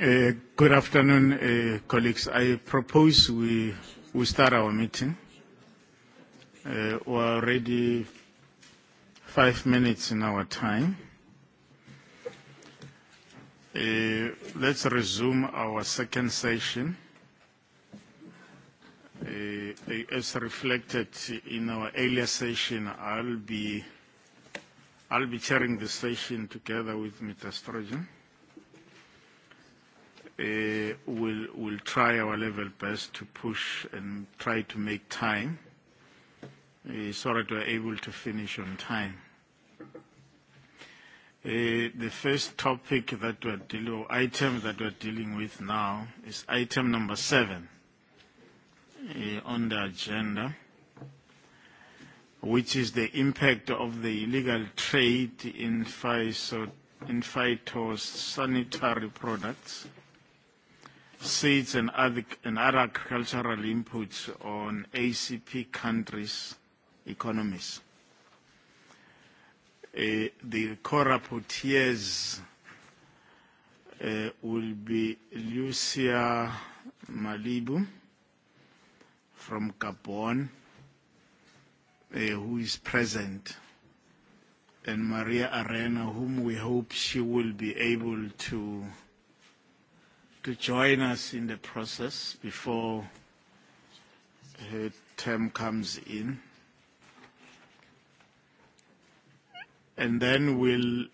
Good afternoon, colleagues. I propose we we start our meeting. We're already five minutes in our time. Let's resume our second session, as reflected in our earlier session. I'll be I'll be chairing the session together with Mr. Strojan we'll we'll try our level best to push and try to make time so that we're able to finish on time. The first topic that we're dealing, item that we're dealing with now is item number seven on the agenda, which is the impact of the illegal trade in phytosanitary products seeds and other agricultural inputs on ACP countries' economies. The co-rapporteurs will be Lucia Malibu from Gabon, who is present, and Maria Arena, whom we hope she will be able to to join us in the process before her term comes in. And then we'll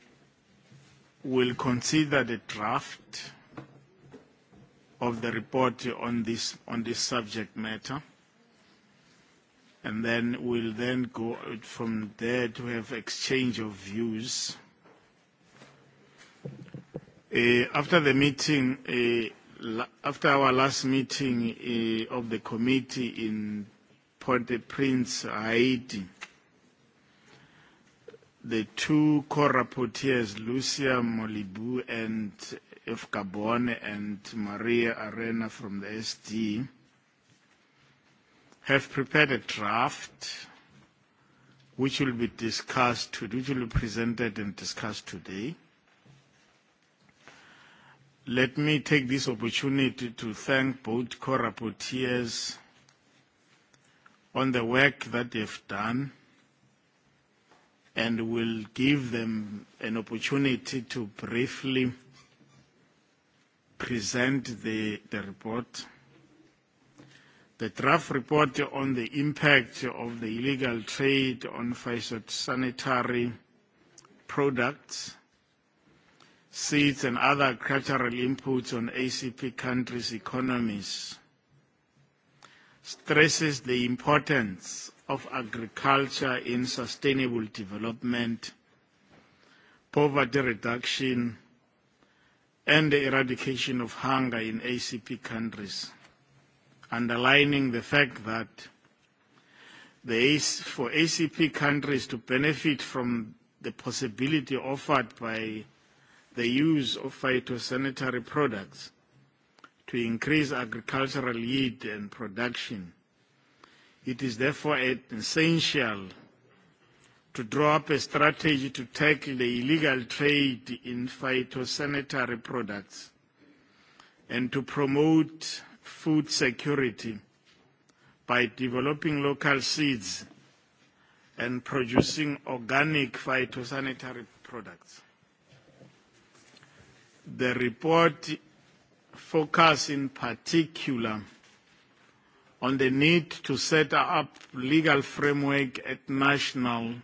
we'll consider the draft of the report on this on this subject matter and then we'll then go from there to have exchange of views After the meeting, after our last meeting of the committee in port de prince Haiti, the two co-rapporteurs, Lucia Molibu and F. Gabon and Maria Arena from the SD, have prepared a draft which will be discussed, which will be presented and discussed today. Let me take this opportunity to thank both co-rapporteurs on the work that they've done and will give them an opportunity to briefly present the report. The draft report on the impact of the illegal trade on phytosanitary products seeds and other agricultural inputs on ACP countries' economies, stresses the importance of agriculture in sustainable development, poverty reduction, and the eradication of hunger in ACP countries, underlining the fact that for ACP countries to benefit from the possibility offered by the use of phytosanitary products to increase agricultural yield and production. It is therefore essential to draw up a strategy to tackle the illegal trade in phytosanitary products and to promote food security by developing local seeds and producing organic phytosanitary products. The report focuses in particular on the need to set up legal framework at national,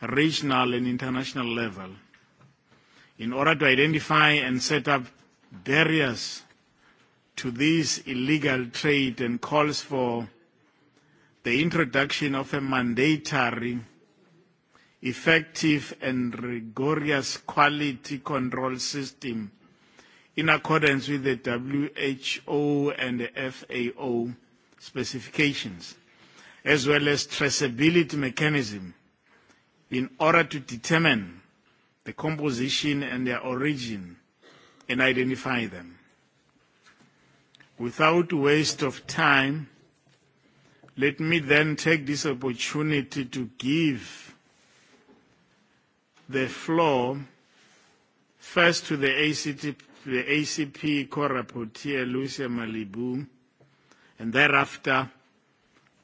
regional and international level in order to identify and set up barriers to this illegal trade and calls for the introduction of a mandatory effective and rigorous quality control system in accordance with the WHO and the FAO specifications, as well as traceability mechanism in order to determine the composition and their origin and identify them. Without waste of time, let me then take this opportunity to give the floor first to the ACP co-rapporteur, Lucia Malibu, and thereafter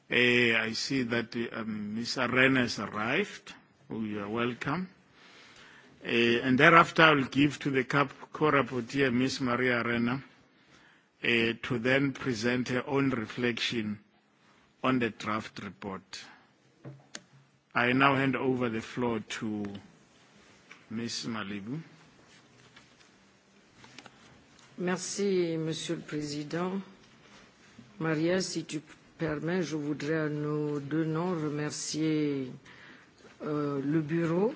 I see that Ms. Arena has arrived. You are welcome. And thereafter I will give to the co-rapporteur, Ms. Maria Arena, to then present her own reflection on the draft report. I now hand over the floor to Merci, Monsieur le Président. Maria, si tu permets, je voudrais à nos deux noms remercier le Bureau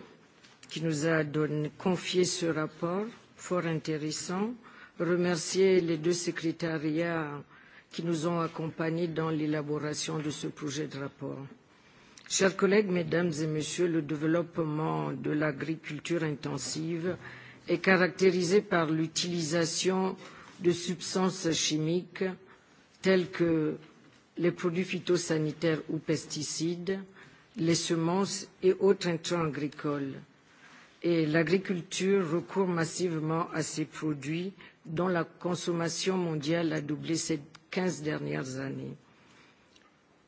qui nous a confié ce rapport fort intéressant, remercier les deux secrétariats qui nous ont accompagnés dans l'élaboration de ce projet de rapport. Chers collègues, mesdames et messieurs, le développement de l'agriculture intensive est caractérisé par l'utilisation de substances chimiques telles que les produits phytosanitaires ou pesticides, les semences et autres intrants agricoles. Et l'agriculture recourt massivement à ces produits dont la consommation mondiale a doublé ces 15 dernières années.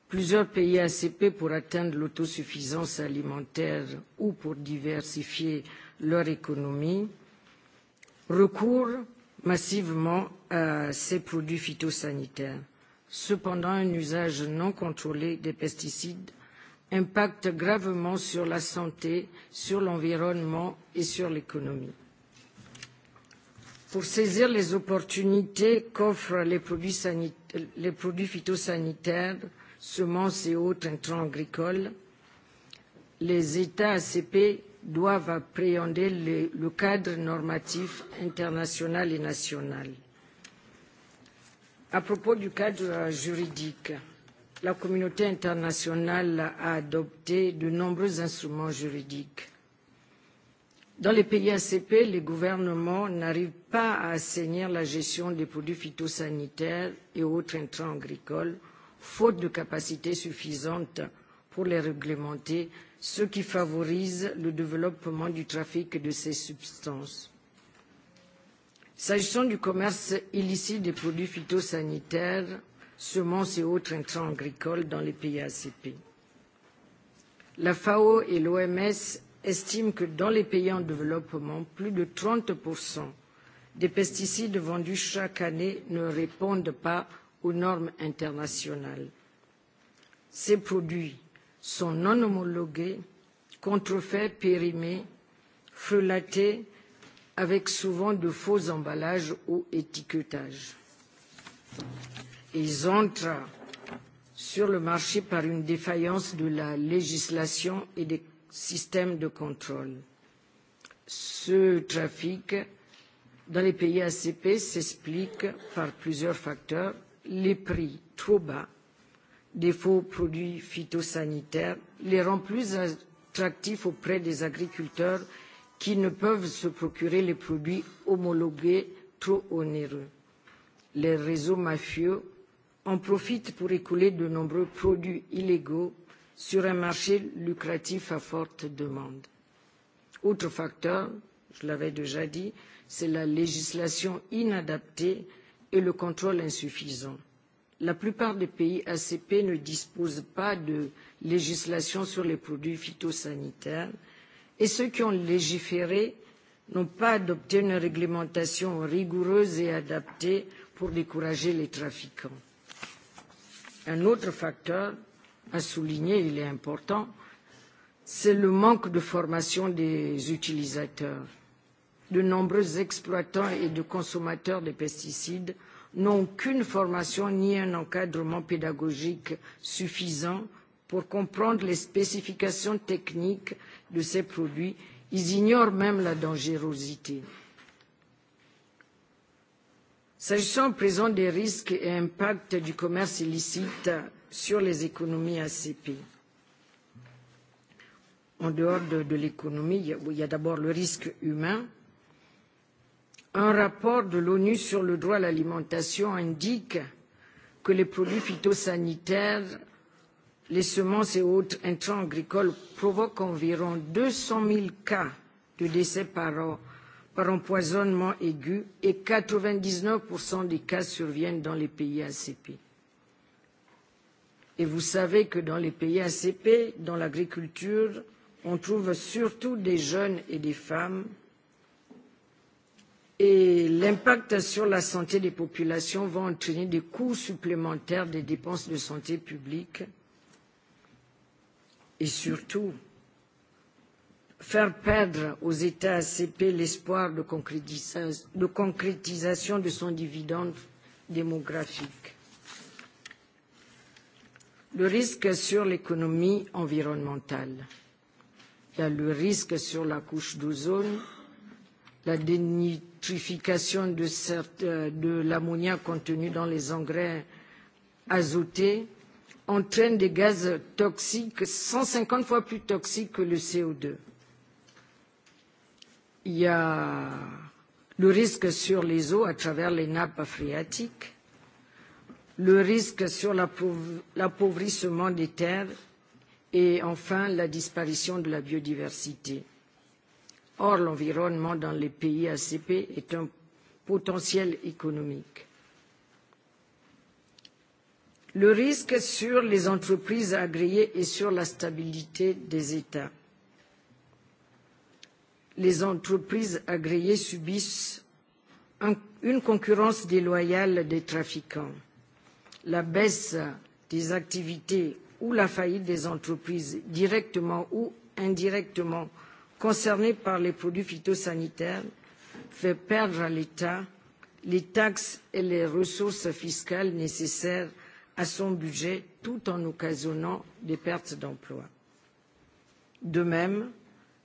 Plusieurs pays ACP pour atteindre l'autosuffisance alimentaire ou pour diversifier leur économie recourent massivement à ces produits phytosanitaires. Cependant, un usage non contrôlé des pesticides impacte gravement sur la santé, sur l'environnement et sur l'économie. Pour saisir les opportunités qu'offrent les produits phytosanitaires, semences et autres intrants agricoles, les États ACP doivent appréhender le cadre normatif international et national. À propos du cadre juridique, la communauté internationale a adopté de nombreux instruments juridiques. Dans les pays ACP, les gouvernements n'arrivent pas à assainir la gestion des produits phytosanitaires et autres intrants agricoles faute de capacités suffisantes pour les réglementer, ce qui favorise le développement du trafic de ces substances. S'agissant du commerce illicite des produits phytosanitaires, semences et autres intrants agricoles dans les pays ACP. La FAO et l'OMS estiment que dans les pays en développement, plus de 30 des pesticides vendus chaque année ne répondent pas aux normes internationales. Ces produits sont non homologués, contrefaits, périmés, frelatés, avec souvent de faux emballages ou étiquetages. Ils entrent sur le marché par une défaillance de la législation et des systèmes de contrôle. Ce trafic dans les pays ACP s'explique par plusieurs facteurs les prix trop bas des faux produits phytosanitaires les rend plus attractifs auprès des agriculteurs qui ne peuvent se procurer les produits homologués trop onéreux. Les réseaux mafieux en profitent pour écouler de nombreux produits illégaux sur un marché lucratif à forte demande. Autre facteur, je l'avais déjà dit, c'est la législation inadaptée et le contrôle insuffisant. La plupart des pays ACP ne disposent pas de législation sur les produits phytosanitaires et ceux qui ont légiféré n'ont pas adopté une réglementation rigoureuse et adaptée pour décourager les trafiquants. Un autre facteur à souligner, il est important, c'est le manque de formation des utilisateurs de nombreux exploitants et de consommateurs de pesticides n'ont aucune formation ni un encadrement pédagogique suffisant pour comprendre les spécifications techniques de ces produits. Ils ignorent même la dangerosité. S'agissant présent des risques et impacts du commerce illicite sur les économies ACP, en dehors de l'économie, il y a d'abord le risque humain un rapport de l'onu sur le droit à l'alimentation indique que les produits phytosanitaires les semences et autres intrants agricoles provoquent environ 200 000 cas de décès par an par empoisonnement aigu et 99% des cas surviennent dans les pays ACP. Et vous savez que dans les pays ACP, dans l'agriculture, on trouve surtout des jeunes et des femmes et l'impact sur la santé des populations va entraîner des coûts supplémentaires des dépenses de santé publique et surtout faire perdre aux États ACP l'espoir de concrétisation de son dividende démographique. Le risque sur l'économie environnementale, il y a le risque sur la couche d'ozone, la nitrification de l'ammonia contenu dans les engrais azotés entraîne des gaz toxiques 150 fois plus toxiques que le CO2. Il y a le risque sur les eaux à travers les nappes phréatiques, le risque sur l'appauvrissement des terres et enfin la disparition de la biodiversité. Or, l'environnement dans les pays ACP est un potentiel économique. Le risque sur les entreprises agréées et sur la stabilité des États. Les entreprises agréées subissent une concurrence déloyale des trafiquants. La baisse des activités ou la faillite des entreprises directement ou indirectement concernés par les produits phytosanitaires fait perdre à l'État les taxes et les ressources fiscales nécessaires à son budget tout en occasionnant des pertes d'emplois. De même,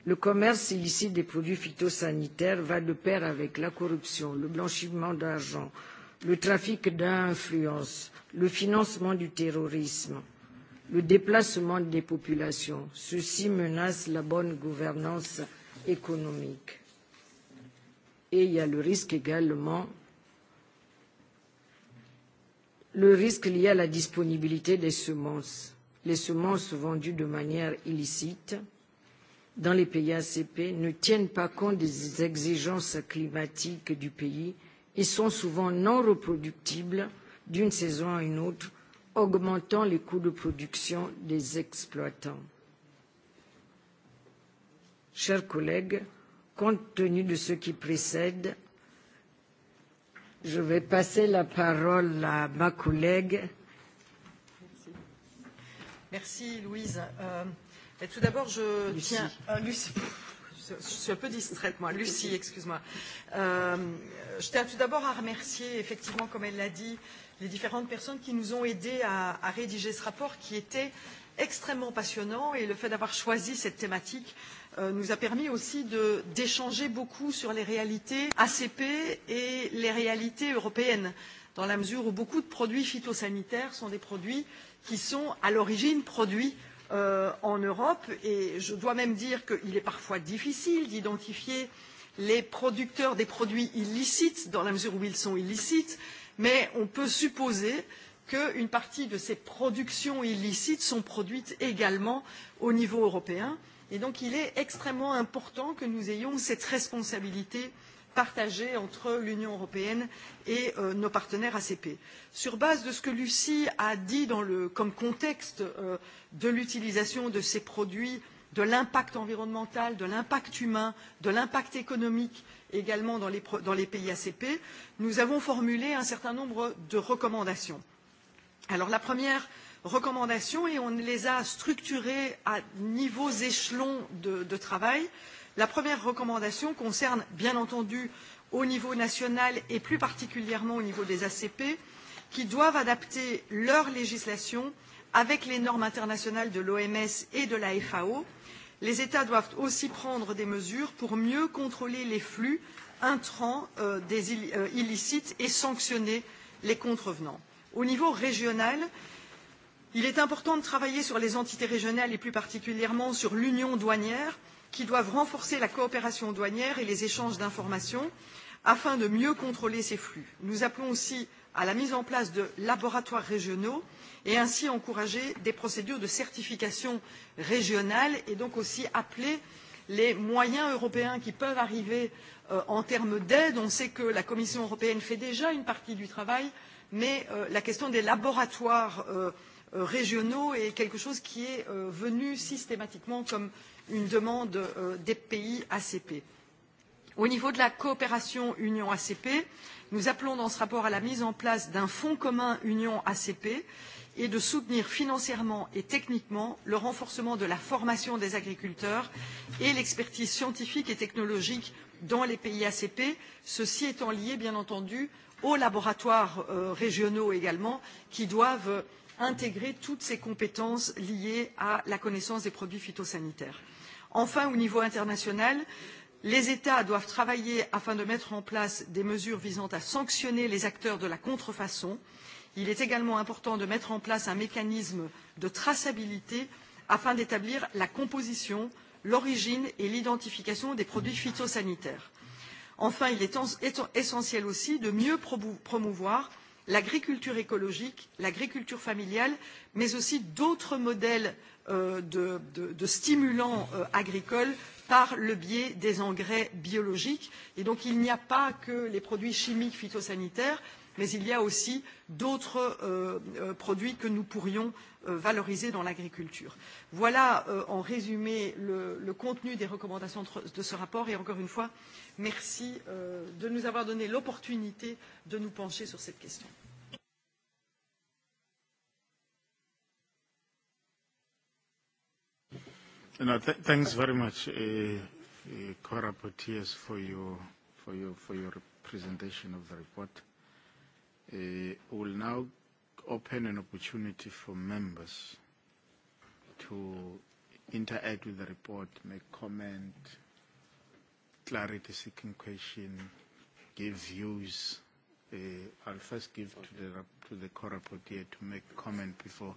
le commerce illicite des produits phytosanitaires va de pair avec la corruption, le blanchiment d'argent, le trafic d'influence, le financement du terrorisme, le déplacement des populations. Ceci menace la bonne gouvernance économique. Et il y a le risque également, le risque lié à la disponibilité des semences. Les semences vendues de manière illicite dans les pays ACP ne tiennent pas compte des exigences climatiques du pays et sont souvent non reproductibles d'une saison à une autre augmentant les coûts de production des exploitants. Chers collègues, compte tenu de ce qui précède, je vais passer la parole à ma collègue. Merci Louise. Et tout d'abord, je tiens... Lucie. Je suis un peu distraite, moi. Lucie, excuse-moi. Je tiens tout d'abord à remercier, effectivement, comme elle l'a dit, les différentes personnes qui nous ont aidés à, à rédiger ce rapport qui était extrêmement passionnant et le fait d'avoir choisi cette thématique nous a permis aussi d'échanger beaucoup sur les réalités ACP et les réalités européennes, dans la mesure où beaucoup de produits phytosanitaires sont des produits qui sont à l'origine produits en Europe. Et je dois même dire qu'il est parfois difficile d'identifier les producteurs des produits illicites, dans la mesure où ils sont illicites mais on peut supposer qu'une partie de ces productions illicites sont produites également au niveau européen et donc il est extrêmement important que nous ayons cette responsabilité partagée entre l'Union européenne et nos partenaires ACP. Sur base de ce que Lucie a dit comme contexte de l'utilisation de ces produits de l'impact environnemental, de l'impact humain, de l'impact économique également dans les pays ACP, nous avons formulé un certain nombre de recommandations. Alors la première recommandation, et on les a structurées à niveaux échelons de travail, la première recommandation concerne bien entendu au niveau national et plus particulièrement au niveau des ACP, qui doivent adapter leur législation avec les normes internationales de l'OMS et de la FAO les états doivent aussi prendre des mesures pour mieux contrôler les flux intrants des illicites et sanctionner les contrevenants. au niveau régional il est important de travailler sur les entités régionales et plus particulièrement sur l'union douanière qui doivent renforcer la coopération douanière et les échanges d'informations afin de mieux contrôler ces flux. nous appelons aussi à la mise en place de laboratoires régionaux et ainsi encourager des procédures de certification régionale et donc aussi appeler les moyens européens qui peuvent arriver en termes d'aide. On sait que la Commission européenne fait déjà une partie du travail, mais la question des laboratoires régionaux est quelque chose qui est venu systématiquement comme une demande des pays ACP. Au niveau de la coopération Union ACP, nous appelons dans ce rapport à la mise en place d'un fonds commun Union ACP et de soutenir financièrement et techniquement le renforcement de la formation des agriculteurs et l'expertise scientifique et technologique dans les pays ACP, ceci étant lié bien entendu aux laboratoires régionaux également, qui doivent intégrer toutes ces compétences liées à la connaissance des produits phytosanitaires. Enfin, au niveau international, les États doivent travailler afin de mettre en place des mesures visant à sanctionner les acteurs de la contrefaçon Il est également important de mettre en place un mécanisme de traçabilité afin d'établir la composition, l'origine et l'identification des produits phytosanitaires. Enfin, il est essentiel aussi de mieux promouvoir l'agriculture écologique, l'agriculture familiale, mais aussi d'autres modèles de stimulants agricoles par le biais des engrais biologiques. Et donc, il n'y a pas que les produits chimiques phytosanitaires mais il y a aussi d'autres produits que nous pourrions valoriser dans l'agriculture. Voilà, en résumé, le contenu des recommandations de ce rapport. Et encore une fois, merci de nous avoir donné l'opportunité de nous pencher sur cette question. Thanks very much, for, your, for your presentation of the report. We will now open an opportunity for members to interact with the report, make comment, clarity-seeking question, give views. I'll first give to the to the co-rapporteur to make comment before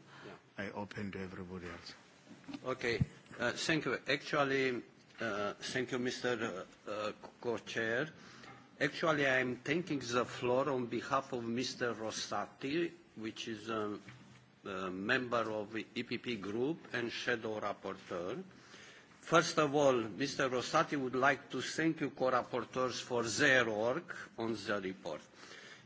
I open to everybody else. Okay, thank you. Actually, thank you, Mr. Co-Chair. Actually, I am taking the floor on behalf of Mr. Rossati, which is a member of the EPP Group and shadow rapporteur. First of all, Mr. Rossati would like to thank you co-rapporteurs for their work on the report.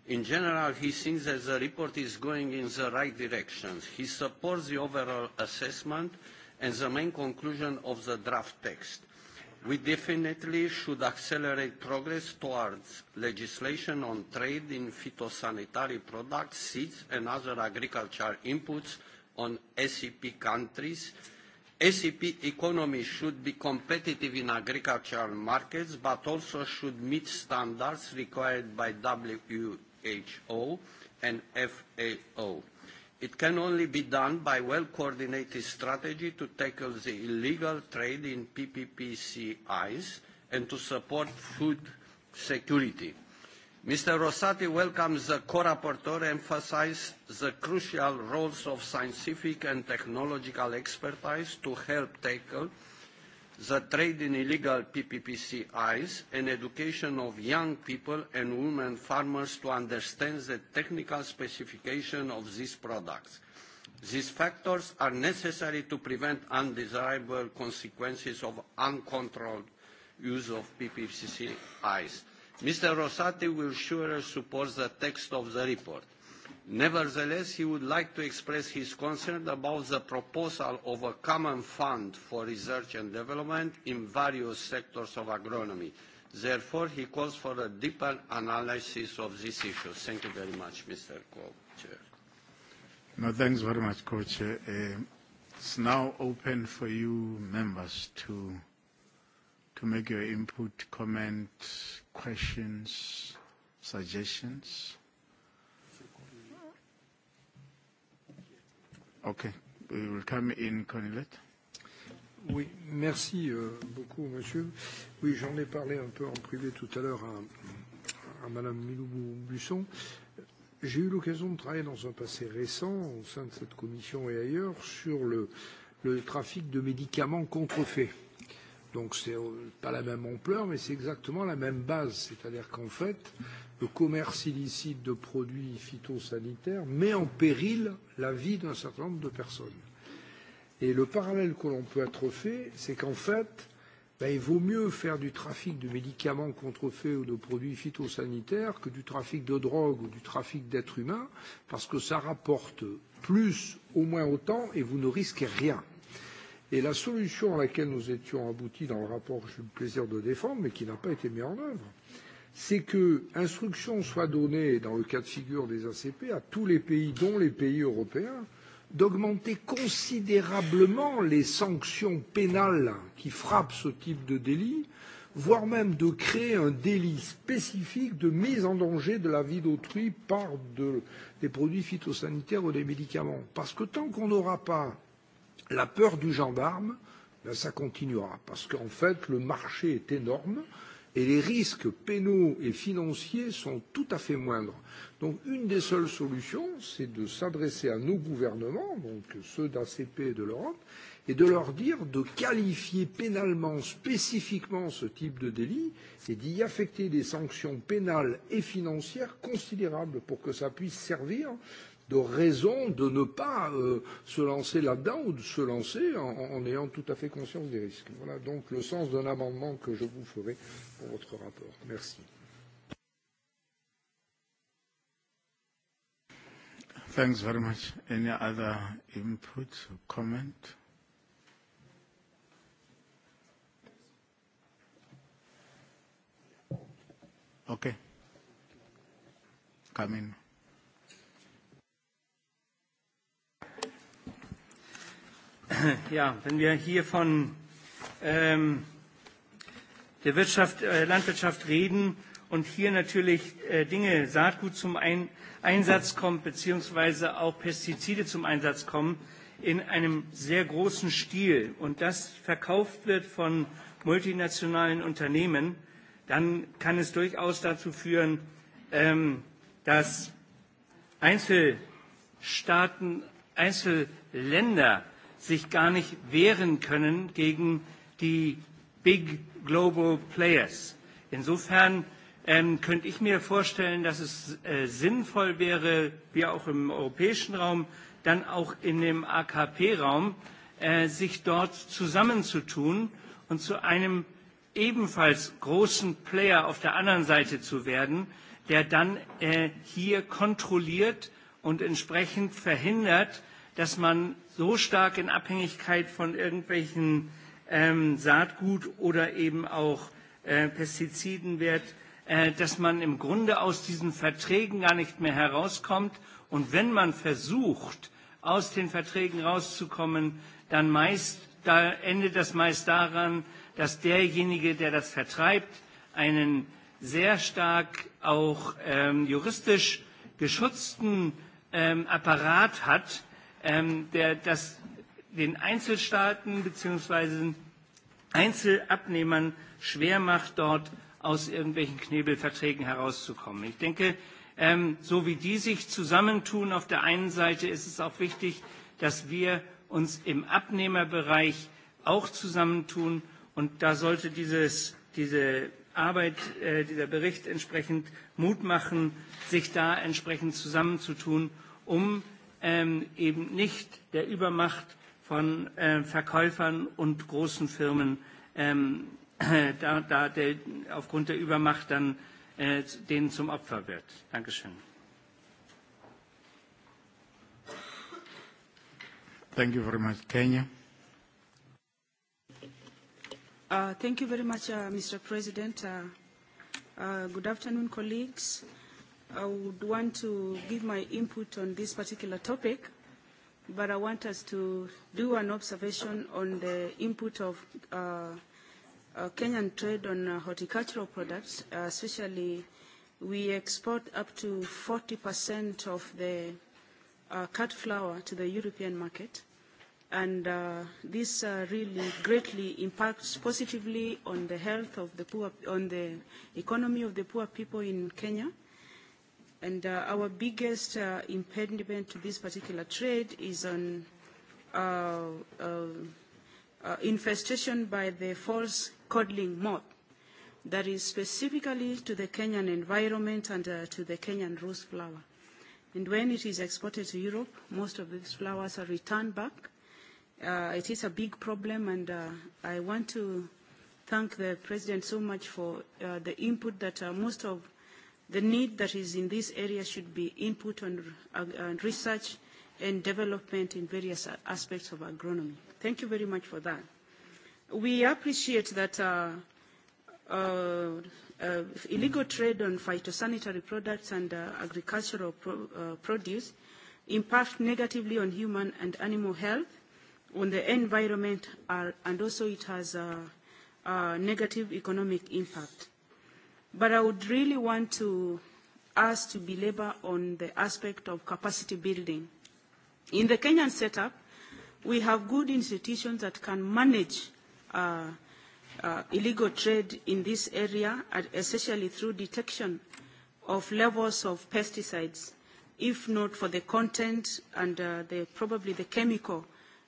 In general, he thinks that the report is going in the right direction. He supports the overall assessment and the main conclusion of the draft text. We definitely should accelerate progress towards legislation on trade in phytosanitary products, seeds and other agricultural inputs on SEP countries. SEP economies should be competitive in agricultural markets but also should meet standards required by WHO and FAO. It can only be done by well-coordinated strategy to tackle the illegal trade in PPPCIs and to support food security. Mr. Rosati welcomes the co-rapporteur emphasize the crucial roles of scientific and technological expertise to help tackle the trade in illegal PPPCIs and education of young people and women farmers to understand the technical specification of these products. These factors are necessary to prevent undesirable consequences of uncontrolled use of PPPCIs. Mr. Rosati will surely support the text of the report. Nevertheless, he would like to express his concern about the proposal of a common fund for research and development in various sectors of agronomy. Therefore, he calls for a deeper analysis of this issue. Thank you very much, Mr. Co-Chair. No, thanks very much, Co-Chair. It's now open for you members to to make your input, comment, questions, suggestions. Okay. We will come in Cornelette. Oui, merci beaucoup, monsieur. Oui, j'en ai parlé un peu en privé tout à l'heure à, madame Milou-Busson. J'ai eu l'occasion de travailler dans un passé récent, au sein de cette commission et ailleurs, sur le, le trafic de médicaments contrefaits. Donc, c'est pas la même ampleur, mais c'est exactement la même base. C'est-à-dire qu'en fait, le commerce illicite de produits phytosanitaires met en péril la vie d'un certain nombre de personnes. Et le parallèle que l'on peut être fait, c'est qu'en fait, il vaut mieux faire du trafic de médicaments contrefaits ou de produits phytosanitaires que du trafic de drogue ou du trafic d'êtres humains, parce que ça rapporte plus, au moins autant, et vous ne risquez rien. Et la solution à laquelle nous étions aboutis dans le rapport que j'ai eu le plaisir de défendre, mais qui n'a pas été mise en œuvre, c'est que instruction soit donnée, dans le cas de figure des ACP, à tous les pays, dont les pays européens, d'augmenter considérablement les sanctions pénales qui frappent ce type de délit, voire même de créer un délit spécifique de mise en danger de la vie d'autrui par des produits phytosanitaires ou des médicaments. Parce que tant qu'on n'aura pas la peur du gendarme, ça continuera. Parce qu'en fait, le marché est énorme et les risques pénaux et financiers sont tout à fait moindres. Donc une des seules solutions, c'est de s'adresser à nos gouvernements, donc ceux d'ACP et de l'Europe, et de leur dire de qualifier pénalement spécifiquement ce type de délit et d'y affecter des sanctions pénales et financières considérables pour que ça puisse servir de raison de ne pas se lancer là-dedans ou de se lancer en ayant tout à fait conscience des risques. Voilà donc le sens d'un amendement que je vous ferai pour votre rapport. Merci. Thanks very much. Any other input or comment? Okay. Come in. Ja, wenn wir hier von ähm, der Wirtschaft, Landwirtschaft reden und hier natürlich Dinge, Saatgut zum Ein Einsatz kommt, beziehungsweise auch Pestizide zum Einsatz kommen, in einem sehr großen Stil und das verkauft wird von multinationalen Unternehmen, dann kann es durchaus dazu führen, ähm, dass Einzelstaaten, Einzelländer sich gar nicht wehren können gegen die Big Global Players. Insofern könnte ich mir vorstellen, dass es sinnvoll wäre, wie auch im europäischen Raum, dann auch in dem AKP-Raum, sich dort zusammenzutun und zu einem ebenfalls großen Player auf der anderen Seite zu werden, der dann hier kontrolliert und entsprechend verhindert, dass man so stark in Abhängigkeit von irgendwelchen Saatgut oder eben auch Pestiziden wird, dass man im Grunde aus diesen Verträgen gar nicht mehr herauskommt. Und wenn man versucht, aus den Verträgen rauszukommen, dann meist, da endet das meist daran, dass derjenige, der das vertreibt, einen sehr stark auch juristisch geschützten Apparat hat, der das den Einzelstaaten bzw. Einzelabnehmern schwer macht, dort aus irgendwelchen Knebelverträgen herauszukommen. Ich denke, so wie die sich zusammentun auf der einen Seite, ist es auch wichtig, dass wir uns im Abnehmerbereich auch zusammentun. Und da sollte diese Arbeit, dieser Bericht entsprechend Mut machen, sich da entsprechend zusammenzutun, um eben nicht der Übermacht von Verkäufern und großen Firmen da aufgrund der Übermacht dann denen zum Opfer wird. Dankeschön. Thank you very much. Kenya. Thank you very much, Mr. President. Good afternoon, colleagues. I would want to give my input on this particular topic, but I want us to do an observation on the input of Kenyan trade on horticultural products, especially we export up to 40% of the cut flower to the European market, and this really greatly impacts positively on the health of the poor, on the economy of the poor people in Kenya And our biggest impediment to this particular trade is on infestation by the false codling moth that is specifically to the Kenyan environment and to the Kenyan rose flower. And when it is exported to Europe, most of these flowers are returned back. It is a big problem, and I want to thank the President so much for the input that most of The need that is in this area should be input on research and development in various aspects of agronomy. Thank you very much for that. We appreciate that illegal trade on phytosanitary products and agricultural produce impact negatively on human and animal health, on the environment, and also it has a negative economic impact. But I would really want to ask to belabor on the aspect of capacity building. In the Kenyan setup, we have good institutions that can manage illegal trade in this area, especially through detection of levels of pesticides, if not for the content and the probably the chemical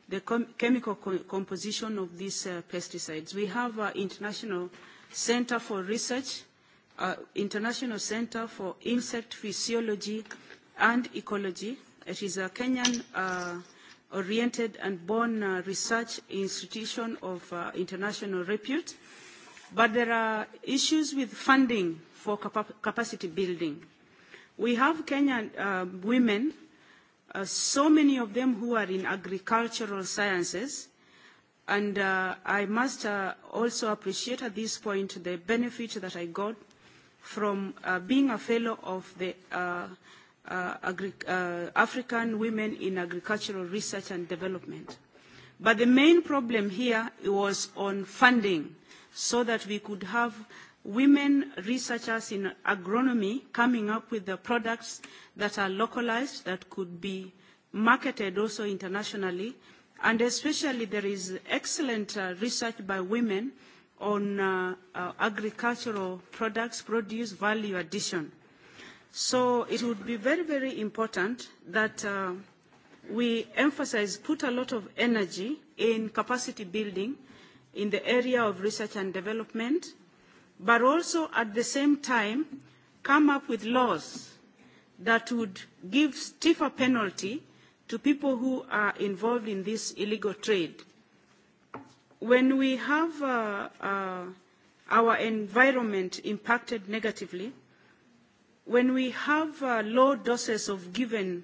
the chemical composition of these pesticides. We have an international center for research International Center for Insect Physiology and Ecology. It is a Kenyan-oriented and born research institution of international repute. But there are issues with funding for capacity building. We have Kenyan women, so many of them who are in agricultural sciences, and I must also appreciate at this point the benefit that I got from being a fellow of the African Women in Agricultural Research and Development. But the main problem here was on funding, so that we could have women researchers in agronomy coming up with the products that are localized, that could be marketed also internationally. And especially there is excellent research by women on agricultural products produce value addition. So it would be very, very important that we emphasize, put a lot of energy in capacity building in the area of research and development, but also at the same time come up with laws that would give stiffer penalty to people who are involved in this illegal trade when we have our environment impacted negatively, when we have low doses of given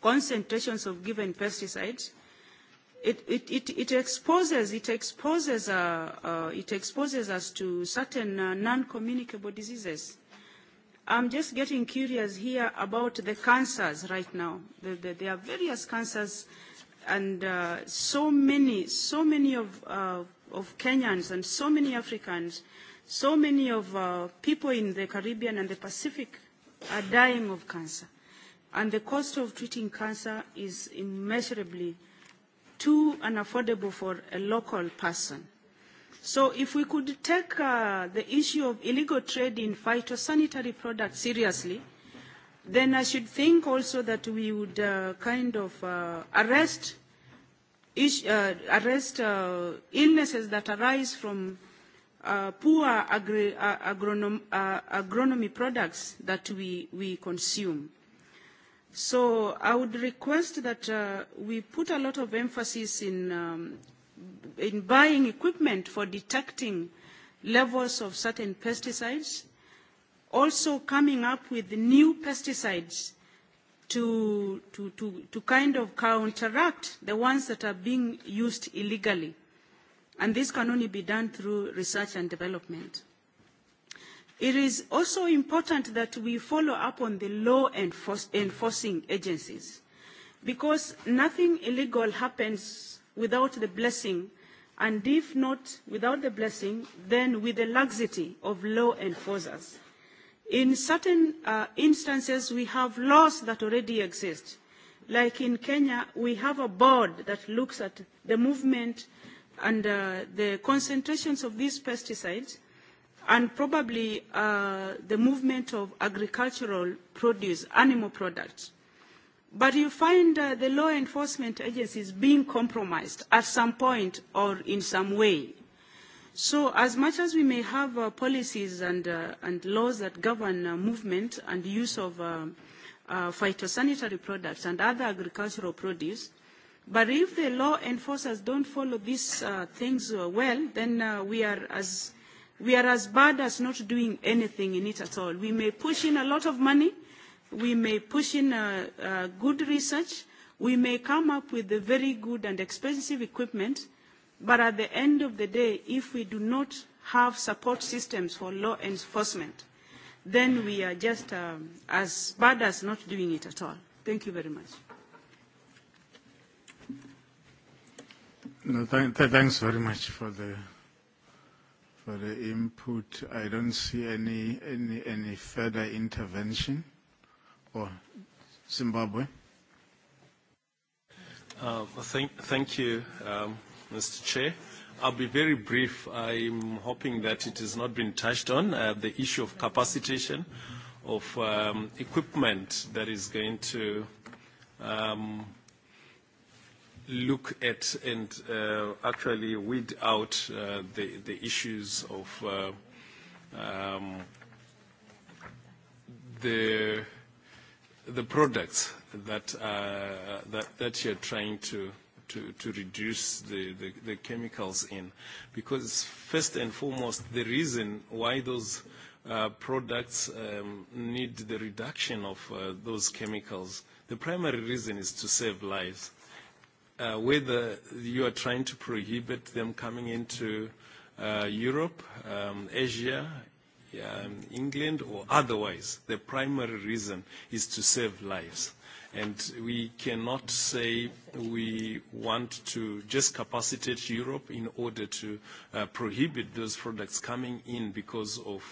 concentrations of given pesticides, it it it exposes it exposes it exposes us to certain non-communicable diseases. I'm just getting curious here about the cancers right now. There are various cancers and so many so many of of Kenyans and so many Africans so many of people in the Caribbean and the Pacific are dying of cancer and the cost of treating cancer is immeasurably too unaffordable for a local person so if we could take the issue of illegal trade in phytosanitary products seriously then I should think also that we would kind of arrest arrest illnesses that arise from poor agronomy products that we consume. So I would request that we put a lot of emphasis in buying equipment for detecting levels of certain pesticides, also coming up with new pesticides to to kind of counteract the ones that are being used illegally. And this can only be done through research and development. It is also important that we follow up on the law enforcing agencies, because nothing illegal happens without the blessing, and if not without the blessing, then with the laxity of law enforcers. In certain instances, we have laws that already exist. Like in Kenya, we have a board that looks at the movement and the concentrations of these pesticides and probably the movement of agricultural produce, animal products. But you find the law enforcement agencies being compromised at some point or in some way. So as much as we may have policies and laws that govern movement and use of phytosanitary products and other agricultural produce, but if the law enforcers don't follow these things well, then we are as we are as bad as not doing anything in it at all. We may push in a lot of money, we may push in good research, we may come up with very good and expensive equipment But at the end of the day, if we do not have support systems for law enforcement, then we are just as bad as not doing it at all. Thank you very much. Thanks very much for the for the input. I don't see any any any further intervention. Or Zimbabwe. Thank you. Um Mr. Chair. I'll be very brief. I'm hoping that it has not been touched on, the issue of capacitation of equipment that is going to look at and actually weed out the issues of the products that you're trying to to to reduce the the chemicals in because first and foremost the reason why those products need the reduction of those chemicals the primary reason is to save lives whether you are trying to prohibit them coming into Europe Asia England or otherwise the primary reason is to save lives And we cannot say we want to just capacitate Europe in order to prohibit those products coming in because of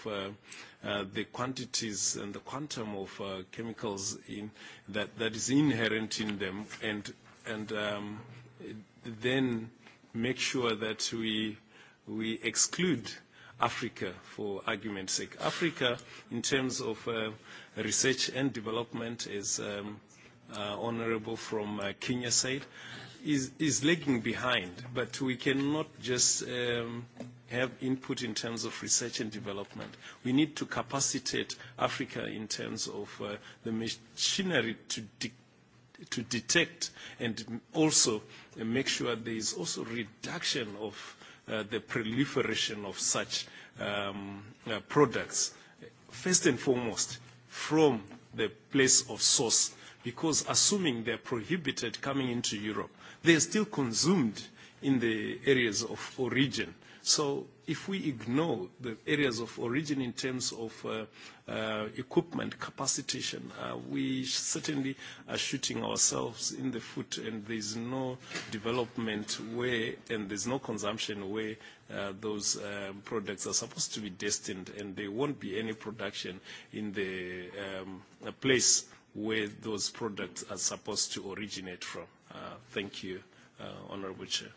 the quantities and the quantum of chemicals in that that is inherent in them and and then make sure that we we exclude Africa for argument's sake. Africa in terms of research and development is honorable from Kenya side is, is lagging behind. But we cannot just have input in terms of research and development. We need to capacitate Africa in terms of the machinery to to detect and also make sure there is also reduction of the proliferation of such products, first and foremost, from the place of source because assuming they're prohibited coming into Europe, they're still consumed in the areas of origin. So if we ignore the areas of origin in terms of equipment capacitation, we certainly are shooting ourselves in the foot and there's no development way, and there's no consumption where those products are supposed to be destined and there won't be any production in the place where those products are supposed to originate from. Thank you, Honorable Chair.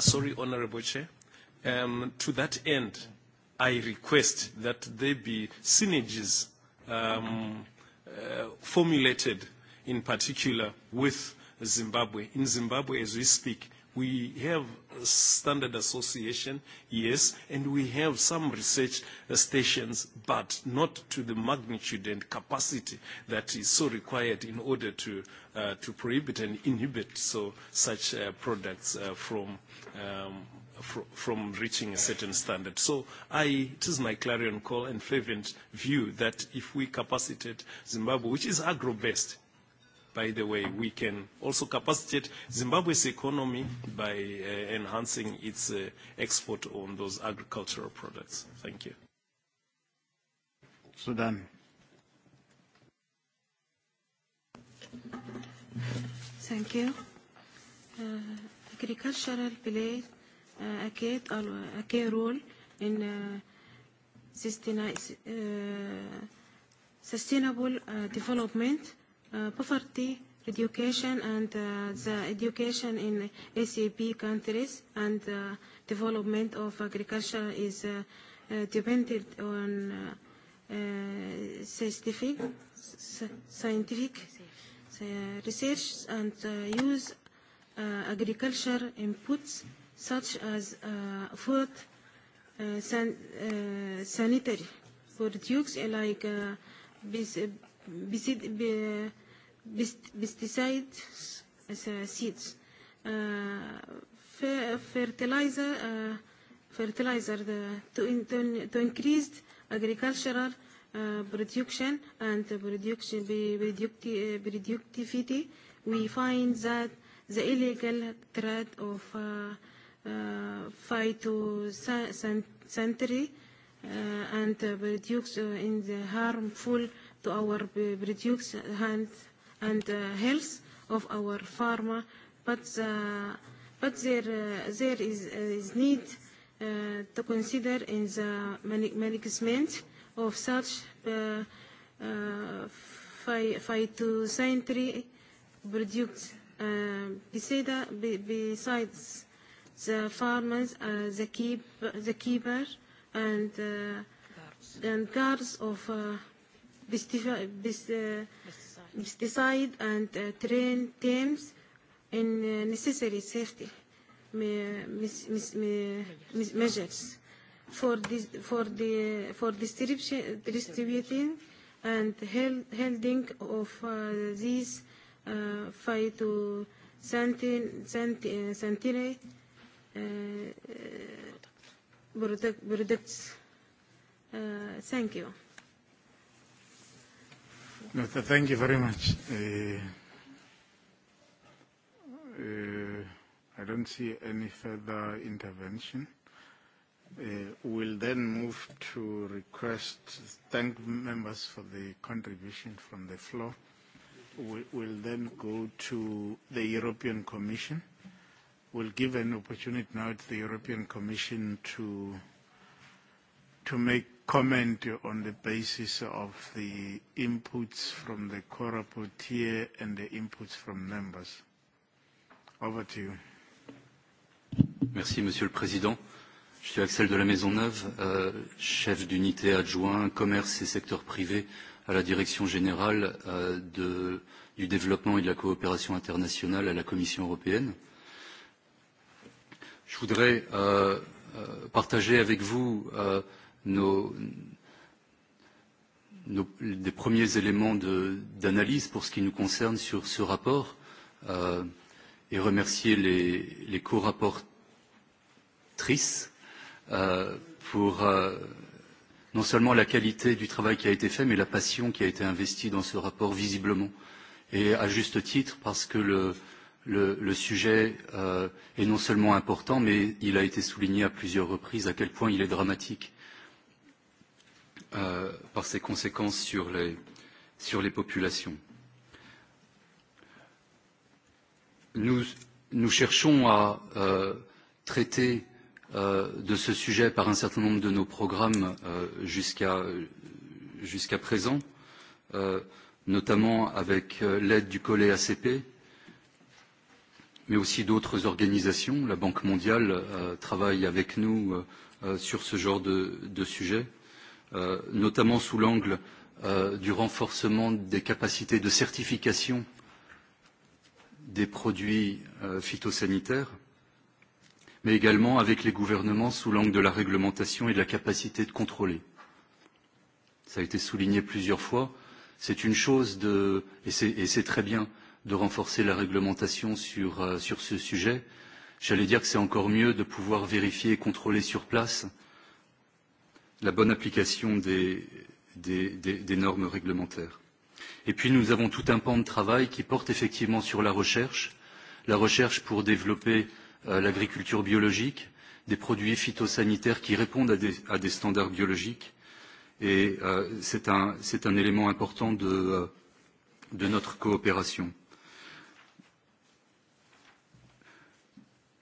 Sorry, Honorable Chair. To that end, I request that there be synergies formulated in particular with Zimbabwe. In Zimbabwe, as we speak, We have standard association, yes, and we have some research stations, but not to the magnitude and capacity that is so required in order to to prohibit and inhibit so such products from from reaching a certain standard. So I, it is my clarion call and fervent view that if we capacitate Zimbabwe, which is agro-based, by the way, we can also capacitate Zimbabwe's economy by enhancing its export on those agricultural products. Thank you. Sudan. Thank you. Agricultural plays a key role in sustainable development poverty education and the education in ACP countries and development of agriculture is dependent on scientific scientific research and use agriculture inputs such as food sanitary products like pesticides seeds fertilizer fertilizer to increase agricultural production and production productivity we find that the illegal threat of phytosanitary and uh, in the harmful to our produce and and health of our farmer, but but there there is need to consider in the management of such phytosanitary products besides the farmers, the keeper and and guards of this, this uh mesti decide and uh train teams in uh necessary safety measures for this for the for distribution distributing and holding of uh these uh fight to centine centi uh centenary uh products uh thank you. No, thank you very much. I don't see any further intervention. We'll then move to request thank members for the contribution from the floor. We will then go to the European Commission. We'll give an opportunity now to the European Commission to to make comment on the basis of the inputs from the rapporteur and the inputs from members. Over to you. Merci, Monsieur le Président. Je suis Axel de la Maisonneuve, chef d'unité adjoint commerce et secteur privé à la Direction générale du développement et de la coopération internationale à la Commission européenne. Je voudrais partager avec vous nos, des premiers éléments d'analyse pour ce qui nous concerne sur ce rapport euh, et remercier les, les co-rapportrices euh, pour non seulement la qualité du travail qui a été fait, mais la passion qui a été investie dans ce rapport visiblement. Et à juste titre, parce que le, le, le sujet euh, est non seulement important, mais il a été souligné à plusieurs reprises à quel point il est dramatique par ses conséquences sur les, sur les populations. Nous, nous cherchons à traiter de ce sujet par un certain nombre de nos programmes jusqu'à présent, notamment avec l'aide du collet ACP, mais aussi d'autres organisations. La Banque mondiale travaille avec nous sur ce genre de sujet notamment sous l'angle du renforcement des capacités de certification des produits phytosanitaires, mais également avec les gouvernements sous l'angle de la réglementation et de la capacité de contrôler. Ça a été souligné plusieurs fois. C'est une chose, de, et c'est très bien, de renforcer la réglementation sur ce sujet. J'allais dire que c'est encore mieux de pouvoir vérifier et contrôler sur place la bonne application des des normes réglementaires. Et puis nous avons tout un pan de travail qui porte effectivement sur la recherche, la recherche pour développer l'agriculture biologique, des produits phytosanitaires qui répondent à des standards biologiques. Et c'est un élément important de notre coopération.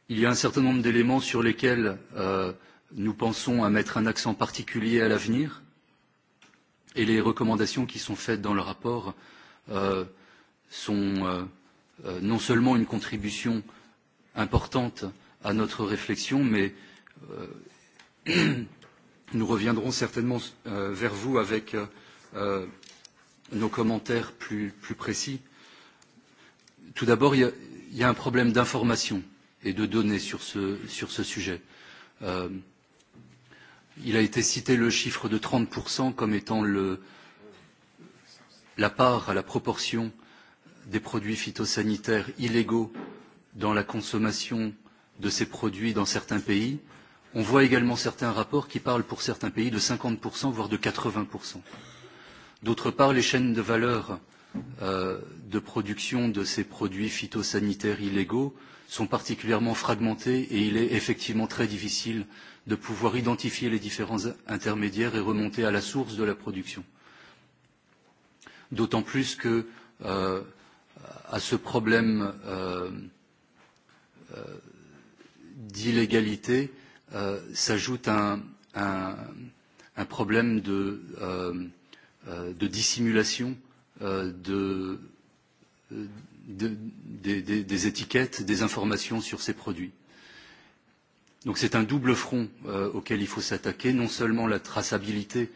Il y a un certain nombre d'éléments sur lesquels nous pensons à mettre un accent particulier à l'avenir et les recommandations qui sont faites dans le rapport sont non seulement une contribution importante à notre réflexion, mais nous reviendrons certainement vers vous avec nos commentaires plus précis. Tout d'abord, il y a un problème d'information et de données sur ce sujet. Il a été cité le chiffre de 30% comme étant la part à la proportion des produits phytosanitaires illégaux dans la consommation de ces produits dans certains pays. On voit également certains rapports qui parlent pour certains pays de 50%, voire de 80%. D'autre part, les chaînes de valeur de production de ces produits phytosanitaires illégaux sont particulièrement fragmentés et il est effectivement très difficile de pouvoir identifier les différents intermédiaires et remonter à la source de la production. D'autant plus que à ce problème d'illégalité s'ajoute un problème de dissimulation de des étiquettes, des informations sur ces produits. Donc c'est un double front auquel il faut s'attaquer, non seulement la traçabilité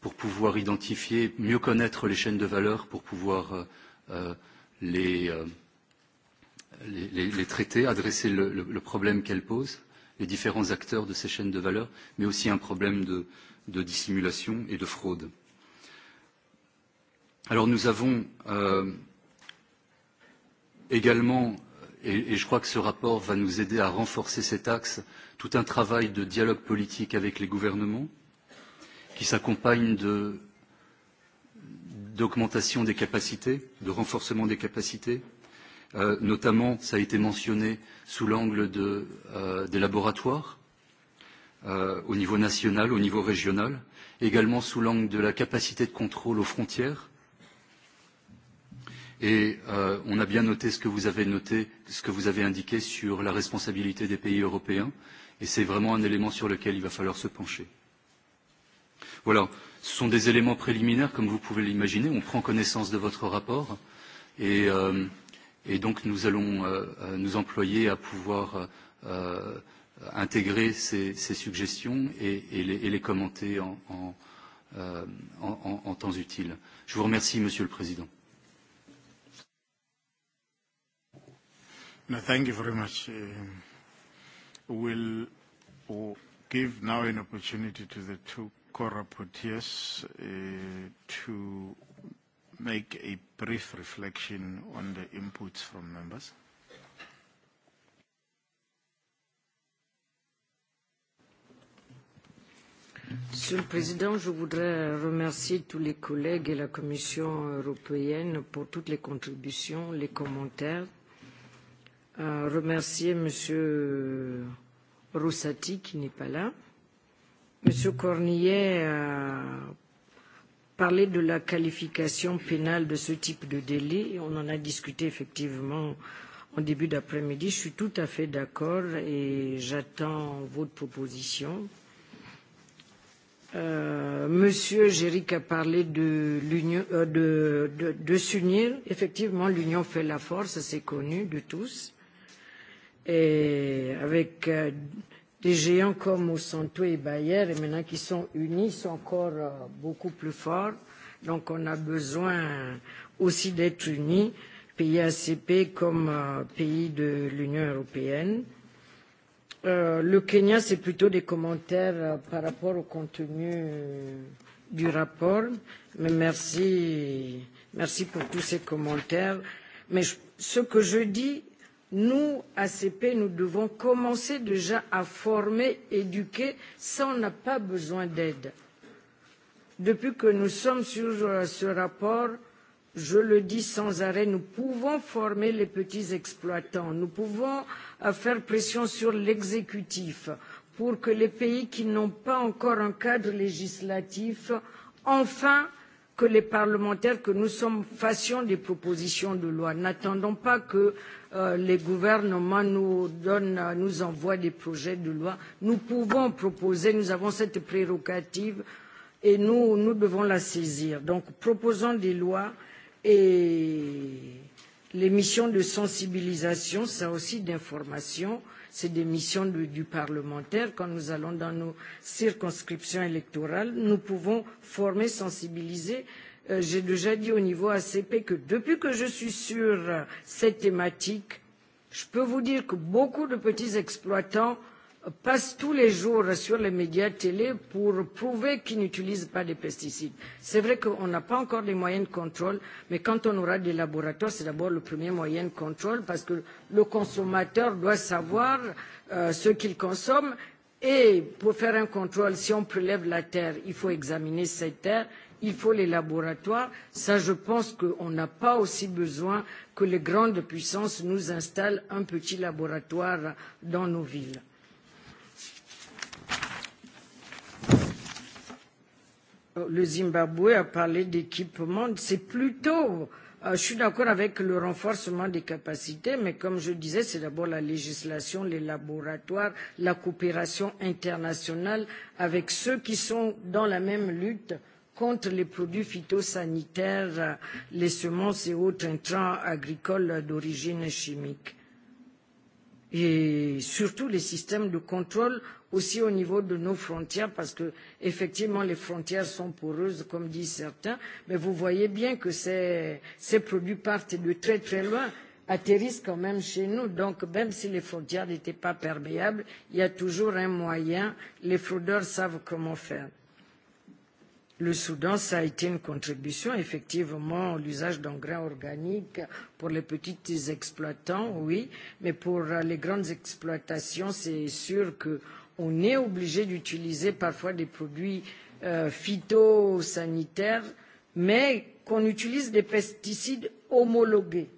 pour pouvoir identifier, mieux connaître les chaînes de valeur, pour pouvoir les traiter, adresser le problème qu'elles posent, les différents acteurs de ces chaînes de valeur, mais aussi un problème de dissimulation et de fraude. Alors nous avons également, et je crois que ce rapport va nous aider à renforcer cet axe, tout un travail de dialogue politique avec les gouvernements, qui s'accompagne d'augmentation des capacités, de renforcement des capacités, notamment, ça a été mentionné, sous l'angle des laboratoires, au niveau national, au niveau régional, également sous l'angle de la capacité de contrôle aux frontières, et on a bien noté ce que vous avez noté, ce que vous avez indiqué sur la responsabilité des pays européens, et c'est vraiment un élément sur lequel il va falloir se pencher. Voilà, ce sont des éléments préliminaires, comme vous pouvez l'imaginer. On prend connaissance de votre rapport, et donc nous allons nous employer à pouvoir intégrer ces suggestions et les commenter en temps utile. Je vous remercie, Monsieur le Président. No, thank you very much. We'll give now an opportunity to the two co-rapporteurs to make a brief reflection on the inputs from members. Monsieur le Président, je voudrais remercier tous les collègues et la Commission européenne pour toutes les contributions, les commentaires remercier Monsieur Roussati qui n'est pas là. Monsieur Cornillet a parlé de la qualification pénale de ce type de délit on en a discuté effectivement en début d'après-midi. Je suis tout à fait d'accord et j'attends votre proposition. Monsieur Géric a parlé de de s'unir. Effectivement, l'union fait la force, c'est connu de tous et avec des géants comme Monsanto et Bayer, et maintenant qui sont unis, sont encore beaucoup plus forts. Donc on a besoin aussi d'être unis, pays ACP comme pays de l'Union européenne. Le Kenya, c'est plutôt des commentaires par rapport au contenu du rapport. Mais merci, merci pour tous ces commentaires. Mais ce que je dis, Nous, ACP, nous devons commencer déjà à former, éduquer, sans n'a pas besoin d'aide. Depuis que nous sommes sur ce rapport, je le dis sans arrêt, nous pouvons former les petits exploitants, nous pouvons faire pression sur l'exécutif pour que les pays qui n'ont pas encore un cadre législatif enfin que les parlementaires que nous sommes fassions des propositions de loi. N'attendons pas que les gouvernements nous donnent, nous envoient des projets de loi. Nous pouvons proposer, nous avons cette prérogative et nous, nous devons la saisir. Donc proposons des lois et les missions de sensibilisation, ça aussi d'information c'est des missions du parlementaire. Quand nous allons dans nos circonscriptions électorales, nous pouvons former, sensibiliser. J'ai déjà dit au niveau ACP que depuis que je suis sur cette thématique, je peux vous dire que beaucoup de petits exploitants passe tous les jours sur les médias télé pour prouver qu'ils n'utilisent pas de pesticides. C'est vrai qu'on n'a pas encore les moyens de contrôle, mais quand on aura des laboratoires, c'est d'abord le premier moyen de contrôle parce que le consommateur doit savoir ce qu'il consomme et pour faire un contrôle, si on prélève la terre, il faut examiner cette terre, il faut les laboratoires. Ça, je pense qu'on n'a pas aussi besoin que les grandes puissances nous installent un petit laboratoire dans nos villes. le Zimbabwe a parlé d'équipement. C'est plutôt, je suis d'accord avec le renforcement des capacités, mais comme je disais, c'est d'abord la législation, les laboratoires, la coopération internationale avec ceux qui sont dans la même lutte contre les produits phytosanitaires, les semences et autres intrants agricoles d'origine chimique et surtout les systèmes de contrôle aussi au niveau de nos frontières parce que effectivement les frontières sont poreuses comme disent certains mais vous voyez bien que ces produits partent de très très loin atterrissent quand même chez nous donc même si les frontières n'étaient pas perméables il y a toujours un moyen les fraudeurs savent comment faire Le Soudan, ça a été une contribution, effectivement, l'usage d'engrais organiques pour les petits exploitants, oui, mais pour les grandes exploitations, c'est sûr qu'on est obligé d'utiliser parfois des produits phytosanitaires, mais qu'on utilise des pesticides homologués.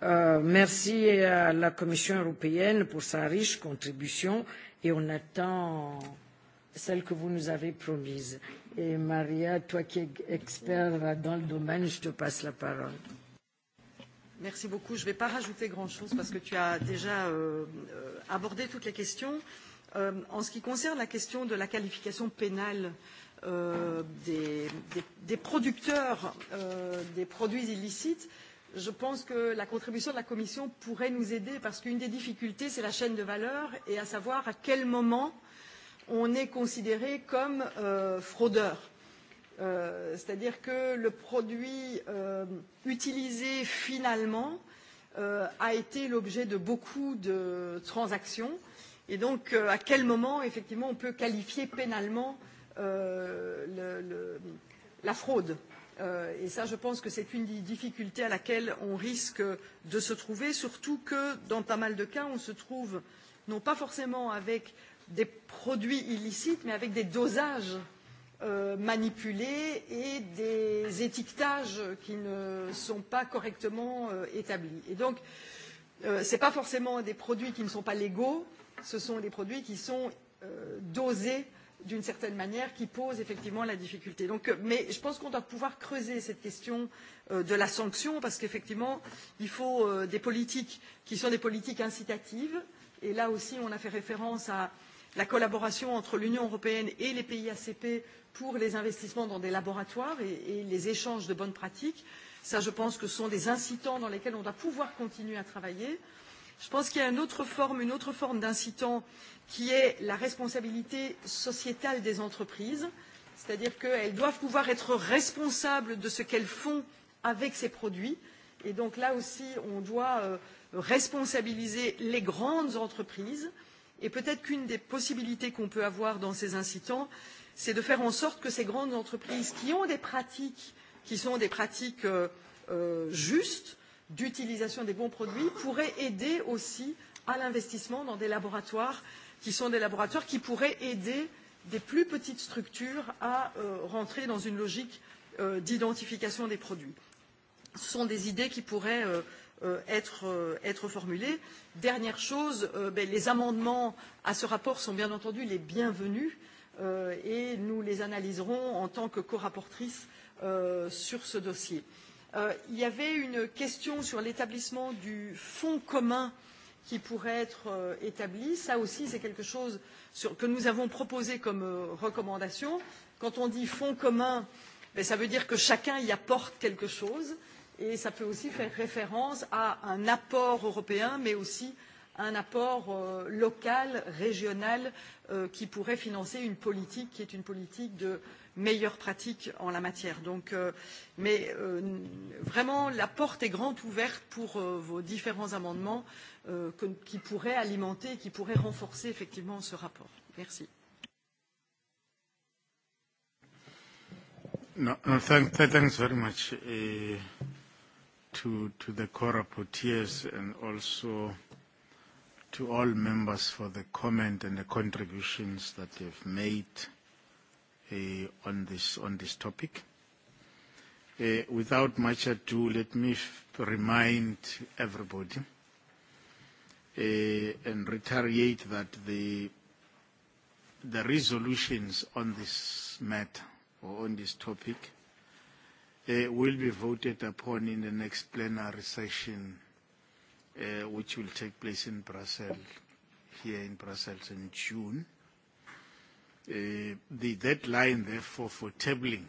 Merci à la Commission européenne pour sa riche contribution et on attend celle que vous nous avez promise. Et Maria, toi qui es expert dans le domaine, je te passe la parole. Merci beaucoup. Je ne vais pas rajouter grand-chose parce que tu as déjà abordé toutes les questions. En ce qui concerne la question de la qualification pénale des producteurs des produits illicites, je pense que la contribution de la Commission pourrait nous aider parce qu'une des difficultés, c'est la chaîne de valeur et à savoir à quel moment on est considéré comme fraudeur. C'est-à-dire que le produit utilisé finalement a été l'objet de beaucoup de transactions et donc à quel moment effectivement on peut qualifier pénalement la fraude. Et ça, je pense que c'est une difficulté à laquelle on risque de se trouver, surtout que dans pas mal de cas, on se trouve non pas forcément avec des produits illicites, mais avec des dosages manipulés et des étiquetages qui ne sont pas correctement établis. Et donc, ce n'est pas forcément des produits qui ne sont pas légaux, ce sont des produits qui sont dosés d'une certaine manière qui posent effectivement la difficulté. Mais je pense qu'on doit pouvoir creuser cette question de la sanction parce qu'effectivement, il faut des politiques qui sont des politiques incitatives. Et là aussi, on a fait référence à la collaboration entre l'Union européenne et les pays ACP pour les investissements dans des laboratoires et les échanges de bonnes pratiques. Ça, je pense que ce sont des incitants dans lesquels on doit pouvoir continuer à travailler. Je pense qu'il y a une autre forme, une autre forme d'incitant qui est la responsabilité sociétale des entreprises, c'est-à-dire qu'elles doivent pouvoir être responsables de ce qu'elles font avec ces produits. Et donc là aussi, on doit responsabiliser les grandes entreprises et peut être qu'une des possibilités qu'on peut avoir dans ces incitants c'est de faire en sorte que ces grandes entreprises qui ont des pratiques qui sont des pratiques justes d'utilisation des bons produits pourraient aider aussi à l'investissement dans des laboratoires qui sont des laboratoires qui pourraient aider des plus petites structures à rentrer dans une logique d'identification des produits. Ce sont des idées qui pourraient être formulé. Dernière chose, les amendements à ce rapport sont bien entendu les bienvenus et nous les analyserons en tant que co-rapportrice co-rapportrice sur ce dossier. Il y avait une question sur l'établissement du fonds commun qui pourrait être établi. Ça aussi, c'est quelque chose que nous avons proposé comme recommandation. Quand on dit fonds commun, ça veut dire que chacun y apporte quelque chose et ça peut aussi faire référence à un apport européen, mais aussi un apport local, régional, qui pourrait financer une politique qui est une politique de meilleures pratiques en la matière. Mais vraiment, la porte est grande ouverte pour vos différents amendements qui pourraient alimenter qui pourraient renforcer effectivement ce rapport. Merci. Thanks very much to the core rapporteurs and also to all members for the comment and the contributions that they've made on this on this topic. Without much ado, let me remind everybody and reiterate that the the resolutions on this matter or on this topic will be voted upon in the next plenary session, which will take place in Brussels, here in Brussels in June. The deadline, therefore, for tabling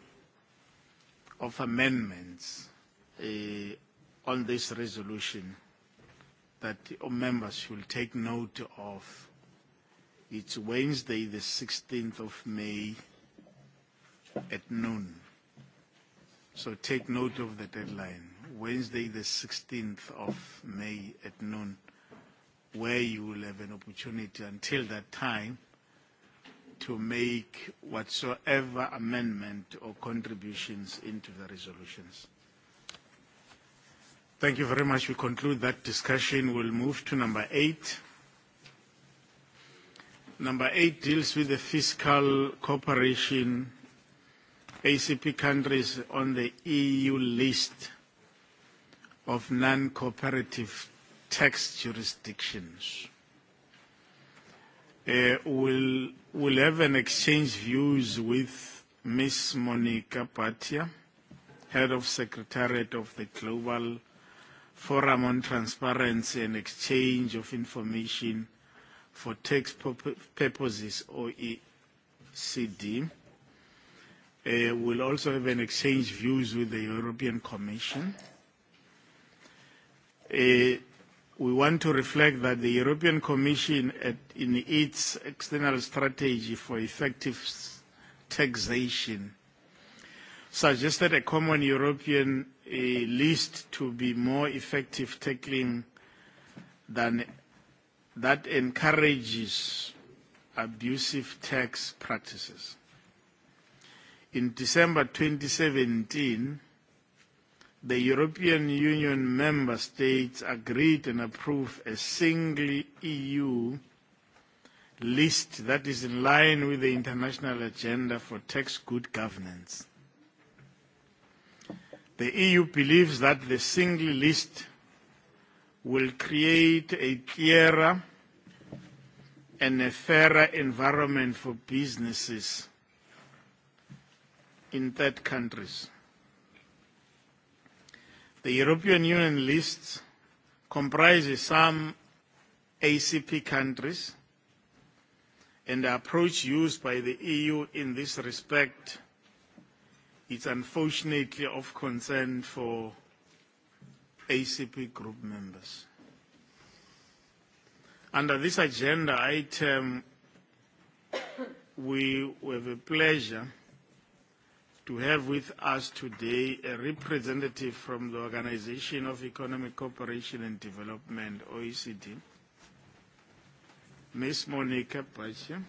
of amendments on this resolution that members will take note of, it's Wednesday, the 16th of May at noon. So take note of the deadline. Wednesday, the 16th of May at noon, where you will have an opportunity until that time to make whatsoever amendment or contributions into the resolutions. Thank you very much. We conclude that discussion. We'll move to number eight. Number eight deals with the fiscal cooperation ACP countries on the EU list of non-cooperative tax jurisdictions. We'll have an exchange views with Ms. Monica Patia, Head of Secretariat of the Global Forum on Transparency and Exchange of Information for Tax Purposes, OECD will also have an exchange views with the European Commission. We want to reflect that the European Commission, in its external strategy for effective taxation, suggested a common European list to be more effective tackling than that encourages abusive tax practices. In December 2017, the European Union member states agreed and approved a single EU list that is in line with the international agenda for tax good governance. The EU believes that the single list will create a clearer and a fairer environment for businesses in third countries. The European Union list comprises some ACP countries, and the approach used by the EU in this respect is unfortunately of concern for ACP group members. Under this agenda item, we have a pleasure to have with us today a representative from the Organization of Economic Cooperation and Development, OECD, Ms. Monica Pacha,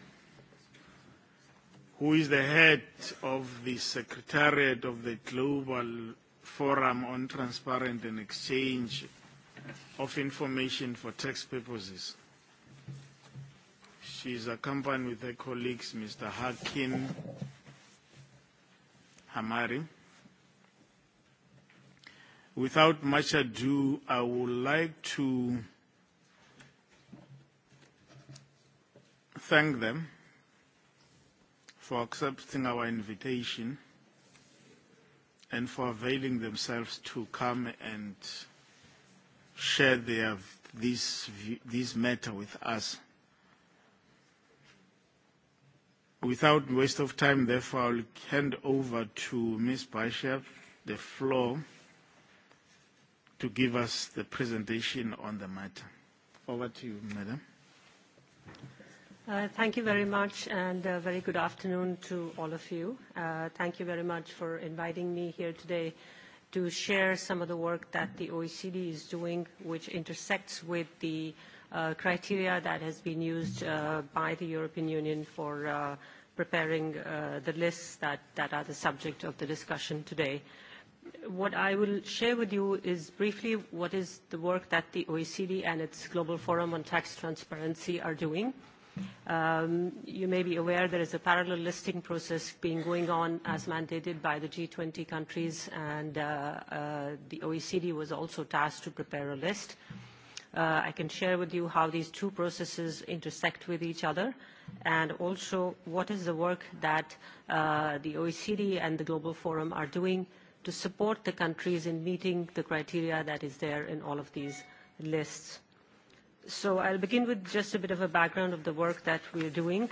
who is the head of the Secretariat of the Global Forum on Transparent and Exchange of Information for Tax Purposes. She is accompanied with her colleagues, Mr. Harkin, Hamari. Without much ado, I would like to thank them for accepting our invitation and for availing themselves to come and share their this matter with us. Without waste of time, therefore, I will hand over to Ms. Bishop the floor to give us the presentation on the matter. Over to you, Madam. Thank you very much, and a very good afternoon to all of you. Thank you very much for inviting me here today to share some of the work that the OECD is doing, which intersects with the criteria that has been used by the European Union for preparing the lists that are the subject of the discussion today. What I will share with you is briefly what is the work that the OECD and its Global Forum on Tax Transparency are doing. You may be aware there is a parallel listing process being going on as mandated by the G20 countries, and the OECD was also tasked to prepare a list. I can share with you how these two processes intersect with each other and also what is the work that the OECD and the Global Forum are doing to support the countries in meeting the criteria that is there in all of these lists. So I'll begin with just a bit of a background of the work that we are doing.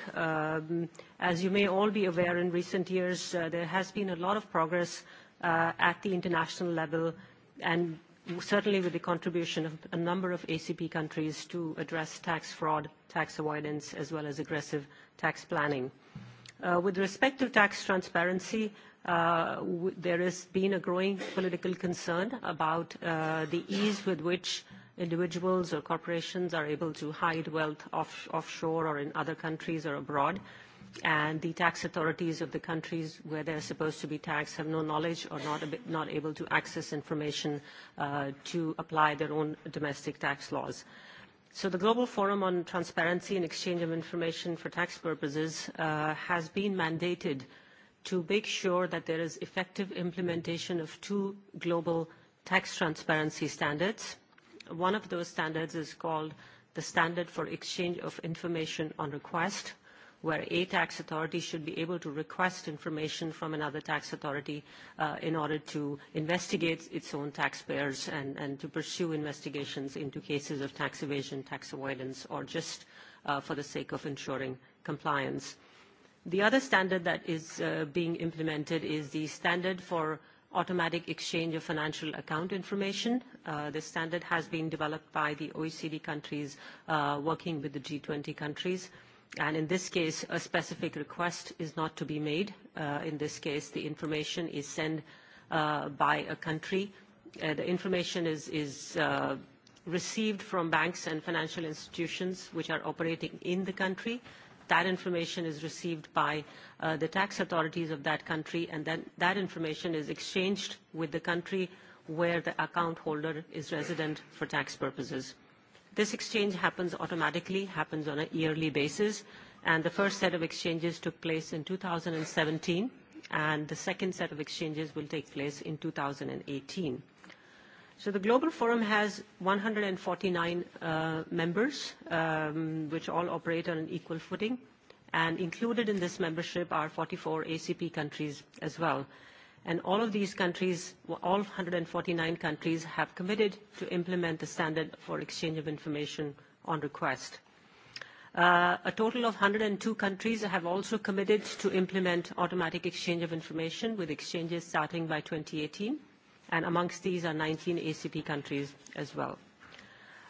As you may all be aware, in recent years, there has been a lot of progress at the international level, and certainly with the contribution of a number of ACP countries to address tax fraud, tax avoidance, as well as aggressive tax planning. With respect to tax transparency, there has been a growing political concern about the ease with which individuals or corporations are able to hide wealth offshore or in other countries or abroad and the tax authorities of the countries where are supposed to be taxed have no knowledge or not able to access information to apply their own domestic tax laws. So the Global Forum on Transparency and Exchange of Information for Tax Purposes has been mandated to make sure that there is effective implementation of two global tax transparency standards. One of those standards is called the Standard for Exchange of Information on Request, where a tax authority should be able to request information from another tax authority in order to investigate its own taxpayers and to pursue investigations into cases of tax evasion, tax avoidance, or just for the sake of ensuring compliance. The other standard that is being implemented is the standard for automatic exchange of financial account information. This standard has been developed by the OECD countries working with the G20 countries And in this case, a specific request is not to be made. In this case, the information is sent by a country. The information is received from banks and financial institutions which are operating in the country. That information is received by the tax authorities of that country, and then that information is exchanged with the country where the account holder is resident for tax purposes. This exchange happens automatically, happens on a yearly basis, and the first set of exchanges took place in 2017, and the second set of exchanges will take place in 2018. So the Global Forum has 149 members, which all operate on an equal footing, and included in this membership are 44 ACP countries as well and all of these countries, all 149 countries, have committed to implement the standard for exchange of information on request. A total of 102 countries have also committed to implement automatic exchange of information with exchanges starting by 2018, and amongst these are 19 ACP countries as well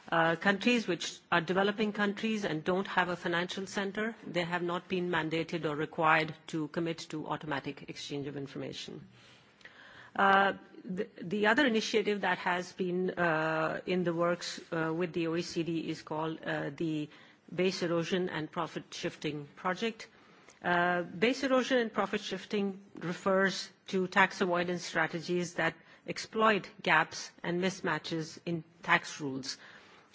countries which are developing countries and don't have a financial center, they have not been mandated or required to commit to automatic exchange of information. The other initiative that has been in the works with the OECD is called the Base Erosion and Profit Shifting Project. Base erosion and profit shifting refers to tax avoidance strategies that exploit gaps and mismatches in tax rules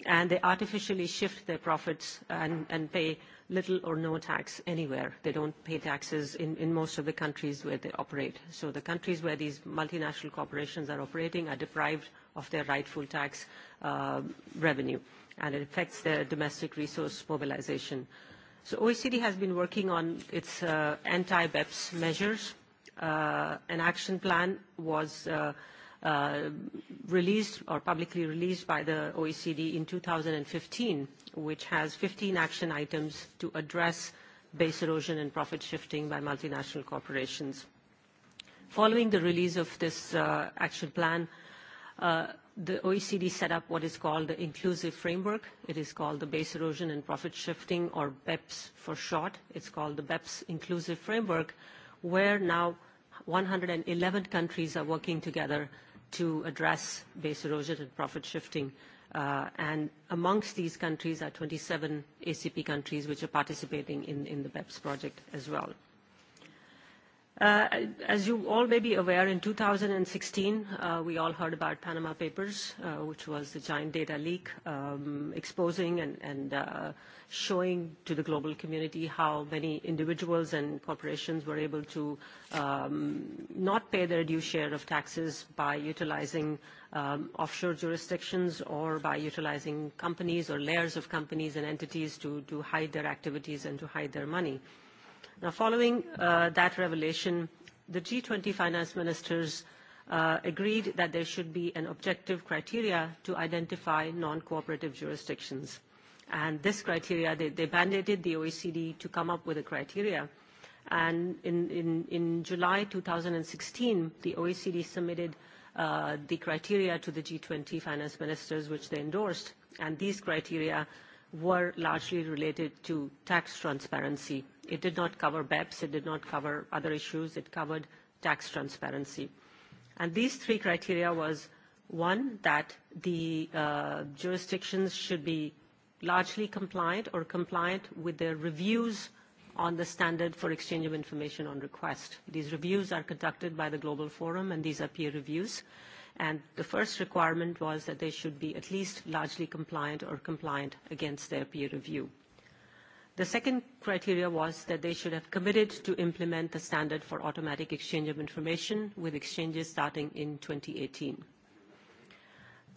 and they artificially shift their profits and, and pay little or no tax anywhere. They don't pay taxes in, in most of the countries where they operate. So the countries where these multinational corporations are operating are deprived of their rightful tax revenue, and it affects their domestic resource mobilization. So OECD has been working on its uh, anti-BEPS measures. an action plan was uh, released or publicly released by the OECD in 2015, which has 15 action items to address base erosion and profit shifting by multinational corporations. Following the release of this action plan, the OECD set up what is called the Inclusive Framework. It is called the Base Erosion and Profit Shifting, or BEPS for short. It's called the BEPS Inclusive Framework, where now 111 countries are working together to address base erosion and profit shifting. And amongst these countries are 27 ACP countries which are participating in the BEPS project as well. As you all may be aware, in 2016, we all heard about Panama Papers, which was the giant data leak exposing and showing to the global community how many individuals and corporations were able to not pay their due share of taxes by utilizing offshore jurisdictions or by utilizing companies or layers of companies and entities to hide their activities and to hide their money. Now, following that revelation, the G20 finance ministers agreed that there should be an objective criteria to identify non-cooperative jurisdictions. And this criteria, they mandated the OECD to come up with a criteria. And in July 2016, the OECD submitted the criteria to the G20 finance ministers, which they endorsed. And these criteria were largely related to tax transparency It did not cover BEPS. It did not cover other issues. It covered tax transparency. And these three criteria was, one, that the jurisdictions should be largely compliant or compliant with their reviews on the standard for exchange of information on request. These reviews are conducted by the Global Forum, and these are peer reviews. And the first requirement was that they should be at least largely compliant or compliant against their peer review. The second criteria was that they should have committed to implement the standard for automatic exchange of information with exchanges starting in 2018.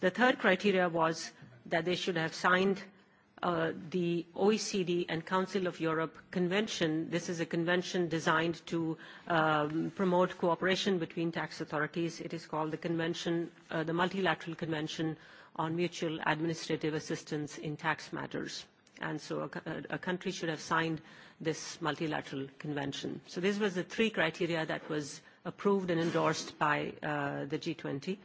The third criteria was that they should have signed the OECD and Council of Europe Convention. This is a convention designed to promote cooperation between tax authorities. It is called the Convention, the Multilateral Convention on Mutual Administrative Assistance in Tax Matters and so a country should have signed this multilateral convention. So these were the three criteria that was approved and endorsed by the G20.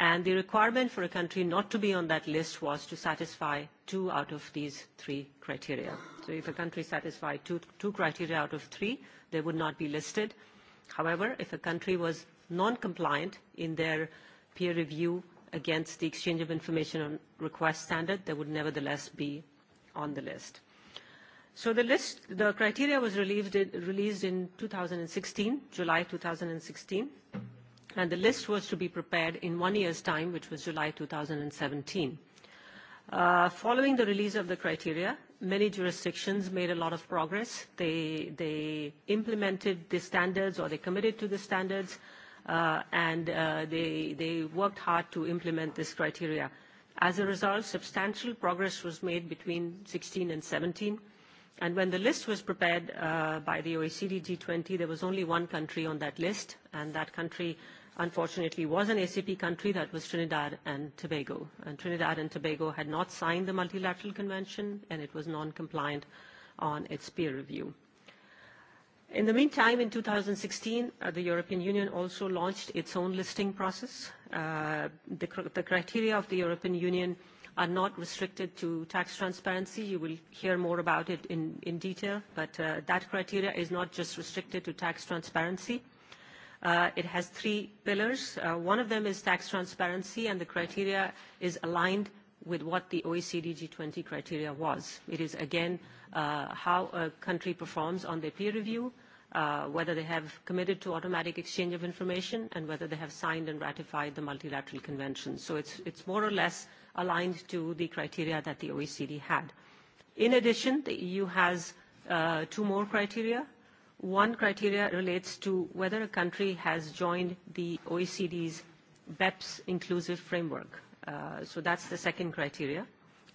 And the requirement for a country not to be on that list was to satisfy two out of these three criteria. So if a country satisfied two criteria out of three, they would not be listed. However, if a country was non-compliant in their peer review against the exchange of information on request standard, they would nevertheless be on the list. So the list, the criteria was released in 2016, July 2016, and the list was to be prepared in one year's time, which was July 2017. Following the release of the criteria, many jurisdictions made a lot of progress. They, they implemented the standards or they committed to the standards and they, they worked hard to implement this criteria. As a result, substantial progress was made between 16 and 17. And when the list was prepared by the OECD G20, there was only one country on that list, and that country, unfortunately, was an ACP country. That was Trinidad and Tobago. And Trinidad and Tobago had not signed the multilateral convention, and it was non-compliant on its peer review. In the meantime, in 2016, the European Union also launched its own listing process. The criteria of the European Union are not restricted to tax transparency. You will hear more about it in detail, but that criteria is not just restricted to tax transparency. It has three pillars. One of them is tax transparency, and the criteria is aligned with what the OECD G20 criteria was. It is, again, how a country performs on their peer review, whether they have committed to automatic exchange of information, and whether they have signed and ratified the multilateral convention. So it's more or less aligned to the criteria that the OECD had. In addition, the EU has two more criteria. One criteria relates to whether a country has joined the OECD's BEPS inclusive framework So that's the second criteria.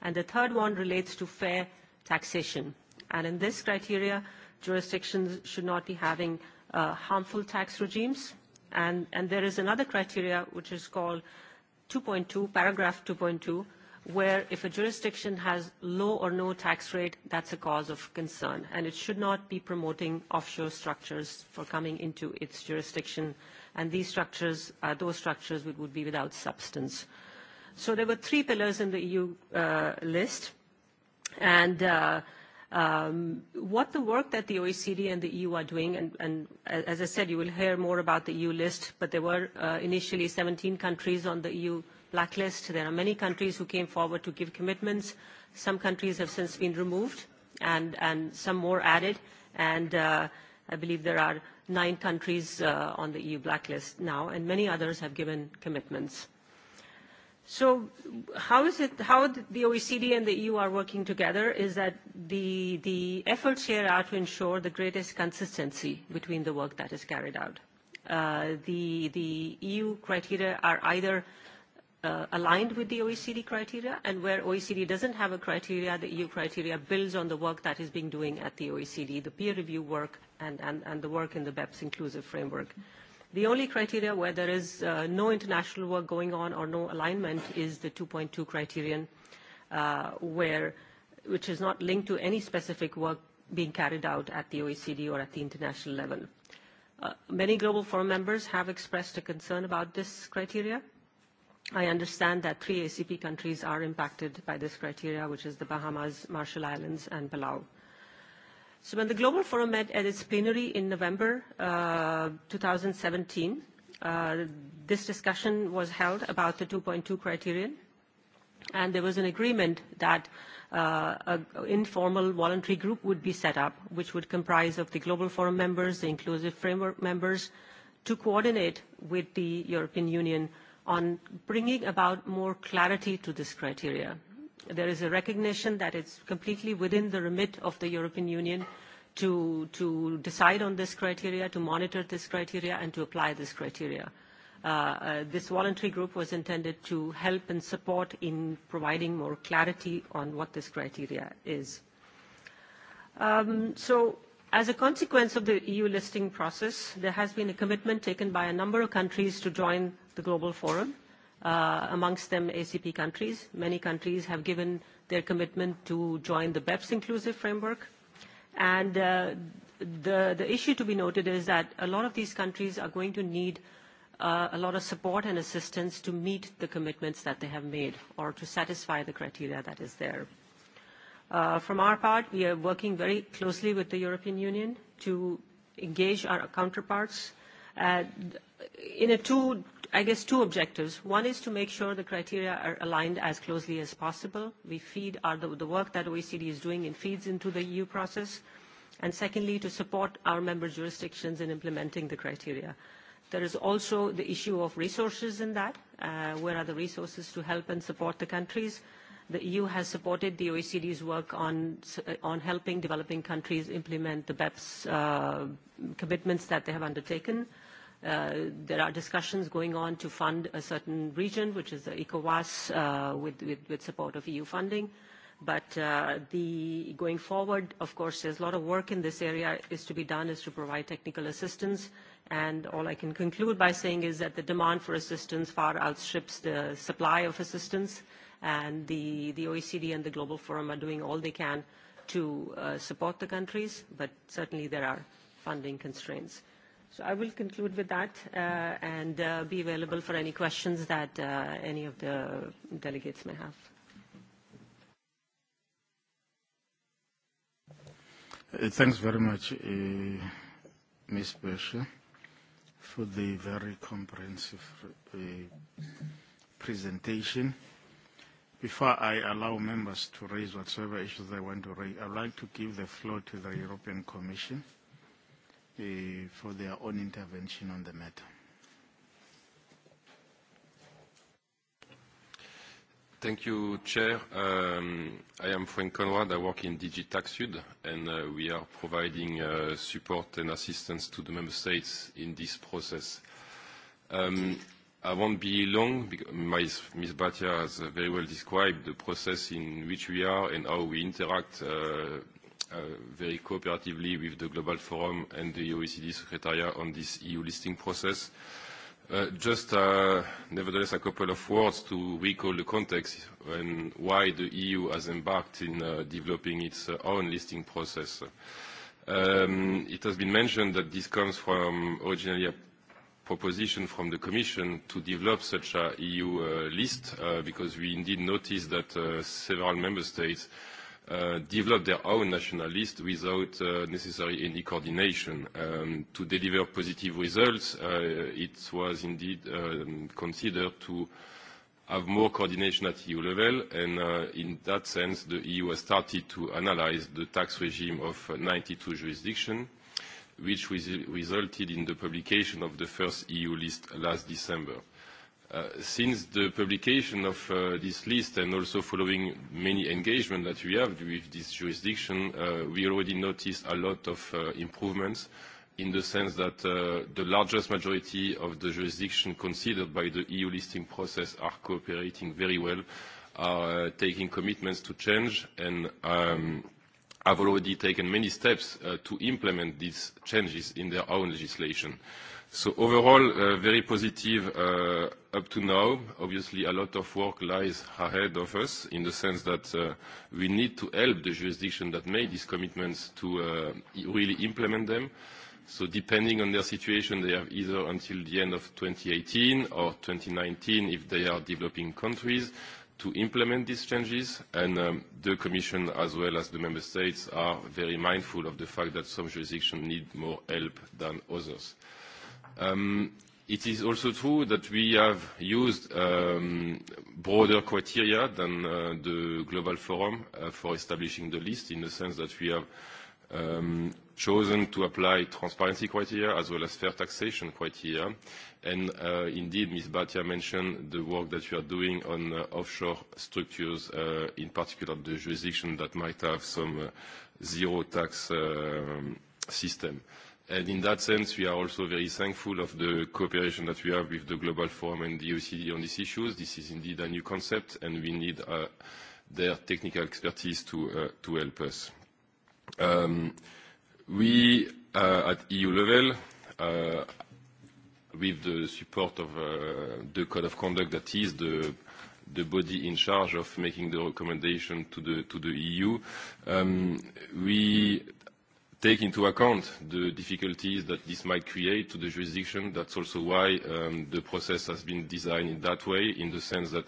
And the third one relates to fair taxation. And in this criteria, jurisdictions should not be having harmful tax regimes. And there is another criteria which is called 2.2, paragraph 2.2, where if a jurisdiction has low or no tax rate, that's a cause of concern. And it should not be promoting offshore structures for coming into its jurisdiction. And these structures, those structures would be without substance. So there were three pillars in the EU list. And what the work that the OECD and the EU are doing, and as I said, you will hear more about the EU list, but there were initially 17 countries on the EU blacklist. There are many countries who came forward to give commitments. Some countries have since been removed and some more added. And I believe there are nine countries on the EU blacklist now, and many others have given commitments. So how is it how the OECD and the EU are working together is that the the efforts here are to ensure the greatest consistency between the work that is carried out. The the EU criteria are either aligned with the OECD criteria and where OECD doesn't have a criteria, the EU criteria builds on the work that is being doing at the OECD, the peer review work and and the work in the BEPS inclusive framework. The only criteria where there is no international work going on or no alignment is the 2.2 criterion, where which is not linked to any specific work being carried out at the OECD or at the international level. Many Global Forum members have expressed a concern about this criteria. I understand that three ACP countries are impacted by this criteria, which is the Bahamas, Marshall Islands, and Palau. So when the Global Forum met at its plenary in November 2017, this discussion was held about the 2.2 criterion, and there was an agreement that an informal voluntary group would be set up, which would comprise of the Global Forum members, the Inclusive Framework members, to coordinate with the European Union on bringing about more clarity to this criteria there is a recognition that it's completely within the remit of the European Union to to decide on this criteria, to monitor this criteria, and to apply this criteria. This voluntary group was intended to help and support in providing more clarity on what this criteria is. So as a consequence of the EU listing process, there has been a commitment taken by a number of countries to join the global forum amongst them ACP countries. Many countries have given their commitment to join the BEPS inclusive framework. And the issue to be noted is that a lot of these countries are going to need a lot of support and assistance to meet the commitments that they have made or to satisfy the criteria that is there. From our part, we are working very closely with the European Union to engage our counterparts in a two I guess, two objectives. One is to make sure the criteria are aligned as closely as possible. We feed the work that OECD is doing and feeds into the EU process. And secondly, to support our member jurisdictions in implementing the criteria. There is also the issue of resources in that. Where are the resources to help and support the countries? The EU has supported the OECD's work on helping developing countries implement the BEPS commitments that they have undertaken. There are discussions going on to fund a certain region, which is the ECOWAS, with support of EU funding. But going forward, of course, there's a lot of work in this area is to be done, is to provide technical assistance. And all I can conclude by saying is that the demand for assistance far outstrips the supply of assistance. And the OECD and the Global Forum are doing all they can to support the countries, but certainly there are funding constraints. So I will conclude with that and be available for any questions that any of the delegates may have. Thanks very much, Ms. Bersha, for the very comprehensive presentation. Before I allow members to raise whatsoever issues they want to raise, I would like to give the floor to the European Commission for their own intervention on the matter. Thank you, Chair. I am Frank Conrad. I work in DigiTax Sud, and we are providing support and assistance to the member states in this process. I won't be long. Ms. Batia has very well described the process in which we are and how we interact very cooperatively with the Global Forum and the OECD Secretariat on this EU listing process. Just nevertheless a couple of words to recall the context and why the EU has embarked in developing its own listing process. It has been mentioned that this comes from originally a proposition from the Commission to develop such a EU list because we indeed noticed that several member states develop their own national list without necessary any coordination. To deliver positive results, it was indeed considered to have more coordination at EU level, and in that sense, the EU has started to analyze the tax regime of 92 jurisdictions, which resulted in the publication of the first EU list last December. Since the publication of this list and also following many engagement that we have with this jurisdiction, we already noticed a lot of improvements in the sense that the largest majority of the jurisdictions considered by the EU listing process are cooperating very well, are taking commitments to change and have already taken many steps to implement these changes in their own legislation. So overall, very positive up to now. Obviously, a lot of work lies ahead of us in the sense that we need to help the jurisdiction that made these commitments to really implement them. So depending on their situation, they have either until the end of 2018 or 2019 if they are developing countries to implement these changes, and the Commission, as well as the Member States, are very mindful of the fact that some jurisdictions need more help than others. It is also true that we have used broader criteria than the Global Forum for establishing the list, in the sense that we have chosen to apply transparency criteria as well as fair taxation criteria. And indeed, Ms. Batia mentioned the work that you are doing on offshore structures, in particular the jurisdiction that might have some zero tax system in that sense, we are also very thankful of the cooperation that we have with the Global Forum and the OECD on these issues. This is indeed a new concept, and we need their technical expertise to help us. We, at EU level, with the support of the Code of Conduct that is the body in charge of making the recommendation to the to the EU. We take into account the difficulties that this might create to the jurisdiction. That's also why the process has been designed in that way, in the sense that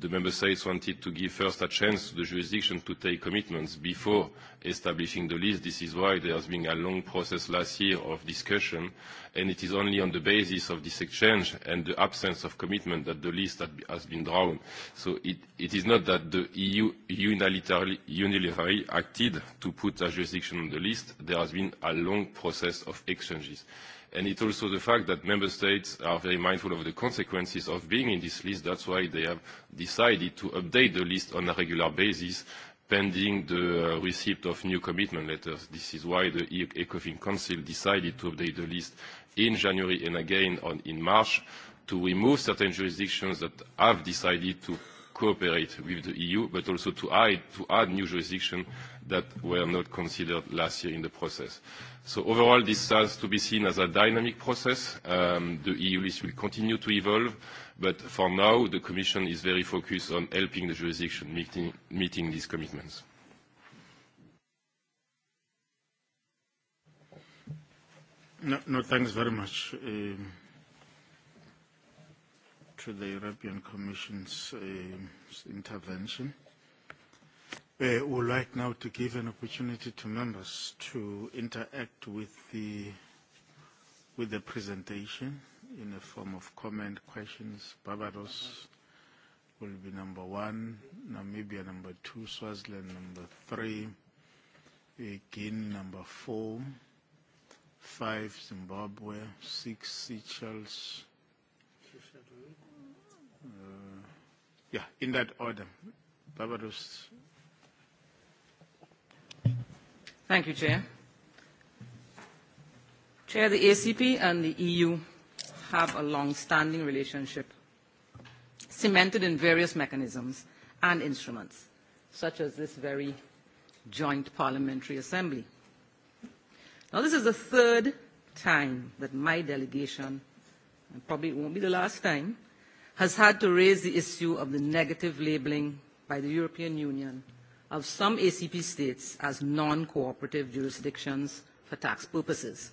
the member states wanted to give first a chance to the jurisdiction to take commitments before establishing the list. This is why there has been a long process last year of discussion, and it is only on the basis of this exchange and the absence of commitment that the list has been drawn. So it is not that the EU unilaterally acted to put a jurisdiction on the list. There has been a long process of exchanges. And it's also the fact that member states are very mindful of the consequences of being in this list. That's why they have decided to update the list on a regular basis pending the receipt of new commitment letters. This is why the ECOFIN Council decided to update the list in January and again in March to remove certain jurisdictions that have decided to cooperate with the EU, but also to add new jurisdictions that were not considered last year in the process. So overall, this has to be seen as a dynamic process. The EU list will continue to evolve, but for now, the Commission is very focused on helping the jurisdiction meeting these commitments. No, thanks very much to the European Commission's intervention. We would like now to give an opportunity to members to interact with the with the presentation in the form of comment, questions. Barbados will be number one, Namibia number two, Swaziland number three, Guinea number four, five Zimbabwe, six Seychelles. Yeah, in that order. Barbados Thank you, Chair. Chair, the ACP and the EU have a long-standing relationship cemented in various mechanisms and instruments, such as this very joint parliamentary assembly. Now, this is the third time that my delegation, and probably won't be the last time, has had to raise the issue of the negative labelling by the European Union of some ACP states as non-cooperative jurisdictions for tax purposes.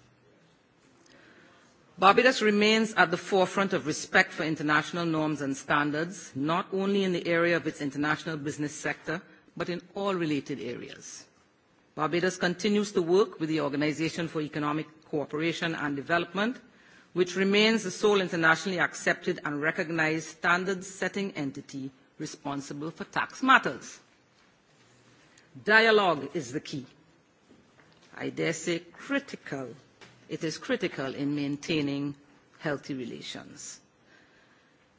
Barbados remains at the forefront of respect for international norms and standards, not only in the area of its international business sector, but in all related areas. Barbados continues to work with the Organization for Economic Cooperation and Development, which remains the sole internationally accepted and recognized standards-setting entity responsible for tax matters. Dialogue is the key. I dare say critical. It is critical in maintaining healthy relations.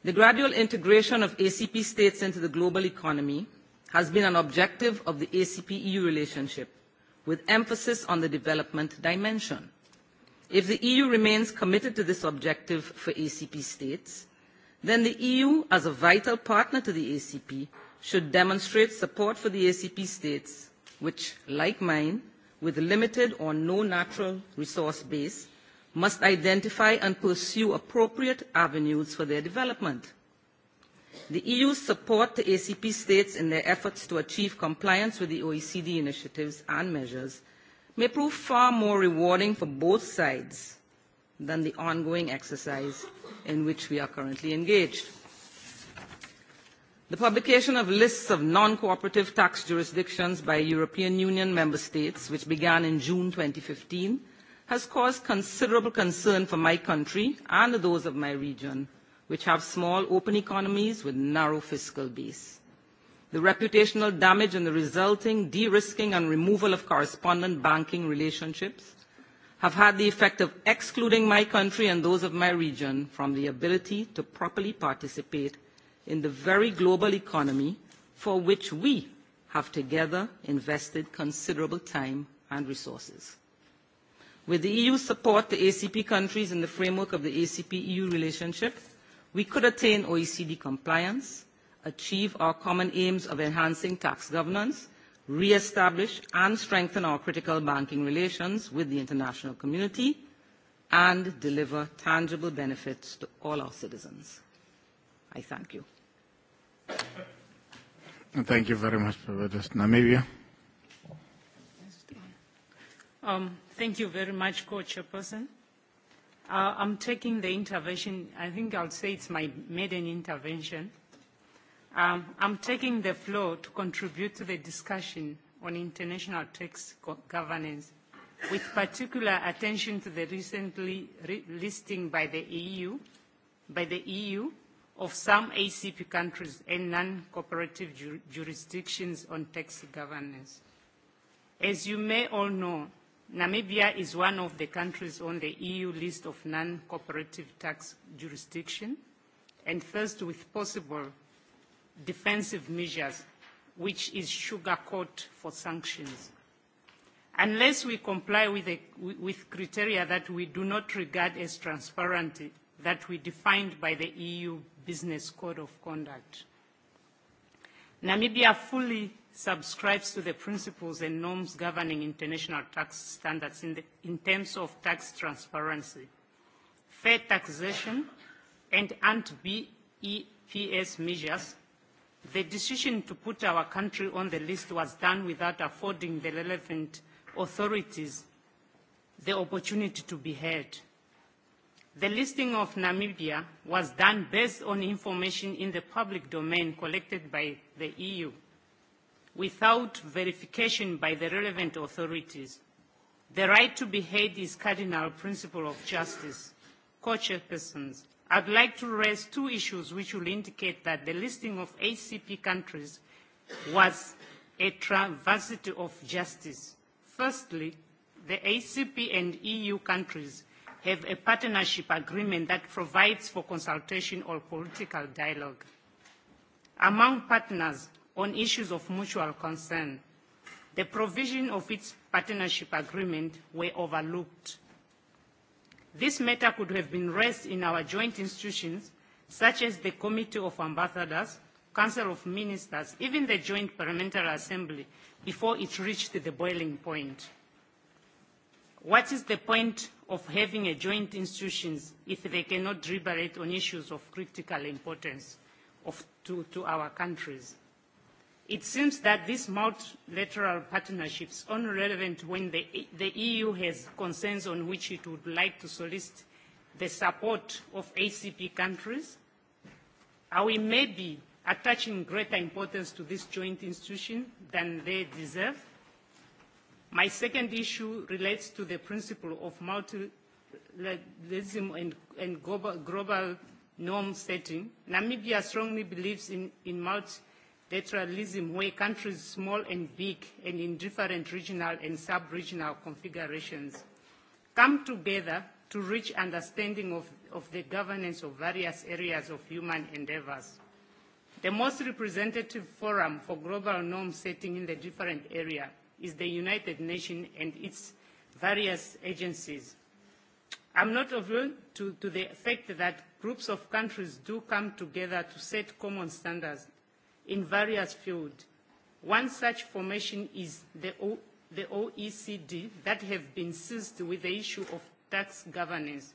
The gradual integration of ACP states into the global economy has been an objective of the ACP-EU relationship, with emphasis on the development dimension. If the EU remains committed to this objective for ACP states, then the EU, as a vital partner to the ACP, should demonstrate support for the ACP states, which, like mine, with limited or no natural resource base, must identify and pursue appropriate avenues for their development. The EU's support to ACP states in their efforts to achieve compliance with the OECD initiatives and measures may prove far more rewarding for both sides than the ongoing exercise in which we are currently engaged. The publication of lists of non-cooperative tax jurisdictions by European Union member states, which began in June 2015, has caused considerable concern for my country and those of my region, which have small open economies with narrow fiscal base. The reputational damage and the resulting de-risking and removal of correspondent banking relationships have had the effect of excluding my country and those of my region from the ability to properly participate in the very global economy for which we have together invested considerable time and resources. With the EU's support to ACP countries in the framework of the ACP-EU relationship, we could attain OECD compliance, achieve our common aims of enhancing tax governance, re-establish and strengthen our critical banking relations with the international community, and deliver tangible benefits to all our citizens. I thank you. Thank you very much, Namibia. Um, thank you very much, Co-Chairperson. Uh, I'm taking the intervention. I think I'll say it's my maiden intervention. Um, I'm taking the floor to contribute to the discussion on international tax governance, with particular attention to the recently listing by the EU, by the EU of some ACP countries and non-cooperative jurisdictions on tax governance. As you may all know, Namibia is one of the countries on the EU list of non-cooperative tax jurisdiction and first with possible defensive measures, which is sugarcoat for sanctions. Unless we comply with criteria that we do not regard as transparent that we defined by the EU Business Code of Conduct. Namibia fully subscribes to the principles and norms governing international tax standards in terms of tax transparency, fair taxation and anti-BEPS measures. The decision to put our country on the list was done without affording the relevant authorities the opportunity to be heard. The listing of Namibia was done based on information in the public domain collected by the EU, without verification by the relevant authorities. The right to be heard is cardinal principle of justice. Co-chairpersons, I'd like to raise two issues which will indicate that the listing of ACP countries was a travesty of justice. Firstly, the ACP and EU countries have a partnership agreement that provides for consultation or political dialogue among partners on issues of mutual concern. The provision of its partnership agreement were overlooked. This matter could have been raised in our joint institutions, such as the Committee of Ambassadors, Council of Ministers, even the Joint Parliamentary Assembly, before it reached the boiling point. What is the point of having a joint institutions if they cannot deliberate on issues of critical importance to our countries. It seems that these multilateral partnerships are only relevant when the EU has concerns on which it would like to solicit the support of ACP countries. Are we maybe attaching greater importance to this joint institution than they deserve? My second issue relates to the principle of multilateralism and global norm setting. Namibia strongly believes in multilateralism where countries small and big and in different regional and sub-regional configurations come together to reach understanding of the governance of various areas of human endeavors. The most representative forum for global norm setting in the different areas is the United Nations and its various agencies. I'm not aware to the fact that groups of countries do come together to set common standards in various fields. One such formation is the OECD that have been seized with the issue of tax governance.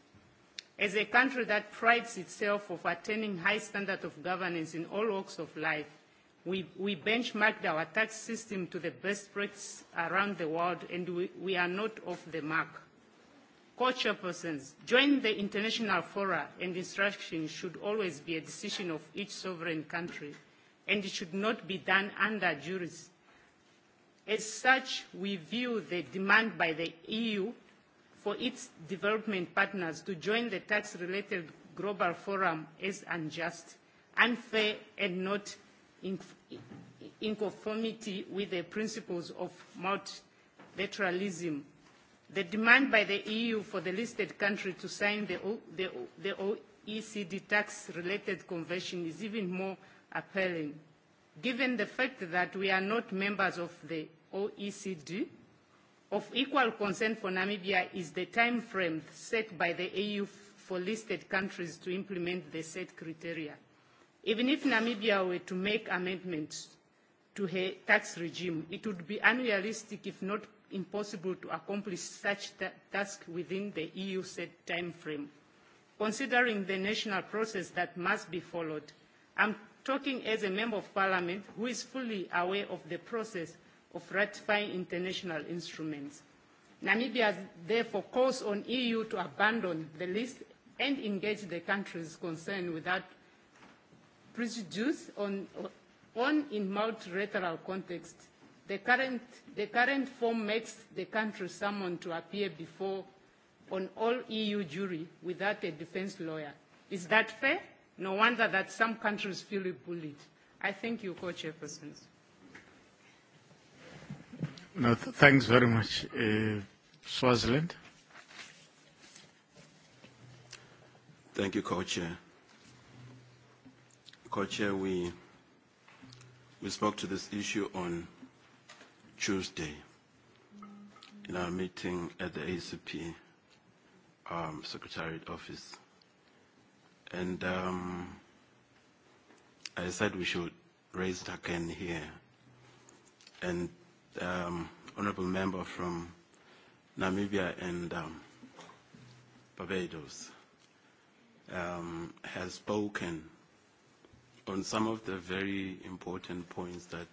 As a country that prides itself of attaining high standards of governance in all walks of life, We benchmarked our tax system to the best rates around the world, and we are not off the mark. Co-chairpersons, join the international fora, and instruction should always be a decision of each sovereign country, and it should not be done under juries. As such, we view the demand by the EU for its development partners to join the tax-related global forum as unjust, unfair, and not in conformity with the principles of multilateralism. The demand by the EU for the listed country to sign the OECD tax-related convention is even more appealing. Given the fact that we are not members of the OECD, of equal concern for Namibia is the time frame set by the EU for listed countries to implement the set criteria. Even if Namibia were to make amendments to her tax regime, it would be unrealistic, if not impossible, to accomplish such tasks within the EU set time frame. Considering the national process that must be followed, I'm talking as a Member of Parliament who is fully aware of the process of ratifying international instruments. Namibia therefore calls on EU to abandon the list and engage the countries concerned without prejudice on in multilateral context. The current form makes the country summoned to appear before on all EU jury without a defense lawyer. Is that fair? No wonder that some countries feel bullied. I thank you, Co-Chairperson. No, thanks very much. Swaziland. Thank you, Co-Chair co-chair, we we spoke to this issue on Tuesday in our meeting at the ACP um, Secretariat Office. And um, I said we should raise it again here. And um, honorable member from Namibia and um, Barbados um, has spoken on some of the very important points that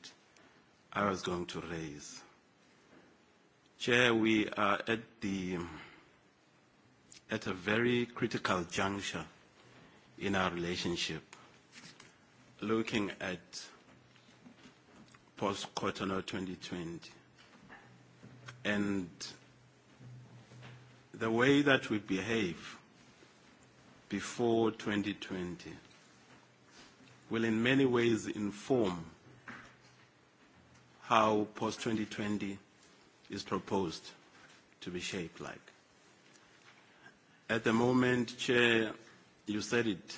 I was going to raise. Chair, we are at the at a very critical juncture in our relationship, looking at post-Cotonou 2020. And the way that we behave before 2020 will in many ways inform how post-2020 is proposed to be shaped like. At the moment, Chair, you said it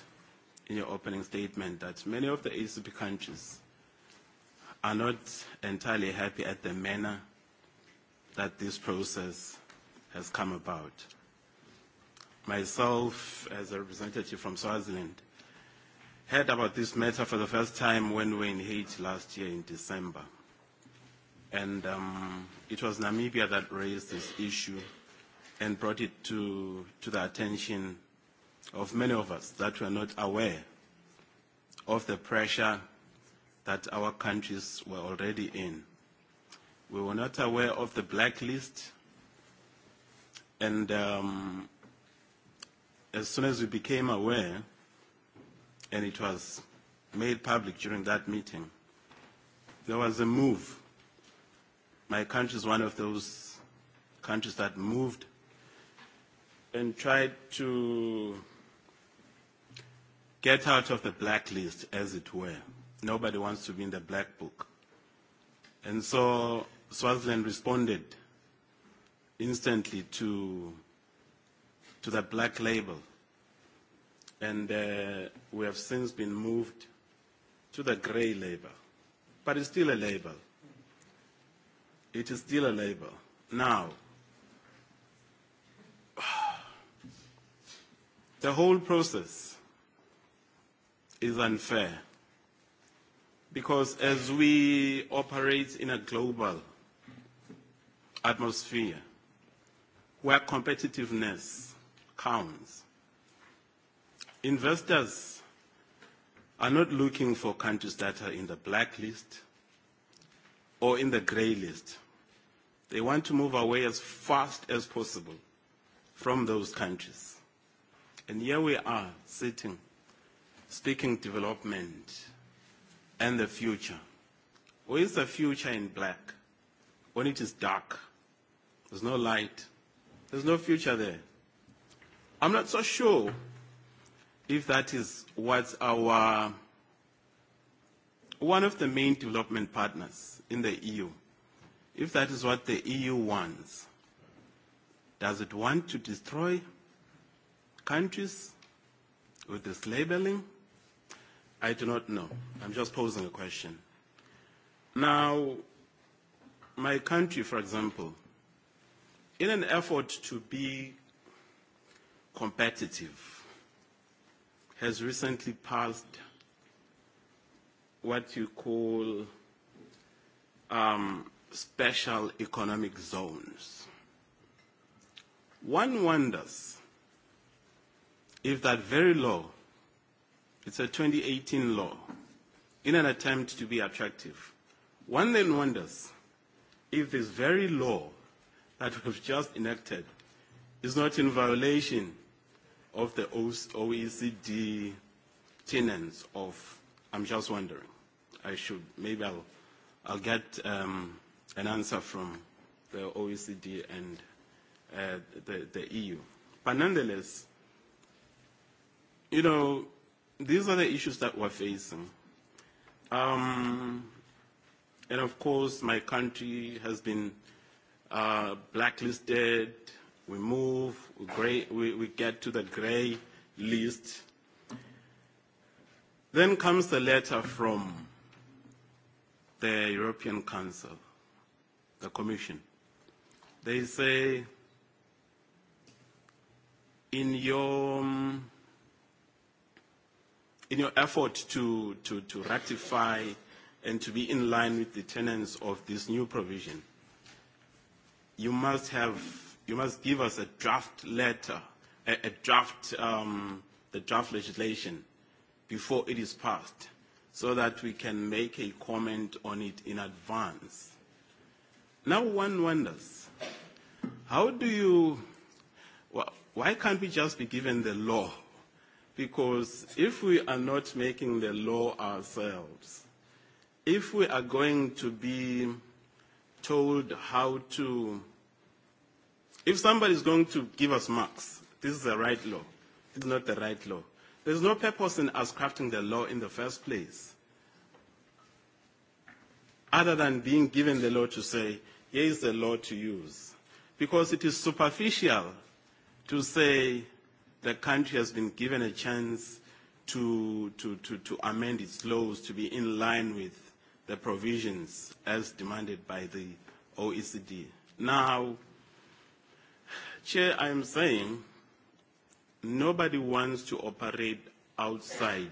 in your opening statement that many of the ACP countries are not entirely happy at the manner that this process has come about. Myself, as a representative from Swaziland, heard about this matter for the first time when we were in Haiti last year in December. And um, it was Namibia that raised this issue and brought it to, to the attention of many of us that were not aware of the pressure that our countries were already in. We were not aware of the blacklist, and um, as soon as we became aware, and it was made public during that meeting, there was a move. My country is one of those countries that moved and tried to get out of the blacklist, as it were. Nobody wants to be in the black book. And so Swaziland responded instantly to, to the black label and we have since been moved to the grey label. But it's still a label. It is still a label. Now, the whole process is unfair because as we operate in a global atmosphere where competitiveness counts, Investors are not looking for countries that are in the black list or in the grey list. They want to move away as fast as possible from those countries. And here we are sitting, speaking development and the future. Where is the future in black when it is dark? There's no light. There's no future there. I'm not so sure if that is what our one of the main development partners in the EU, if that is what the EU wants, does it want to destroy countries with this labeling? I do not know. I'm just posing a question. Now, my country, for example, in an effort to be competitive, has recently passed what you call special economic zones. One wonders if that very law, it's a 2018 law, in an attempt to be attractive, one then wonders if this very law that we've just enacted is not in violation of the OECD tenants of, I'm just wondering, I should, maybe I'll, I'll get um, an answer from the OECD and uh, the, the EU. But nonetheless, you know, these are the issues that we're facing. Um, and of course, my country has been uh, blacklisted we move, we, we get to the grey list. Then comes the letter from the European Council, the Commission. They say, in your in your effort to, to, to ratify and to be in line with the tenets of this new provision, you must have you must give us a draft letter, a draft, the draft legislation before it is passed so that we can make a comment on it in advance. Now one wonders, how do you, why can't we just be given the law? Because if we are not making the law ourselves, if we are going to be told how to If somebody is going to give us marks, this is the right law. This is not the right law. There's no purpose in us crafting the law in the first place, other than being given the law to say, here is the law to use. Because it is superficial to say the country has been given a chance to, to, to, to amend its laws to be in line with the provisions as demanded by the OECD. Now, Chair, I am saying nobody wants to operate outside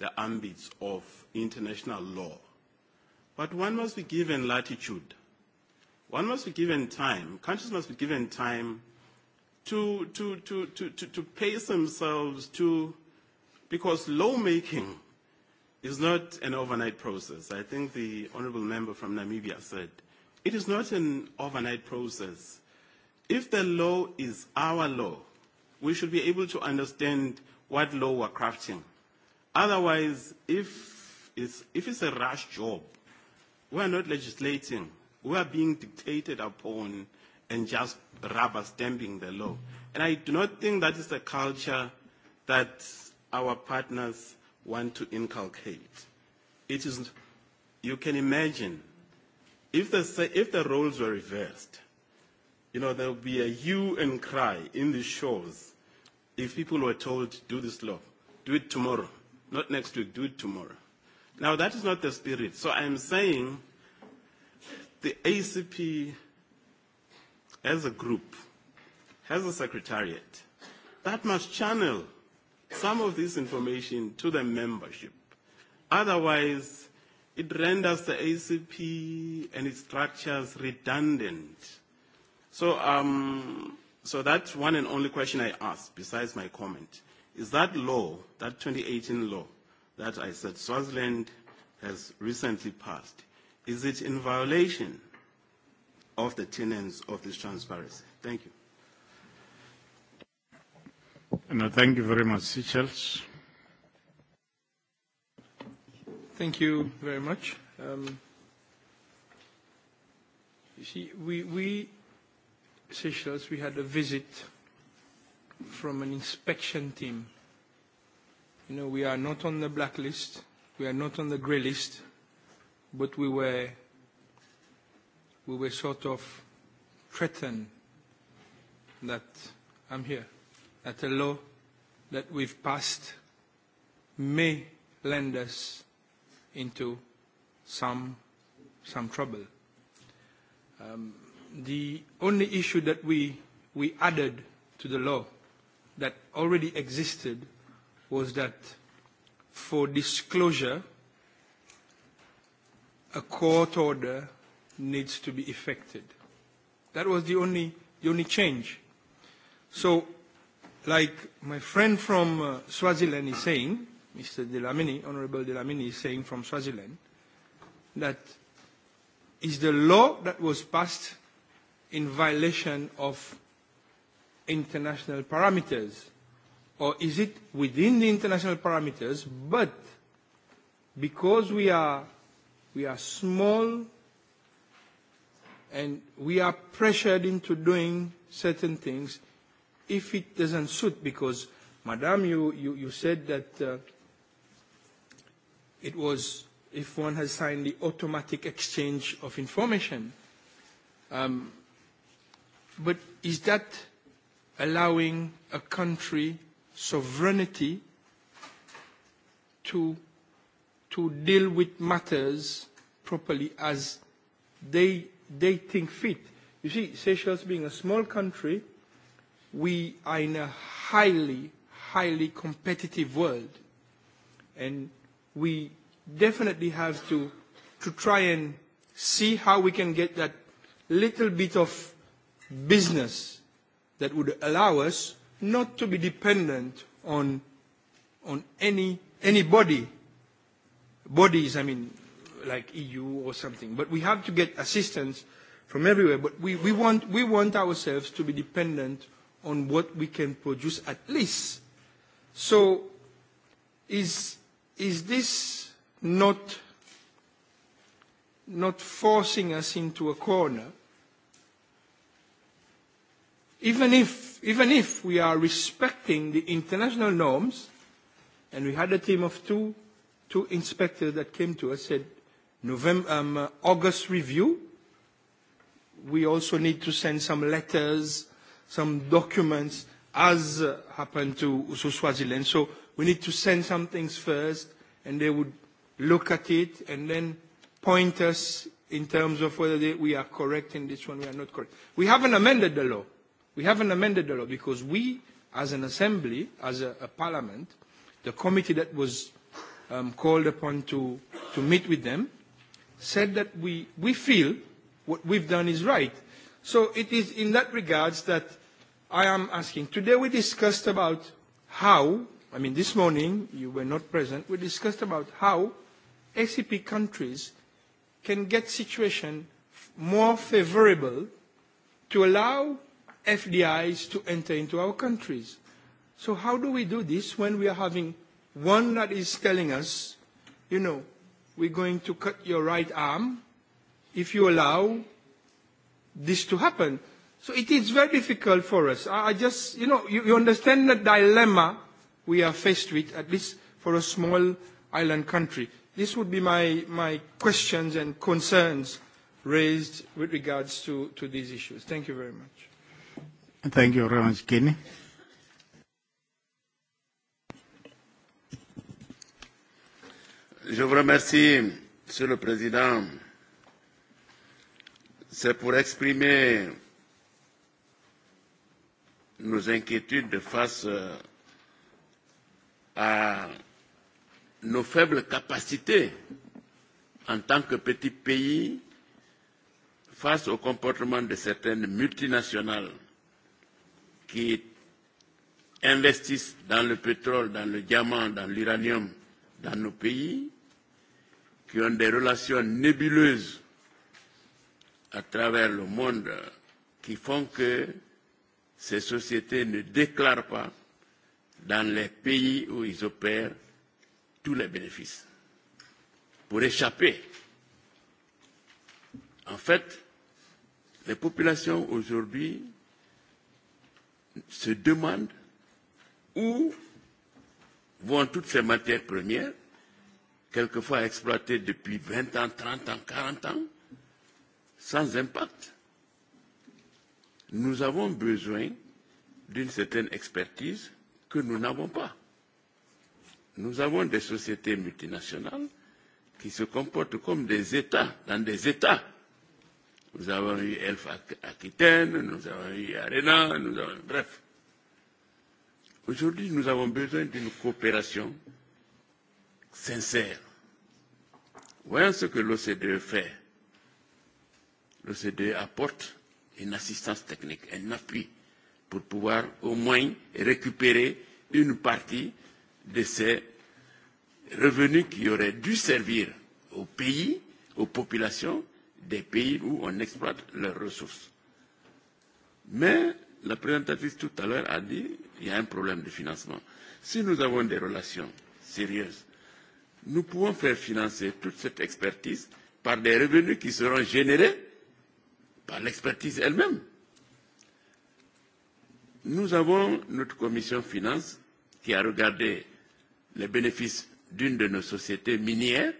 the ambits of international law. But one must be given latitude. One must be given time. Countries must be given time to, to, to, to, to, to pace themselves to, because lawmaking is not an overnight process. I think the Honourable Member from Namibia said, it is not an overnight process. If the law is our law, we should be able to understand what law we're crafting. Otherwise, if it's, if it's a rash job, we are not legislating. We are being dictated upon and just rubber stamping the law. And I do not think that is the culture that our partners want to inculcate. It is, you can imagine, if the, if the roles were reversed, You know, there would be a hue and cry in the shores if people were told, do this law, do it tomorrow, not next week, do it tomorrow. Now, that is not the spirit. So I am saying the ACP as a group has a secretariat that must channel some of this information to the membership. Otherwise, it renders the ACP and its structures redundant So, um, so that's one and only question I ask besides my comment. Is that law, that 2018 law that I said Swaziland has recently passed, is it in violation of the tenets of this transparency? Thank you. thank you very much. Charles. Thank you very much. you see, we, we Seychelles, we had a visit from an inspection team. You know, we are not on the blacklist, we are not on the grey list, but we were, we were sort of threatened that I'm here, that a law that we've passed may lend us into some some trouble. Um, the only issue that we we added to the law that already existed was that for disclosure a court order needs to be effected. That was the only the only change. So like my friend from Swaziland is saying, Mr. Delamini, Honorable Delamini is saying from Swaziland, that is the law that was passed in violation of international parameters? Or is it within the international parameters, but because we are, we are small and we are pressured into doing certain things if it doesn't suit, because, Madam, you, you, you said that it was if one has signed the automatic exchange of information. But is that allowing a country sovereignty to to deal with matters properly as they they think fit? You see, Seychelles being a small country, we are in a highly, highly competitive world, and we definitely have to to try and see how we can get that little bit of business that would allow us not to be dependent on on any anybody bodies I mean like EU or something but we have to get assistance from everywhere but we we want we want ourselves to be dependent on what we can produce at least so is is this not not forcing us into a corner even if even if we are respecting the international norms and we had a team of two two inspectors that came to us said november august review we also need to send some letters some documents as happened to swaziland so we need to send some things first and they would look at it and then point us in terms of whether we are correct in this one we are not correct we haven't amended the law We haven't amended the law because we, as an assembly, as a parliament, the committee that was called upon to meet with them, said that we feel what we've done is right. So it is in that regards that I am asking. Today we discussed about how, I mean this morning you were not present, we discussed about how ACP countries can get situation more favorable to allow FDIs to enter into our countries. So how do we do this when we are having one that is telling us, you know, we're going to cut your right arm if you allow this to happen. So it is very difficult for us. I just, you know, you understand the dilemma we are faced with, at least for a small island country. This would be my questions and concerns raised with regards to these issues. Thank you very much. Thank you very much, Kenny. Je vous remercie, Monsieur le Président. C'est pour exprimer nos inquiétudes face à nos faibles capacités en tant que petit pays face au comportement de certaines multinationales qui investissent dans le pétrole, dans le diamant, dans l'uranium, dans nos pays, qui ont des relations nébuleuses à travers le monde, qui font que ces sociétés ne déclarent pas dans les pays où ils opèrent tous les bénéfices pour échapper. En fait, les populations aujourd'hui se demandent où vont toutes ces matières premières, quelquefois exploitées depuis 20 ans, 30 ans, 40 ans, sans impact. Nous avons besoin d'une certaine expertise que nous n'avons pas. Nous avons des sociétés multinationales qui se comportent comme des États, dans des États nous avons eu Elf Aquitaine, nous avons eu Arena, nous avons... Bref. Aujourd'hui, nous avons besoin d'une coopération sincère. Voyons ce que l'OCDE fait. L'OCDE apporte une assistance technique, un appui pour pouvoir au moins récupérer une partie de ces revenus qui auraient dû servir aux pays, aux populations, des pays où on exploite leurs ressources. Mais la présentatrice tout à l'heure a dit qu'il y a un problème de financement. Si nous avons des relations sérieuses, nous pouvons faire financer toute cette expertise par des revenus qui seront générés par l'expertise elle-même. Nous avons notre commission finance qui a regardé les bénéfices d'une de nos sociétés minières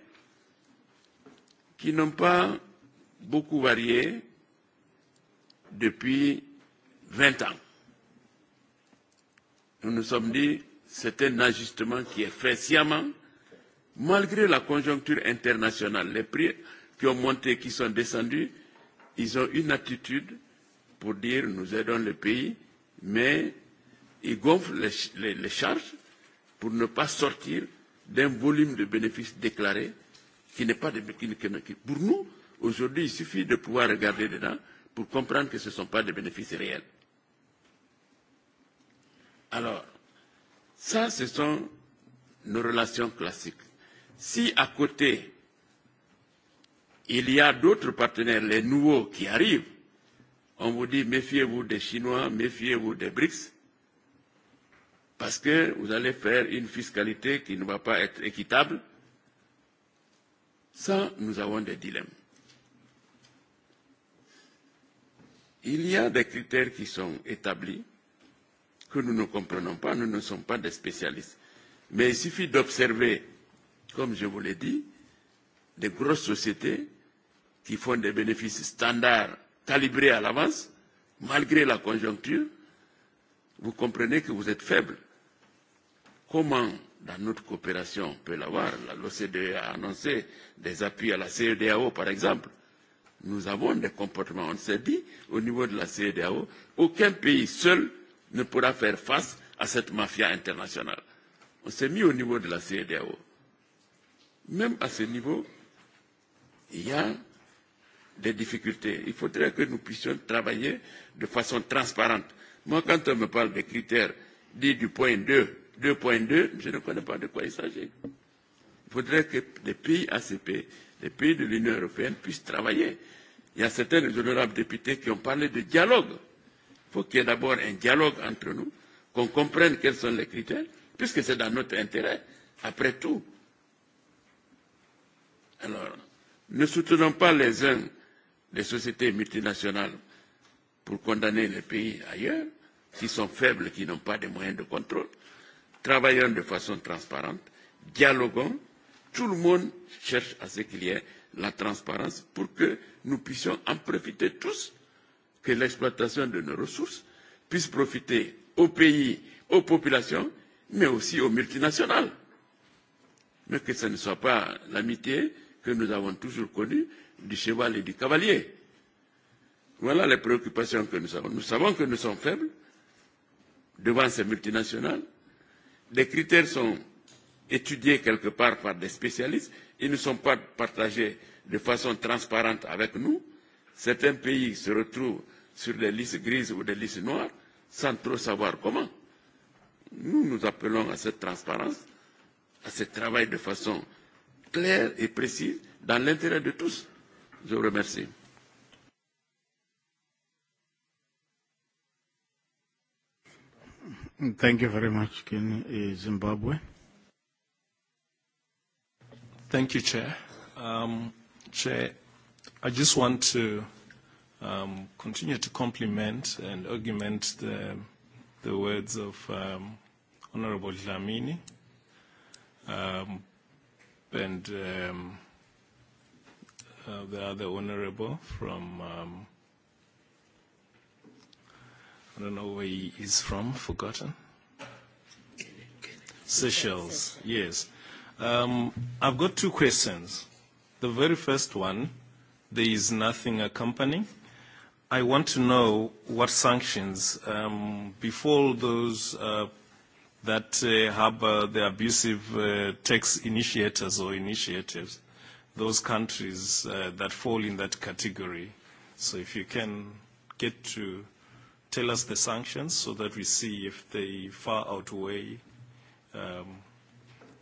qui n'ont pas beaucoup varié depuis 20 ans. Nous nous sommes dit, que c'est un ajustement qui est fait sciemment, malgré la conjoncture internationale. Les prix qui ont monté, qui sont descendus, ils ont une attitude pour dire nous aidons le pays, mais ils gonflent les, charges pour ne pas sortir d'un volume de bénéfices déclarés qui n'est pas de, qui, qui, pour nous, Aujourd'hui, il suffit de pouvoir regarder dedans pour comprendre que ce ne sont pas des bénéfices réels. Alors, ça, ce sont nos relations classiques. Si à côté, il y a d'autres partenaires, les nouveaux qui arrivent, on vous dit méfiez-vous des Chinois, méfiez-vous des BRICS, parce que vous allez faire une fiscalité qui ne va pas être équitable. Ça, nous avons des dilemmes. Il y a des critères qui sont établis, que nous ne comprenons pas, nous ne sommes pas des spécialistes. Mais il suffit d'observer, comme je vous l'ai dit, des grosses sociétés qui font des bénéfices standards calibrés à l'avance, malgré la conjoncture, vous comprenez que vous êtes faible. Comment, dans notre coopération, on peut l'avoir L'OCDE a annoncé des appuis à la CEDAO, par exemple nous avons des comportements. On s'est dit, au niveau de la CEDEAO aucun pays seul ne pourra faire face à cette mafia internationale. On s'est mis au niveau de la CEDEAO. Même à ce niveau, il y a des difficultés. Il faudrait que nous puissions travailler de façon transparente. Moi, quand on me parle des critères dits du point 2, 2.2, je ne connais pas de quoi il s'agit. Il faudrait que les pays ACP, les pays de l'Union européenne puissent travailler Il y a certains honorables députés qui ont parlé de dialogue. Il faut qu'il y ait d'abord un dialogue entre nous, qu'on comprenne quels sont les critères, puisque c'est dans notre intérêt, après tout. Alors, ne soutenons pas les uns les sociétés multinationales pour condamner les pays ailleurs, qui sont faibles, qui n'ont pas de moyens de contrôle. Travaillons de façon transparente, dialoguons. Tout le monde cherche à ce qu'il y ait la transparence pour que nous puissions en profiter tous, que l'exploitation de nos ressources puisse profiter aux pays, aux populations, mais aussi aux multinationales. Mais que ce ne soit pas l'amitié que nous avons toujours connue du cheval et du cavalier. Voilà les préoccupations que nous avons. Nous savons que nous sommes faibles devant ces multinationales. Les critères sont étudiés quelque part par des spécialistes. Ils ne sont pas partagés de façon transparente avec nous. Certains pays se retrouvent sur des listes grises ou des listes noires sans trop savoir comment. Nous nous appelons à cette transparence, à ce travail de façon claire et précise dans l'intérêt de tous. Je vous remercie. Thank you very much, Zimbabwe. Thank you, Chair. Um, Chair, I just want to um continue to compliment and augment the the words of um Honorable um And um the other honorable from, um, I don't know where he is from, forgotten. Seychelles, yes. Um, I've got two questions. The very first one, there is nothing accompanying. I want to know what sanctions before those that have the abusive tax initiators or initiatives, those countries that fall in that category. So if you can get to tell us the sanctions so that we see if they far outweigh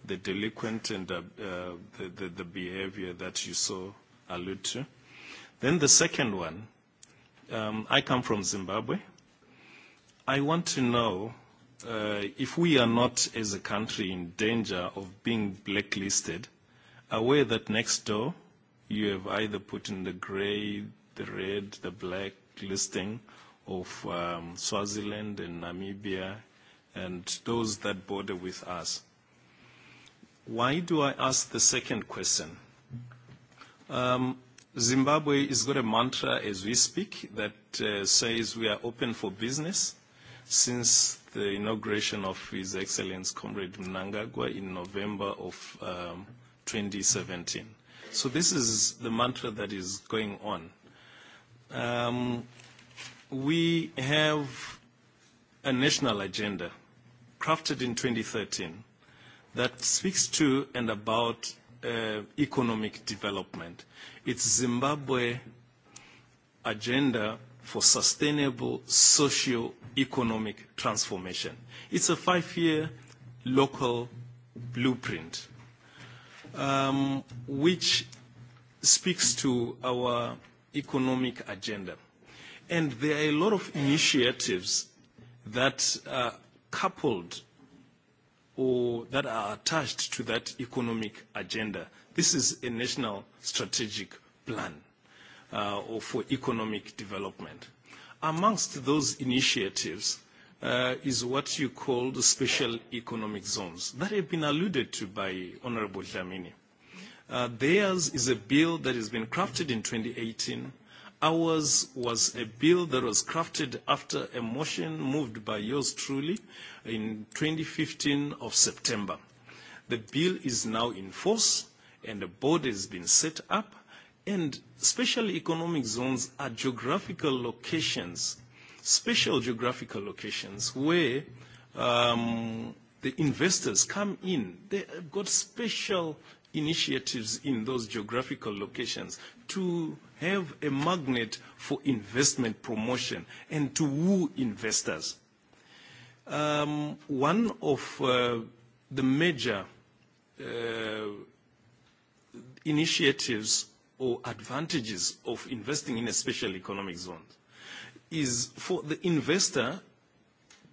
the delinquent and the the behavior that you so allude to. Then the second one, I come from Zimbabwe. I want to know if we are not as a country in danger of being blacklisted, aware that next door you have either put in the gray, the red, the black listing of Swaziland and Namibia and those that border with us. Why do I ask the second question? Zimbabwe has got a mantra as we speak that says we are open for business since the inauguration of His Excellency Comrade Mnangagwa in November of 2017. So this is the mantra that is going on. We have a national agenda crafted in 2013 that speaks to and about economic development. It's Zimbabwe agenda for sustainable socio-economic transformation. It's a five-year local blueprint, which speaks to our economic agenda. And there are a lot of initiatives that are coupled or that are attached to that economic agenda. This is a national strategic plan for economic development. Amongst those initiatives is what you call the special economic zones that have been alluded to by Honorable Jamini. Theirs is a bill that has been crafted in 2018 Ours was a bill that was crafted after a motion moved by yours truly in 2015 of September. The bill is now in force and a board has been set up and special economic zones are geographical locations, special geographical locations where the investors come in. They've got special initiatives in those geographical locations to have a magnet for investment promotion and to woo investors. One of the major initiatives or advantages of investing in a special economic zone is for the investor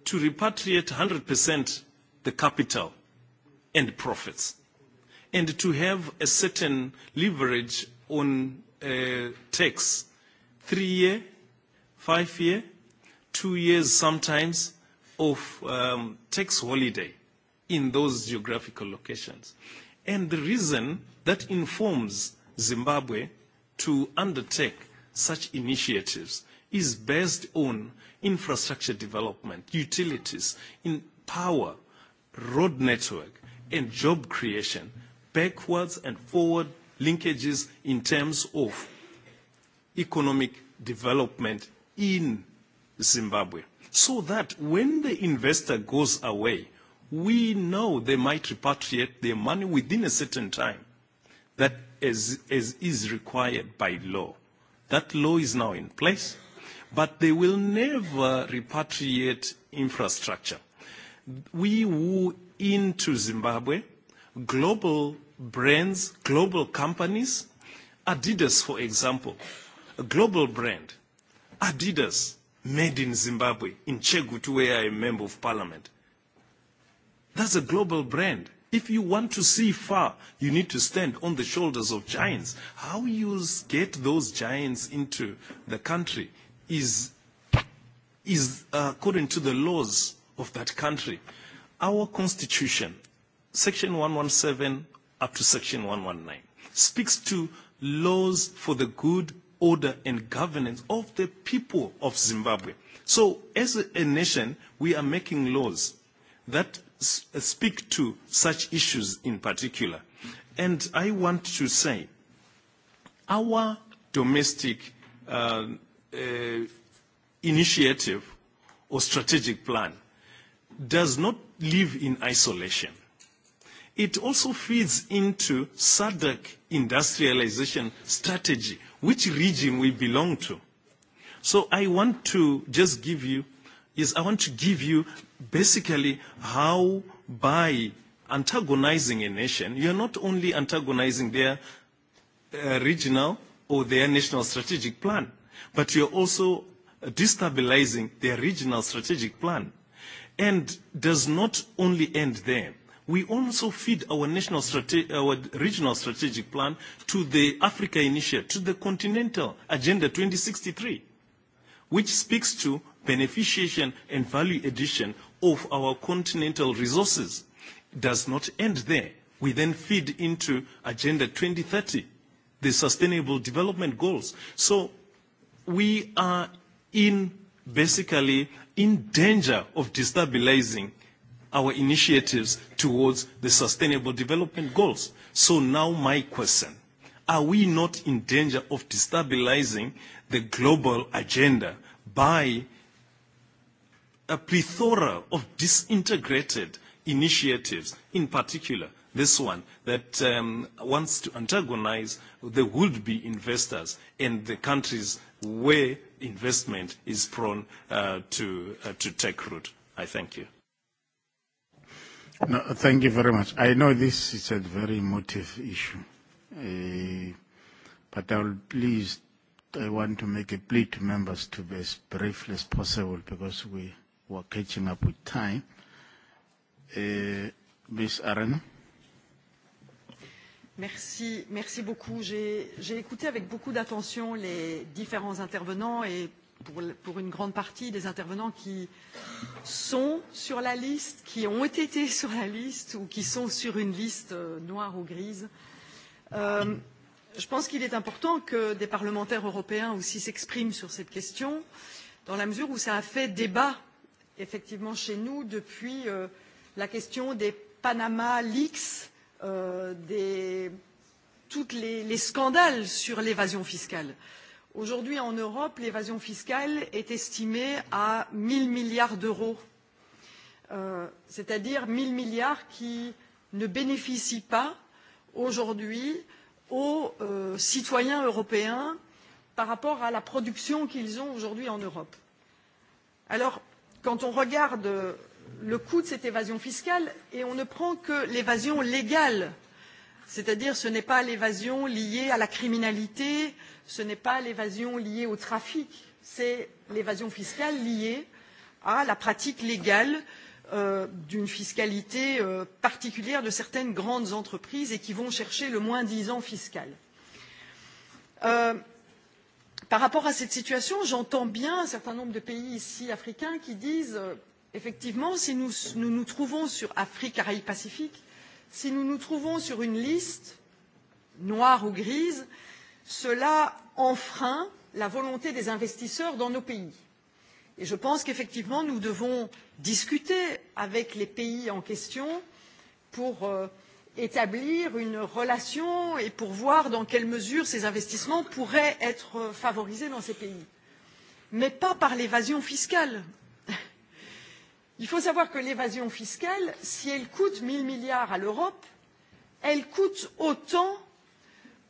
to repatriate 100% the capital and profits and to have a certain leverage on tax. Three year, five year, two years sometimes of tax holiday in those geographical locations. And the reason that informs Zimbabwe to undertake such initiatives is based on infrastructure development, utilities, in power, road network, and job creation backwards and forward linkages in terms of economic development in Zimbabwe. So that when the investor goes away, we know they might repatriate their money within a certain time that as is required by law. That law is now in place, but they will never repatriate infrastructure. We woo into Zimbabwe global brands, global companies. Adidas, for example, a global brand. Adidas, made in Zimbabwe, in Chegutu, where I am a member of parliament. That's a global brand. If you want to see far, you need to stand on the shoulders of giants. How you get those giants into the country is according to the laws of that country. Our constitution Section 117 up to Section 119 speaks to laws for the good order and governance of the people of Zimbabwe. So as a nation, we are making laws that speak to such issues in particular. And I want to say our domestic initiative or strategic plan does not live in isolation. It also feeds into SADC industrialization strategy, which region we belong to. So I want to just give you, is I want to give you basically how by antagonizing a nation, you are not only antagonizing their regional or their national strategic plan, but you are also destabilizing their regional strategic plan. And does not only end there we also feed our national our regional strategic plan to the Africa Initiative, to the Continental Agenda 2063, which speaks to beneficiation and value addition of our continental resources. It does not end there. We then feed into Agenda 2030, the Sustainable Development Goals. So we are in basically in danger of destabilizing our initiatives towards the Sustainable Development Goals. So now my question, are we not in danger of destabilizing the global agenda by a plethora of disintegrated initiatives, in particular this one, that wants to antagonize the would-be investors and the countries where investment is prone to take root? I thank you. No, thank you very much. I know this is a very emotive issue, but I will please, I want to make a plea to members to be as brief as possible because we were catching up with time. Ms. Arena. Merci, merci beaucoup. J'ai écouté avec beaucoup d'attention les différents intervenants et pour une grande partie des intervenants qui sont sur la liste, qui ont été sur la liste ou qui sont sur une liste noire ou grise. Je pense qu'il est important que des parlementaires européens aussi s'expriment sur cette question, dans la mesure où ça a fait débat, effectivement, chez nous, depuis la question des Panama Leaks, des tous les scandales sur l'évasion fiscale. Aujourd'hui, en Europe, l'évasion fiscale est estimée à 1 000 milliards d'euros, c'est-à-dire 1 000 milliards qui ne bénéficient pas aujourd'hui aux citoyens européens par rapport à la production qu'ils ont aujourd'hui en Europe. Alors, quand on regarde le coût de cette évasion fiscale, et on ne prend que l'évasion légale, c'est-à-dire ce n'est pas l'évasion liée à la criminalité, ce n'est pas l'évasion liée au trafic, c'est l'évasion fiscale liée à la pratique légale d'une fiscalité particulière de certaines grandes entreprises et qui vont chercher le moins disant fiscal. Par rapport à cette situation, j'entends bien un certain nombre de pays ici africains qui disent effectivement, si nous nous trouvons sur Afrique, Caraïbes, Pacifique, si nous nous trouvons sur une liste noire ou grise, cela enfreint la volonté des investisseurs dans nos pays. Et je pense qu'effectivement, nous devons discuter avec les pays en question pour établir une relation et pour voir dans quelle mesure ces investissements pourraient être favorisés dans ces pays. Mais pas par l'évasion fiscale. Il faut savoir que l'évasion fiscale, si elle coûte 1 000 milliards à l'Europe, elle coûte autant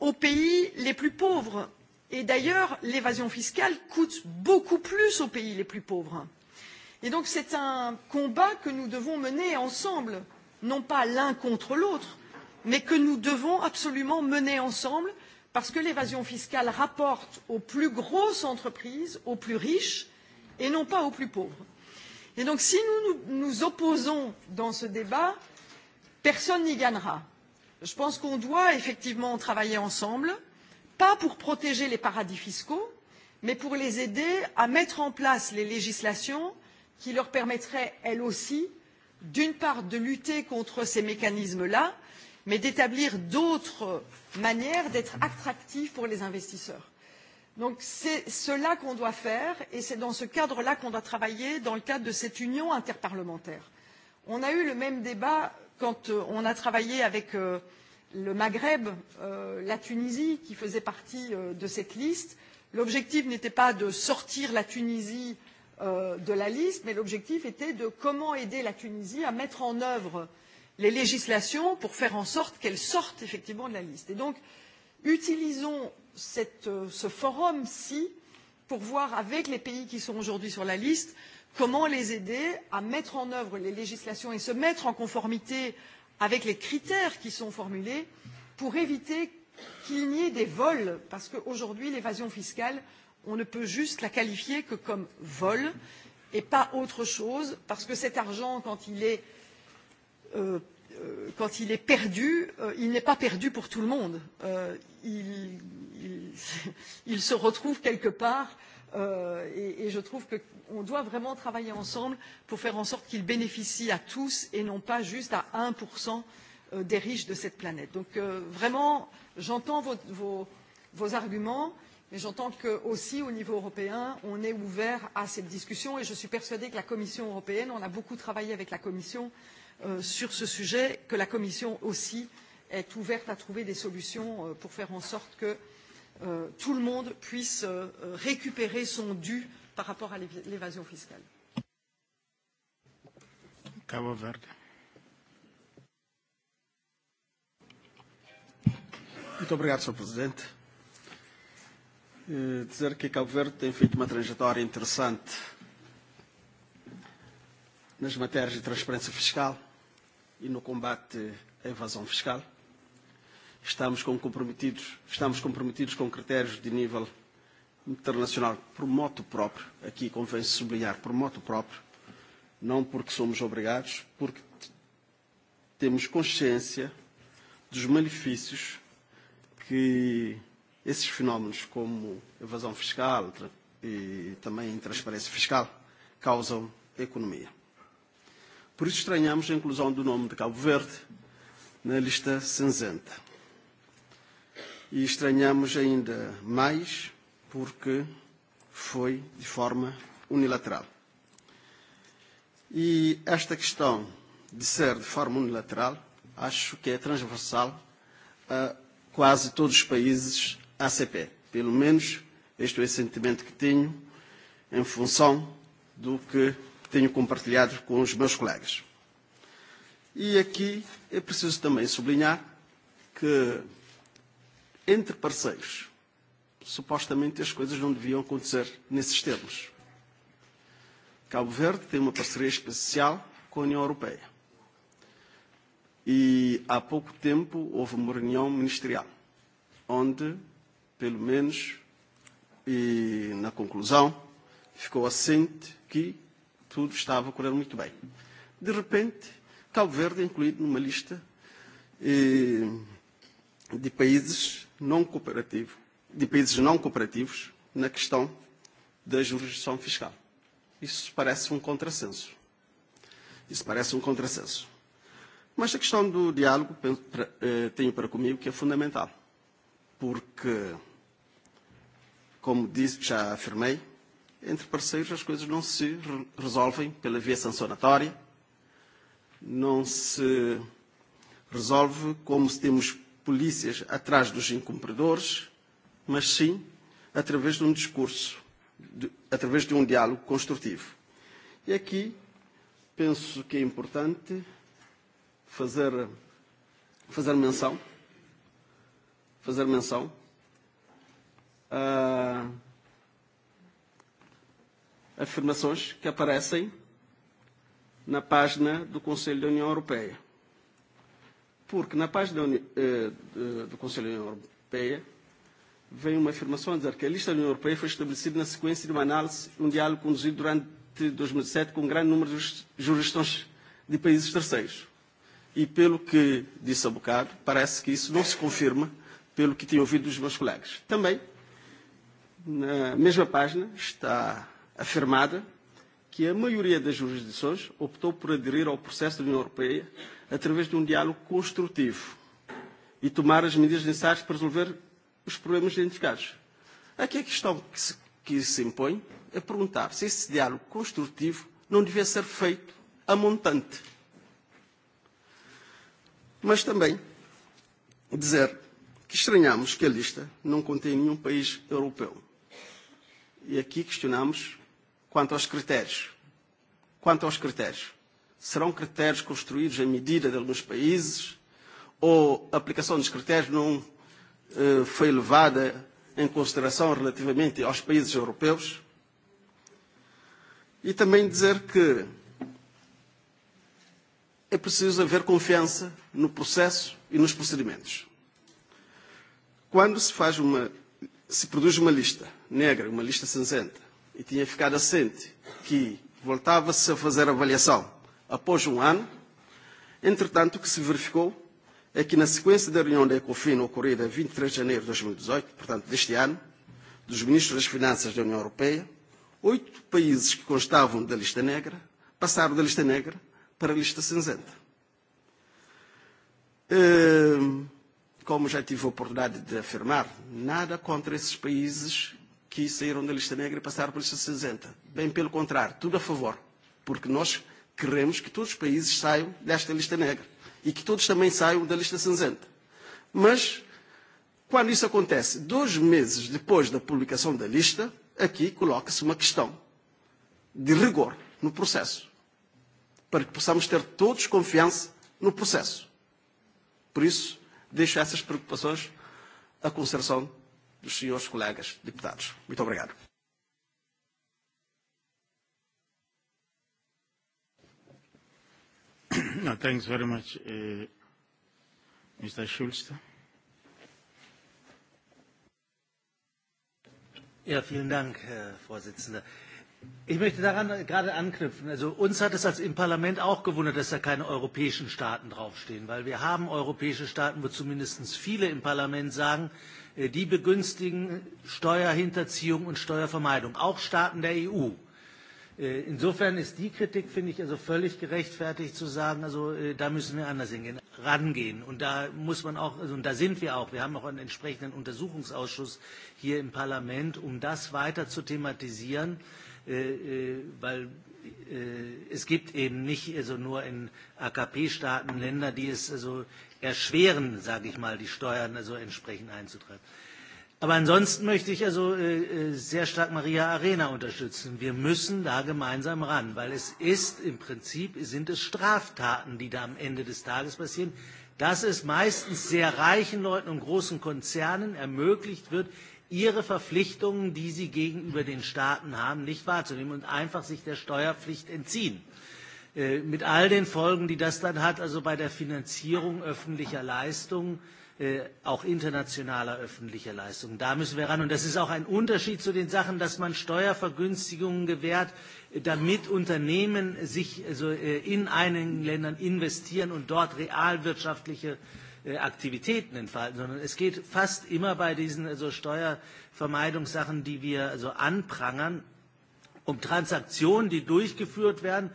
aux pays les plus pauvres et d'ailleurs l'évasion fiscale coûte beaucoup plus aux pays les plus pauvres. et donc c'est un combat que nous devons mener ensemble non pas l'un contre l'autre mais que nous devons absolument mener ensemble parce que l'évasion fiscale rapporte aux plus grosses entreprises aux plus riches et non pas aux plus pauvres. et donc si nous nous opposons dans ce débat personne n'y gagnera je pense qu'on doit effectivement travailler ensemble pas pour protéger les paradis fiscaux mais pour les aider à mettre en place les législations qui leur permettraient elles aussi d'une part de lutter contre ces mécanismes là mais d'établir d'autres manières d'être attractifs pour les investisseurs. donc c'est cela qu'on doit faire et c'est dans ce cadre là qu'on doit travailler dans le cadre de cette union interparlementaire. on a eu le même débat quand on a travaillé avec le Maghreb, la Tunisie, qui faisait partie de cette liste, l'objectif n'était pas de sortir la Tunisie de la liste, mais l'objectif était de comment aider la Tunisie à mettre en œuvre les législations pour faire en sorte qu'elle sortent effectivement de la liste. Et donc, utilisons ce forum-ci pour voir avec les pays qui sont aujourd'hui sur la liste comment les aider à mettre en œuvre les législations et se mettre en conformité avec les critères qui sont formulés pour éviter qu'il n'y ait des vols parce qu'aujourd'hui l'évasion fiscale on ne peut juste la qualifier que comme vol et pas autre chose parce que cet argent quand il est quand il est perdu il n'est pas perdu pour tout le monde il se retrouve quelque part et je trouve qu'on doit vraiment travailler ensemble pour faire en sorte qu'il bénéficie à tous et non pas juste à 1% des riches de cette planète. Donc vraiment, j'entends vos arguments, mais j'entends qu'aussi au niveau européen, on est ouvert à cette discussion et je suis persuadée que la Commission européenne, on a beaucoup travaillé avec la Commission sur ce sujet, que la Commission aussi est ouverte à trouver des solutions pour faire en sorte que tout le monde puisse récupérer son dû par rapport à l'évasion fiscale. Cabo Verde. Muito obrigado, Sr. Presidente. Dizer que Cabo Verde tem feito uma trajetória interessante nas matérias de transparência fiscal e no combate à evasão fiscal estamos comprometidos, estamos comprometidos com critérios de nível internacional por moto próprio, aqui convém se sublinhar, por moto próprio, não porque somos obrigados, porque temos consciência dos malefícios que esses fenómenos como evasão fiscal e também transparência fiscal causam à economia. Por isso estranhamos a inclusão do nome de Cabo Verde na lista cinzenta. E estranhamos ainda mais porque foi de forma unilateral. E esta questão de ser de forma unilateral, acho que é transversal a quase todos os países ACP. Pelo menos este é o sentimento que tenho em função do que tenho compartilhado com os meus colegas. E aqui é preciso também sublinhar que entre parceiros. Supostamente as coisas não deviam acontecer nesses termos. Cabo Verde tem uma parceria especial com a União Europeia. E há pouco tempo houve uma reunião ministerial, onde, pelo menos, e na conclusão, ficou assente que tudo estava a correr muito bem. De repente, Cabo Verde é incluído numa lista de países não cooperativo, de países não cooperativos na questão da jurisdição fiscal. Isso parece um contrassenso. Isso parece um contrassenso. Mas a questão do diálogo tenho para comigo que é fundamental, porque, como disse, já afirmei, entre parceiros as coisas não se resolvem pela via sancionatória, não se resolve como se temos polícias atrás dos incumpridores, mas sim através de um discurso, através de um diálogo construtivo. E aqui penso que é importante fazer, fazer menção, fazer menção a afirmações que aparecem na página do Conselho da União Europeia porque na página do Conselho da União Europeia vem uma afirmação a dizer que a lista da União Europeia foi estabelecida na sequência de uma análise e um diálogo conduzido durante 2007 com um grande número de jurisdições de países terceiros. E pelo que disse há bocado, parece que isso não se confirma pelo que tinha ouvido dos meus colegas. Também, na mesma página, está afirmada que a maioria das jurisdições optou por aderir ao processo da União Europeia através de um diálogo construtivo e tomar as medidas necessárias para resolver os problemas identificados. Aqui a questão que se, que se impõe é perguntar se esse diálogo construtivo não devia ser feito a montante. Mas também dizer que estranhamos que a lista não contém nenhum país europeu. E aqui questionamos quanto aos critérios. Quanto aos critérios serão critérios construídos em medida de alguns países ou a aplicação dos critérios não foi levada em consideração relativamente aos países europeus. E também dizer que é preciso haver confiança no processo e nos procedimentos. Quando se faz uma se produz uma lista negra, uma lista cinzenta, e tinha ficado assente que voltava-se a fazer a avaliação após um ano. Entretanto, o que se verificou é que, na sequência da reunião da ECOFIN ocorrida 23 de janeiro de 2018, portanto deste ano, dos ministros das Finanças da União Europeia, oito países que constavam da lista negra passaram da lista negra para a lista cinzenta. Como já tive a oportunidade de afirmar, nada contra esses países que saíram da lista negra e passaram para a lista cinzenta. Bem pelo contrário, tudo a favor, porque nós Queremos que todos os países saiam desta lista negra e que todos também saiam da lista cinzenta. Mas, quando isso acontece, dois meses depois da publicação da lista, aqui coloca-se uma questão de rigor no processo, para que possamos ter todos confiança no processo. Por isso, deixo essas preocupações à consideração dos senhores colegas deputados. Muito obrigado. No, thanks very much, Mr. Schulz. Ja, vielen Dank, Herr Vorsitzender. Ich möchte daran gerade anknüpfen. Also uns hat es als im Parlament auch gewundert, dass da keine europäischen Staaten draufstehen, weil wir haben europäische Staaten, wo zumindest viele im Parlament sagen, die begünstigen Steuerhinterziehung und Steuervermeidung, auch Staaten der EU. Insofern ist die Kritik, finde ich, also völlig gerechtfertigt zu sagen, also da müssen wir anders hingehen, rangehen. Und da muss man auch, und da sind wir auch, wir haben auch einen entsprechenden Untersuchungsausschuss hier im Parlament, um das weiter zu thematisieren, weil es gibt eben nicht also nur in AKP-Staaten Länder, die es also erschweren, sage ich mal, die Steuern also entsprechend einzutreiben. Aber ansonsten möchte ich also sehr stark Maria Arena unterstützen. Wir müssen da gemeinsam ran, weil es ist im Prinzip sind es Straftaten, die da am Ende des Tages passieren, dass es meistens sehr reichen Leuten und großen Konzernen ermöglicht wird, ihre Verpflichtungen, die sie gegenüber den Staaten haben, nicht wahrzunehmen und einfach sich der Steuerpflicht entziehen. Mit all den Folgen, die das dann hat, also bei der Finanzierung öffentlicher Leistungen auch internationaler öffentlicher Leistungen. Da müssen wir ran. Und das ist auch ein Unterschied zu den Sachen, dass man Steuervergünstigungen gewährt, damit Unternehmen sich in einigen Ländern investieren und dort realwirtschaftliche Aktivitäten entfalten, sondern es geht fast immer bei diesen Steuervermeidungssachen, die wir anprangern, um Transaktionen, die durchgeführt werden,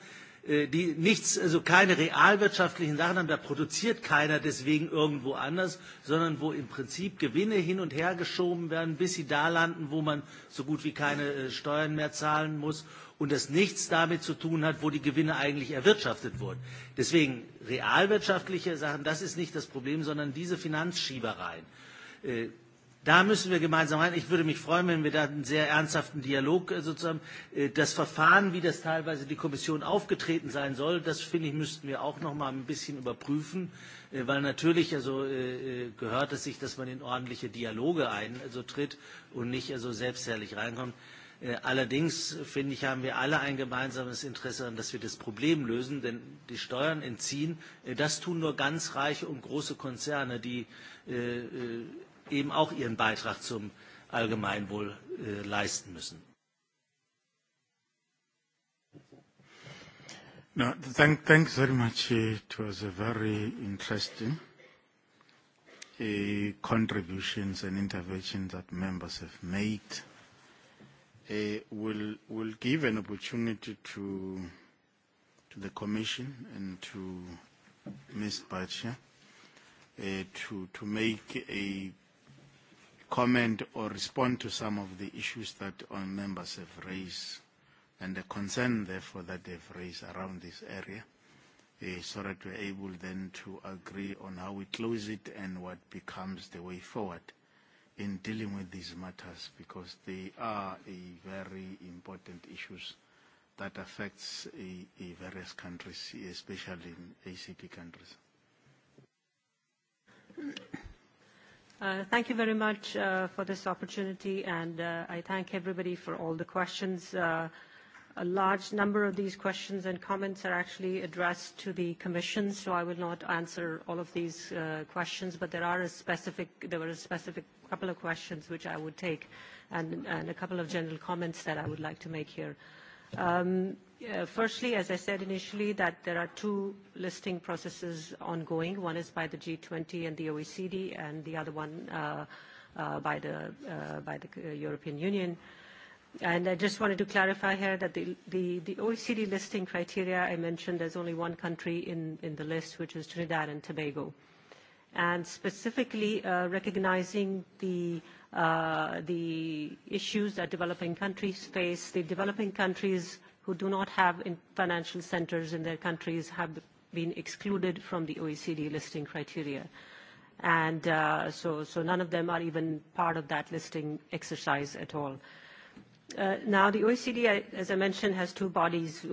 die nichts, keine realwirtschaftlichen Sachen haben, da produziert keiner deswegen irgendwo anders, sondern wo im Prinzip Gewinne hin und her geschoben werden, bis sie da landen, wo man so gut wie keine Steuern mehr zahlen muss und das nichts damit zu tun hat, wo die Gewinne eigentlich erwirtschaftet wurden. Deswegen realwirtschaftliche Sachen, das ist nicht das Problem, sondern diese Finanzschiebereien Da müssen wir gemeinsam rein. Ich würde mich freuen, wenn wir da einen sehr ernsthaften Dialog sozusagen, das Verfahren, wie das teilweise die Kommission aufgetreten sein soll, das finde ich, müssten wir auch noch mal ein bisschen überprüfen, weil natürlich also gehört es sich, dass man in ordentliche Dialoge ein, tritt und nicht also selbstherrlich reinkommt. Allerdings, finde ich, haben wir alle ein gemeinsames Interesse daran, dass wir das Problem lösen, denn die Steuern entziehen, das tun nur ganz reiche und große Konzerne, die eben auch ihren Beitrag zum Allgemeinwohl leisten müssen. No, thank, thanks very much. It was a very interesting contributions and interventions that members have made. We'll, will give an opportunity to, to the Commission and to Ms. to, to make a comment or respond to some of the issues that our members have raised and the concern, therefore, that they've raised around this area so that we're able then to agree on how we close it and what becomes the way forward in dealing with these matters because they are a very important issues that affects various countries, especially in ACP countries. Thank you very much for this opportunity, and I thank everybody for all the questions. A large number of these questions and comments are actually addressed to the Commission, so I will not answer all of these questions, but there are a specific there were a specific couple of questions which I would take and a couple of general comments that I would like to make here. Firstly, as I said initially, that there are two listing processes ongoing. One is by the G20 and the OECD, and the other one by the European Union. And I just wanted to clarify here that the OECD listing criteria I mentioned, there's only one country in the list, which is Trinidad and Tobago. And specifically recognizing the issues that developing countries face, the developing countries who do not have financial centers in their countries have been excluded from the OECD listing criteria. And so none of them are even part of that listing exercise at all. Now, the OECD, as I mentioned, has two bodies,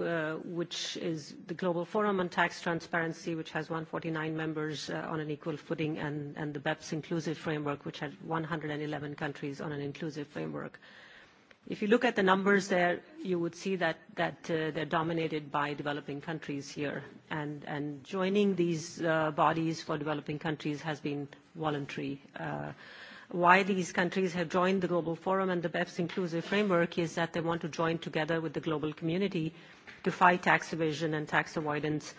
which is the Global Forum on Tax Transparency, which has 149 members on an equal footing, and the BEPS Inclusive Framework, which has 111 countries on an inclusive framework. If you look at the numbers there, you would see that they're dominated by developing countries here. And joining these bodies for developing countries has been voluntary. Why these countries have joined the Global Forum and the BEPS Inclusive Framework is that they want to join together with the global community to fight tax evasion and tax avoidance,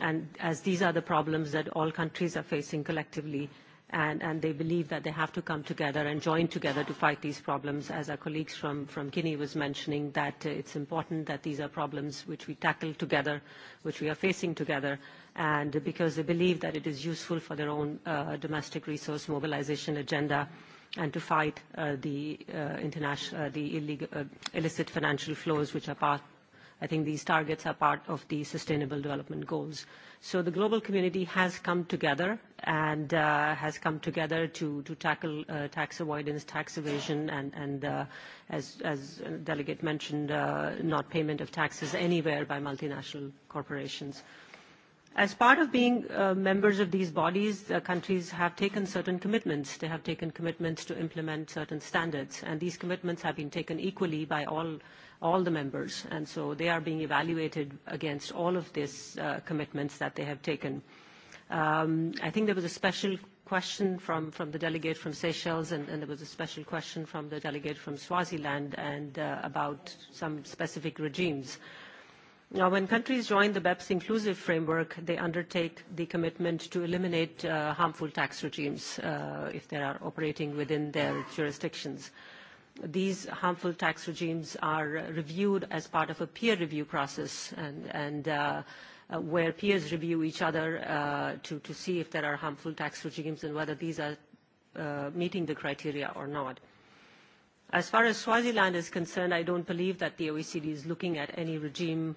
and as these are the problems that all countries are facing collectively and they believe that they have to come together and join together to fight these problems. As our colleagues from Guinea was mentioning, that it's important that these are problems which we tackle together, which we are facing together, and because they believe that it is useful for their own domestic resource mobilization agenda and to fight the illicit financial flows which are part. I think these targets are part of the Sustainable Development Goals. So the global community has come together and has come together to tackle tax avoidance, tax evasion, and, as Delegate mentioned, not payment of taxes anywhere by multinational corporations. As part of being members of these bodies, the countries have taken certain commitments. They have taken commitments to implement certain standards, and these commitments have been taken equally by all all the members, and so they are being evaluated against all of these commitments that they have taken. I think there was a special question from the delegate from Seychelles, and there was a special question from the delegate from Swaziland, and about some specific regimes. Now, when countries join the BEPS inclusive framework, they undertake the commitment to eliminate harmful tax regimes if they are operating within their jurisdictions these harmful tax regimes are reviewed as part of a peer review process and where peers review each other to see if there are harmful tax regimes and whether these are meeting the criteria or not. As far as Swaziland is concerned, I don't believe that the OECD is looking at any regime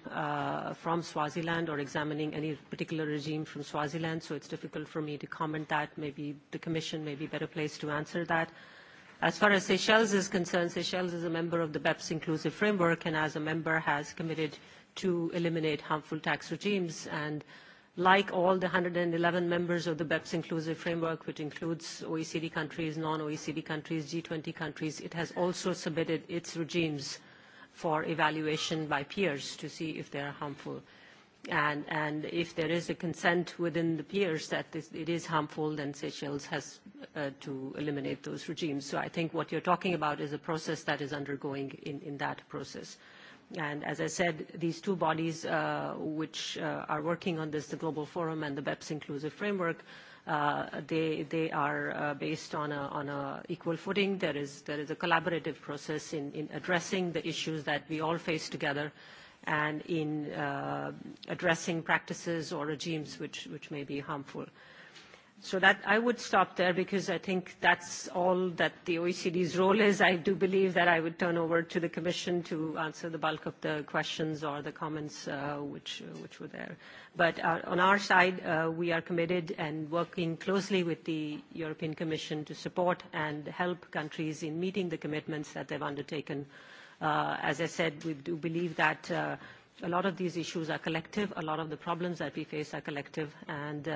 from Swaziland or examining any particular regime from Swaziland, so it's difficult for me to comment that. Maybe the Commission may be better placed to answer that. As far as Seychelles is concerned, Seychelles is a member of the BEPS Inclusive Framework and as a member has committed to eliminate harmful tax regimes. And like all the 111 members of the BEPS Inclusive Framework, which includes OECD countries, non-OECD countries, G20 countries, it has also submitted its regimes for evaluation by peers to see if they are harmful and if there is a consent within the peers that it is harmful, then Seychelles has to eliminate those regimes. So I think what you're talking about is a process that is undergoing in that process. And as I said, these two bodies which are working on this, the Global Forum and the BEPS Inclusive Framework, they are based on an equal footing. There is a collaborative process in addressing the issues that we all face together and in addressing practices or regimes which may be harmful. So that I would stop there because I think that's all that the OECD's role is. I do believe that I would turn over to the Commission to answer the bulk of the questions or the comments which were there. But on our side, we are committed and working closely with the European Commission to support and help countries in meeting the commitments that they've undertaken As I said, we do believe that a lot of these issues are collective, a lot of the problems that we face are collective, and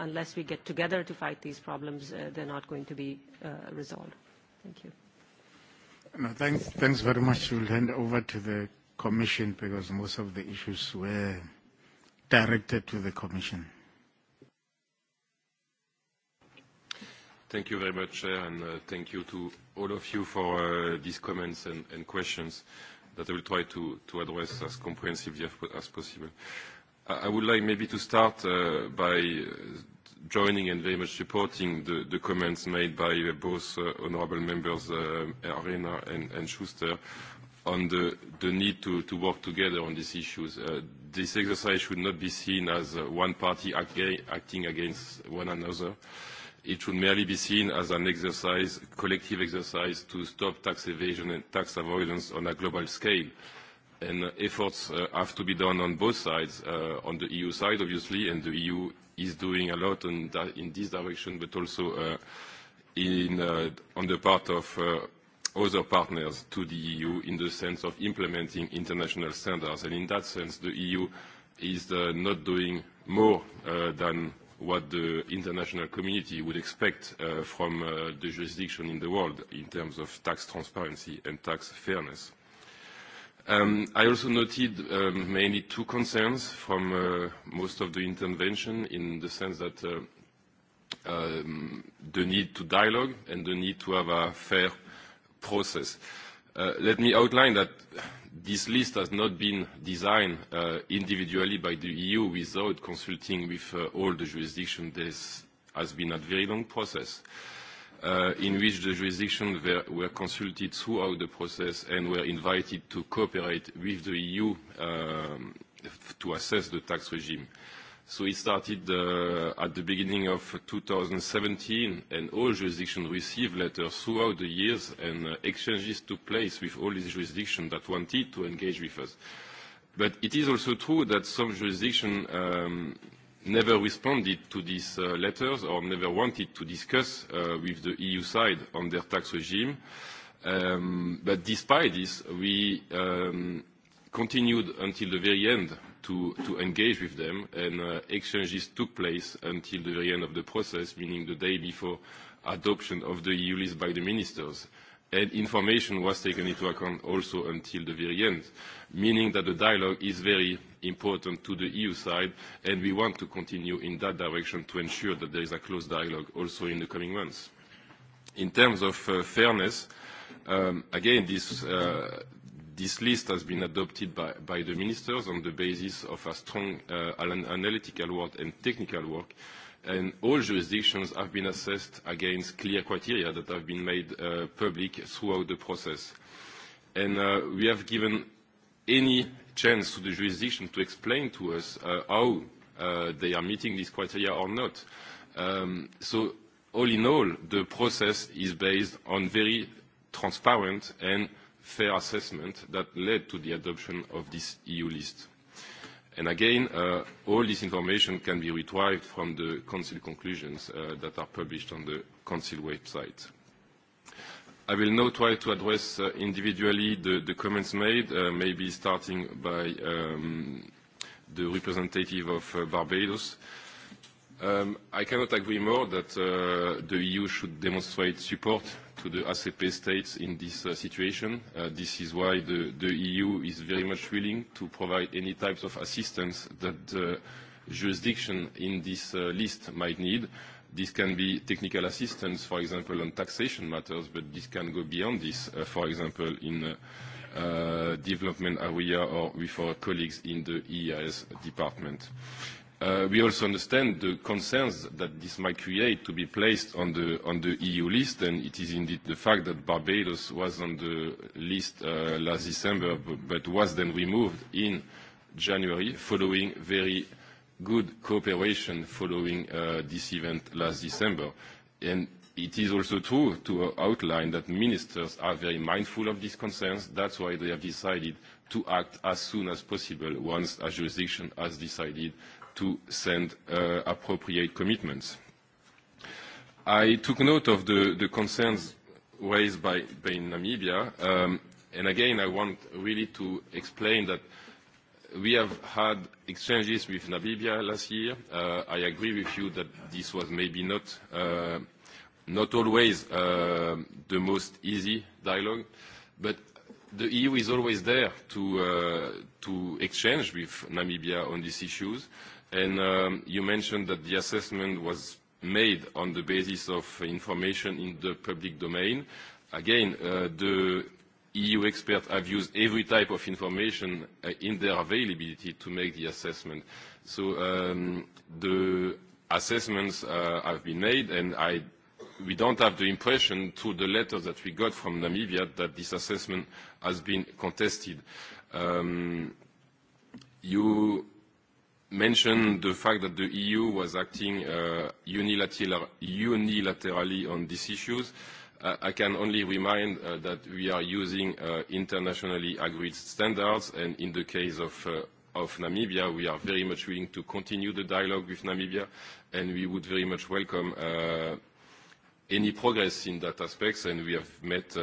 unless we get together to fight these problems, they're not going to be resolved. Thank you. Thanks Thanks very much. We'll hand over to the Commission because most of the issues were directed to the Commission. Thank you very much, Chair, and thank you to all of you for these comments and questions that I will try to address as comprehensively as possible. I would like maybe to start by joining and very much supporting the comments made by both honourable members Arena and Schuster on the need to work together on these issues. This exercise should not be seen as one party acting against one another It should merely be seen as an exercise, collective exercise, to stop tax evasion and tax avoidance on a global scale. And efforts have to be done on both sides, on the EU side, obviously, and the EU is doing a lot in this direction, but also on the part of other partners to the EU in the sense of implementing international standards. And in that sense, the EU is not doing more than what the international community would expect from the jurisdiction in the world in terms of tax transparency and tax fairness. I also noted mainly two concerns from most of the intervention in the sense that the need to dialogue and the need to have a fair process. Let me outline that this list has not been designed individually by the EU without consulting with all the jurisdictions. This has been a very long process in which the jurisdictions were consulted throughout the process and were invited to cooperate with the EU to assess the tax regime. So it started at the beginning of 2017, and all jurisdictions received letters throughout the years, and exchanges took place with all these jurisdictions that wanted to engage with us. But it is also true that some jurisdictions never responded to these letters or never wanted to discuss with the EU side on their tax regime. But despite this, we continued until the very end to engage with them, and exchanges took place until the very end of the process, meaning the day before adoption of the EU list by the ministers. And information was taken into account also until the very end, meaning that the dialogue is very important to the EU side, and we want to continue in that direction to ensure that there is a close dialogue also in the coming months. In terms of fairness, again, this This list has been adopted by the ministers on the basis of a strong analytical work and technical work, and all jurisdictions have been assessed against clear criteria that have been made public throughout the process. And we have given any chance to the jurisdiction to explain to us how they are meeting these criteria or not. So all in all, the process is based on very transparent and fair assessment that led to the adoption of this EU list. And again, all this information can be retrieved from the Council conclusions that are published on the Council website. I will now try to address individually the comments made, maybe starting by the representative of Barbados. I cannot agree more that the EU should demonstrate support to the ACP states in this situation. This is why the EU is very much willing to provide any types of assistance that the jurisdiction in this list might need. This can be technical assistance, for example, on taxation matters, but this can go beyond this, for example, in development area or with our colleagues in the EIS department. We also understand the concerns that this might create to be placed on the EU list, and it is indeed the fact that Barbados was on the list last December, but was then removed in January, following very good cooperation following this event last December. And it is also true to outline that ministers are very mindful of these concerns. That's why they have decided to act as soon as possible once a jurisdiction has decided to send appropriate commitments. I took note of the concerns raised by Namibia, and again I want really to explain that we have had exchanges with Namibia last year. I agree with you that this was maybe not not always the most easy dialogue, but the EU is always there to exchange with Namibia on these issues And you mentioned that the assessment was made on the basis of information in the public domain. Again, the EU experts have used every type of information in their availability to make the assessment. So the assessments have been made, and I we don't have the impression through the letters that we got from Namibia that this assessment has been contested. You mentioned the fact that the EU was acting unilaterally on these issues. I can only remind that we are using internationally agreed standards, and in the case of Namibia, we are very much willing to continue the dialogue with Namibia, and we would very much welcome any progress in that aspect, and we have met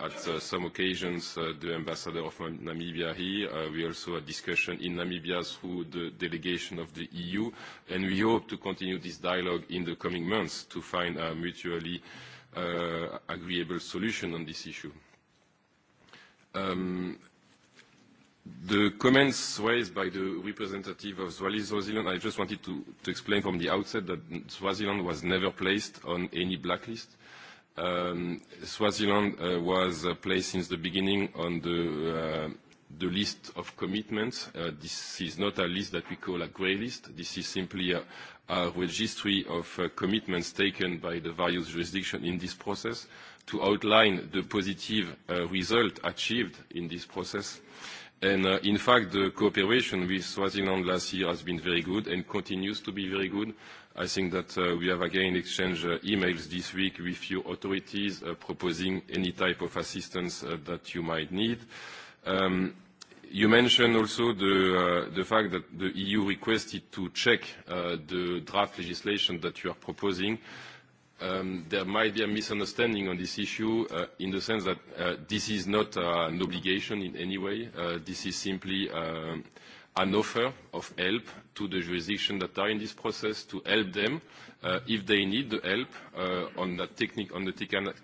at some occasions the ambassador of Namibia here. We also had discussion in Namibia through the delegation of the EU, and we hope to continue this dialogue in the coming months to find a mutually agreeable solution on this issue. The comments raised by the representative of Swaziland, I just wanted to explain from the outset that Swaziland was never placed on any blacklist. Swaziland was placed since the beginning on the list of commitments. This is not a list that we call a grey list. This is simply a registry of commitments taken by the various jurisdictions in this process to outline the positive result achieved in this process And in fact, the cooperation with Swaziland last year has been very good and continues to be very good. I think that we have again exchanged emails this week with your authorities proposing any type of assistance that you might need. You mentioned also the fact that the EU requested to check the draft legislation that you are proposing there might be a misunderstanding on this issue in the sense that this is not an obligation in any way. This is simply an offer of help to the jurisdictions that are in this process to help them if they need the help on the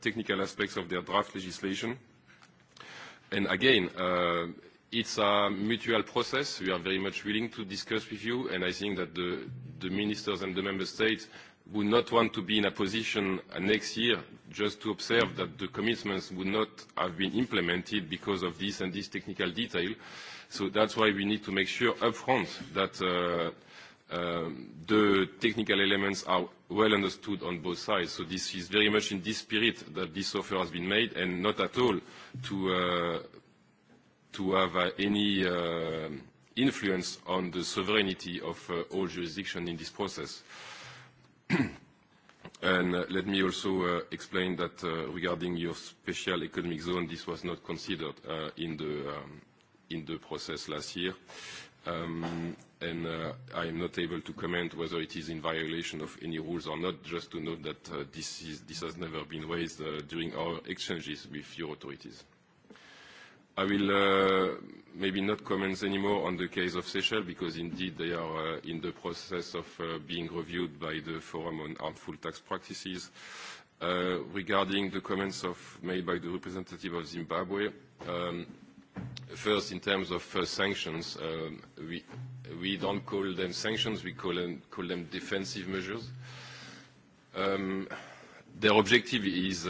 technical aspects of their draft legislation. And again, it's a mutual process. We are very much willing to discuss with you, and I think that the ministers and the member states would not want to be in a position next year just to observe that the commitments would not have been implemented because of this and this technical detail. So that's why we need to make sure upfront that the technical elements are well understood on both sides. So this is very much in this spirit that this offer has been made and not at all to have any influence on the sovereignty of all jurisdictions in this process. And let me also explain that regarding your special economic zone, this was not considered in the in the process last year. And I am not able to comment whether it is in violation of any rules or not, just to note that this has never been raised during our exchanges with your authorities. I will maybe not comment anymore on the case of Seychelles because indeed they are in the process of being reviewed by the Forum on Harmful Tax Practices. Regarding the comments made by the representative of Zimbabwe, first in terms of sanctions, we don't call them sanctions, we call them defensive measures. Their objective is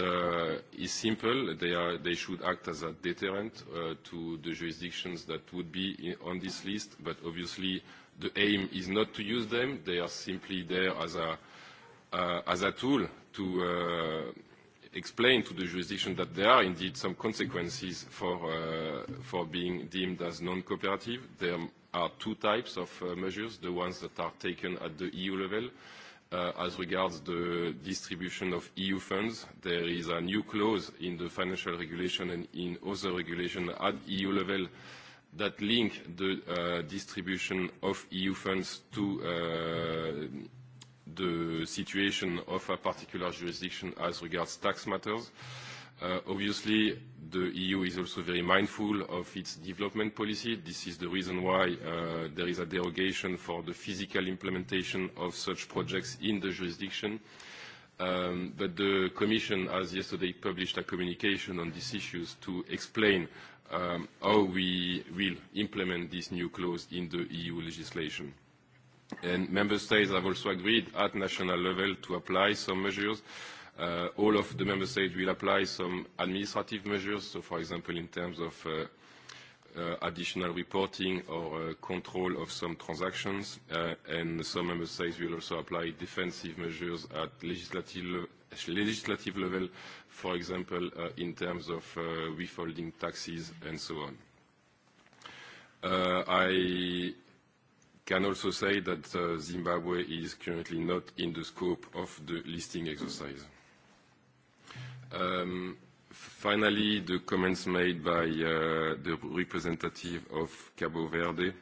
is simple. They are they should act as a deterrent to the jurisdictions that would be on this list. But obviously, the aim is not to use them. They are simply there as a as a tool to explain to the jurisdiction that there are indeed some consequences for for being deemed as non-cooperative. There are two types of measures: the ones that are taken at the EU level As regards the distribution of EU funds, there is a new clause in the financial regulation and in other regulation at EU level that link the distribution of EU funds to the situation of a particular jurisdiction as regards tax matters. Obviously, the EU is also very mindful of its development policy. This is the reason why there is a derogation for the physical implementation of such projects in the jurisdiction. But the Commission has yesterday published a communication on these issues to explain how we will implement this new clause in the EU legislation. And Member States have also agreed at national level to apply some measures All of the member states will apply some administrative measures, so for example in terms of additional reporting or control of some transactions, and some member states will also apply defensive measures at legislative level, for example in terms of withholding taxes and so on. I can also say that Zimbabwe is currently not in the scope of the listing exercise. Finally, the comments made by the representative of Cabo Verde.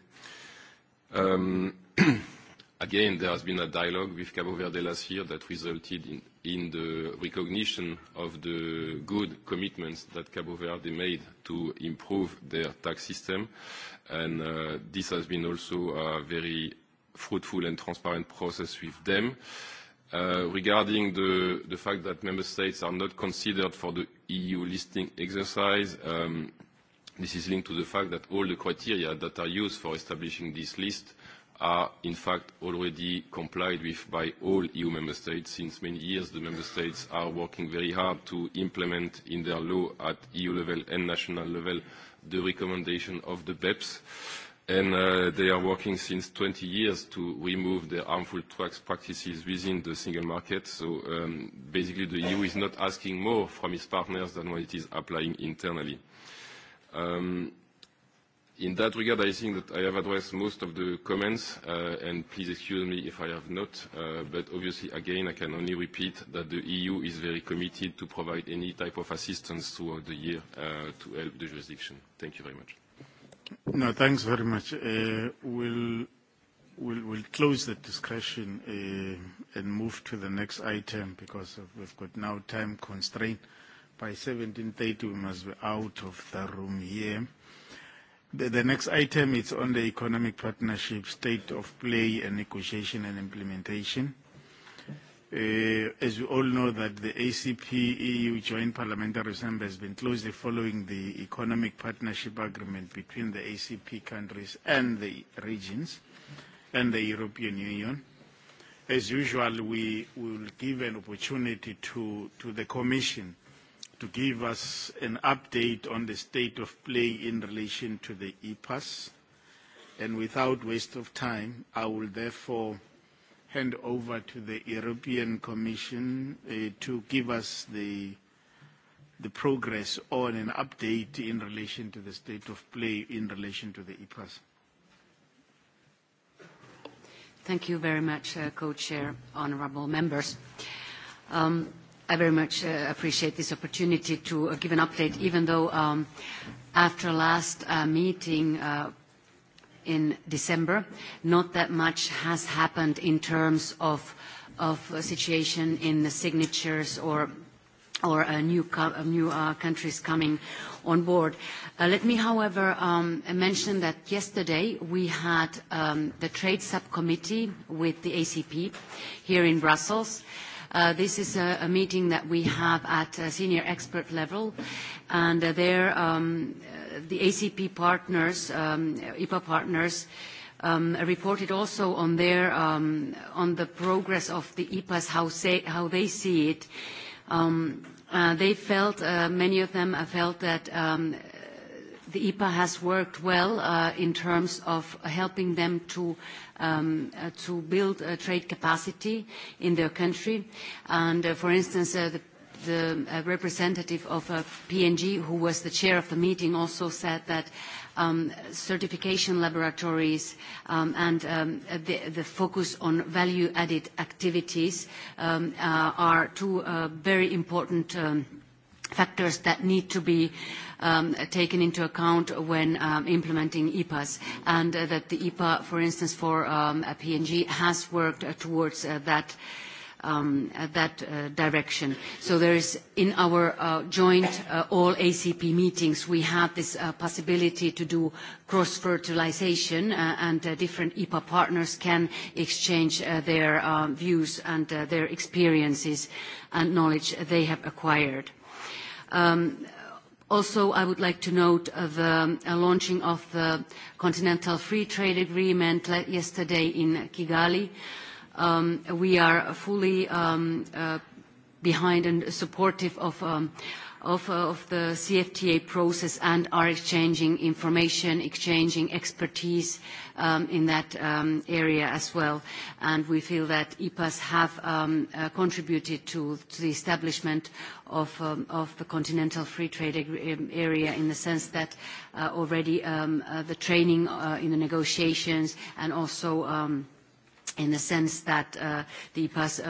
Again, there has been a dialogue with Cabo Verde last year that resulted in the recognition of the good commitments that Cabo Verde made to improve their tax system. And this has been also a very fruitful and transparent process with them. Regarding the fact that member states are not considered for the EU listing exercise, this is linked to the fact that all the criteria that are used for establishing this list are in fact already complied with by all EU member states. Since many years, the member states are working very hard to implement in their law at EU level and national level the recommendation of the BEPS and they are working since 20 years to remove the harmful tax practices within the single market. So basically, the EU is not asking more from its partners than what it is applying internally. In that regard, I think that I have addressed most of the comments, and please excuse me if I have not. But obviously, again, I can only repeat that the EU is very committed to provide any type of assistance throughout the year to help the jurisdiction. Thank you very much. No, thanks very much. We'll we'll close the discussion and move to the next item because we've got now time constraint. By 17:30 we must be out of the room here. The next item is on the economic partnership, state of play and negotiation and implementation. As we all know that the ACP-EU Joint Parliamentary Assembly has been closely following the Economic Partnership Agreement between the ACP countries and the regions and the European Union. As usual, we will give an opportunity to the Commission to give us an update on the state of play in relation to the EPAS. And without waste of time, I will therefore hand over to the European Commission to give us the the progress on an update in relation to the state of play in relation to the EPAS. Thank you very much, Co-Chair, Honourable members. I very much appreciate this opportunity to give an update, even though after last meeting, in December. Not that much has happened in terms of situation in the signatures or new countries coming on board. Let me, however, mention that yesterday we had the Trade Subcommittee with the ACP here in Brussels. This is a meeting that we have at senior expert level, and there the ACP partners, IPA partners, reported also on their on the progress of the IPAs, how they see it. They felt, many of them felt that the IPA has worked well in terms of helping them to build trade capacity in their country. And for instance, the the representative of PNG, who was the chair of the meeting, also said that certification laboratories and the focus on value-added activities are two very important factors that need to be taken into account when implementing EPAs, and that the EPA, for instance, for PNG, has worked towards that that direction. So there is in our joint all ACP meetings, we have this possibility to do cross-fertilization and different EPA partners can exchange their views and their experiences and knowledge they have acquired. Also, I would like to note the launching of the Continental Free Trade Agreement yesterday in Kigali we are fully behind and supportive of the CFTA process and are exchanging information, exchanging expertise in that area as well. And we feel that EPAs have contributed to the establishment of the Continental Free Trade Area in the sense that already the training in the negotiations and also in the sense that the EPAs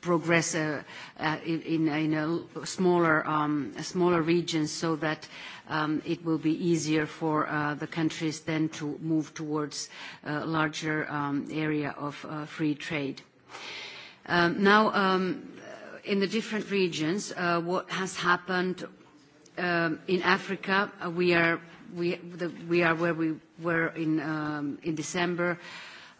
progress in smaller regions so that it will be easier for the countries then to move towards a larger area of free trade. Now, in the different regions, what has happened in Africa, we are where we were in December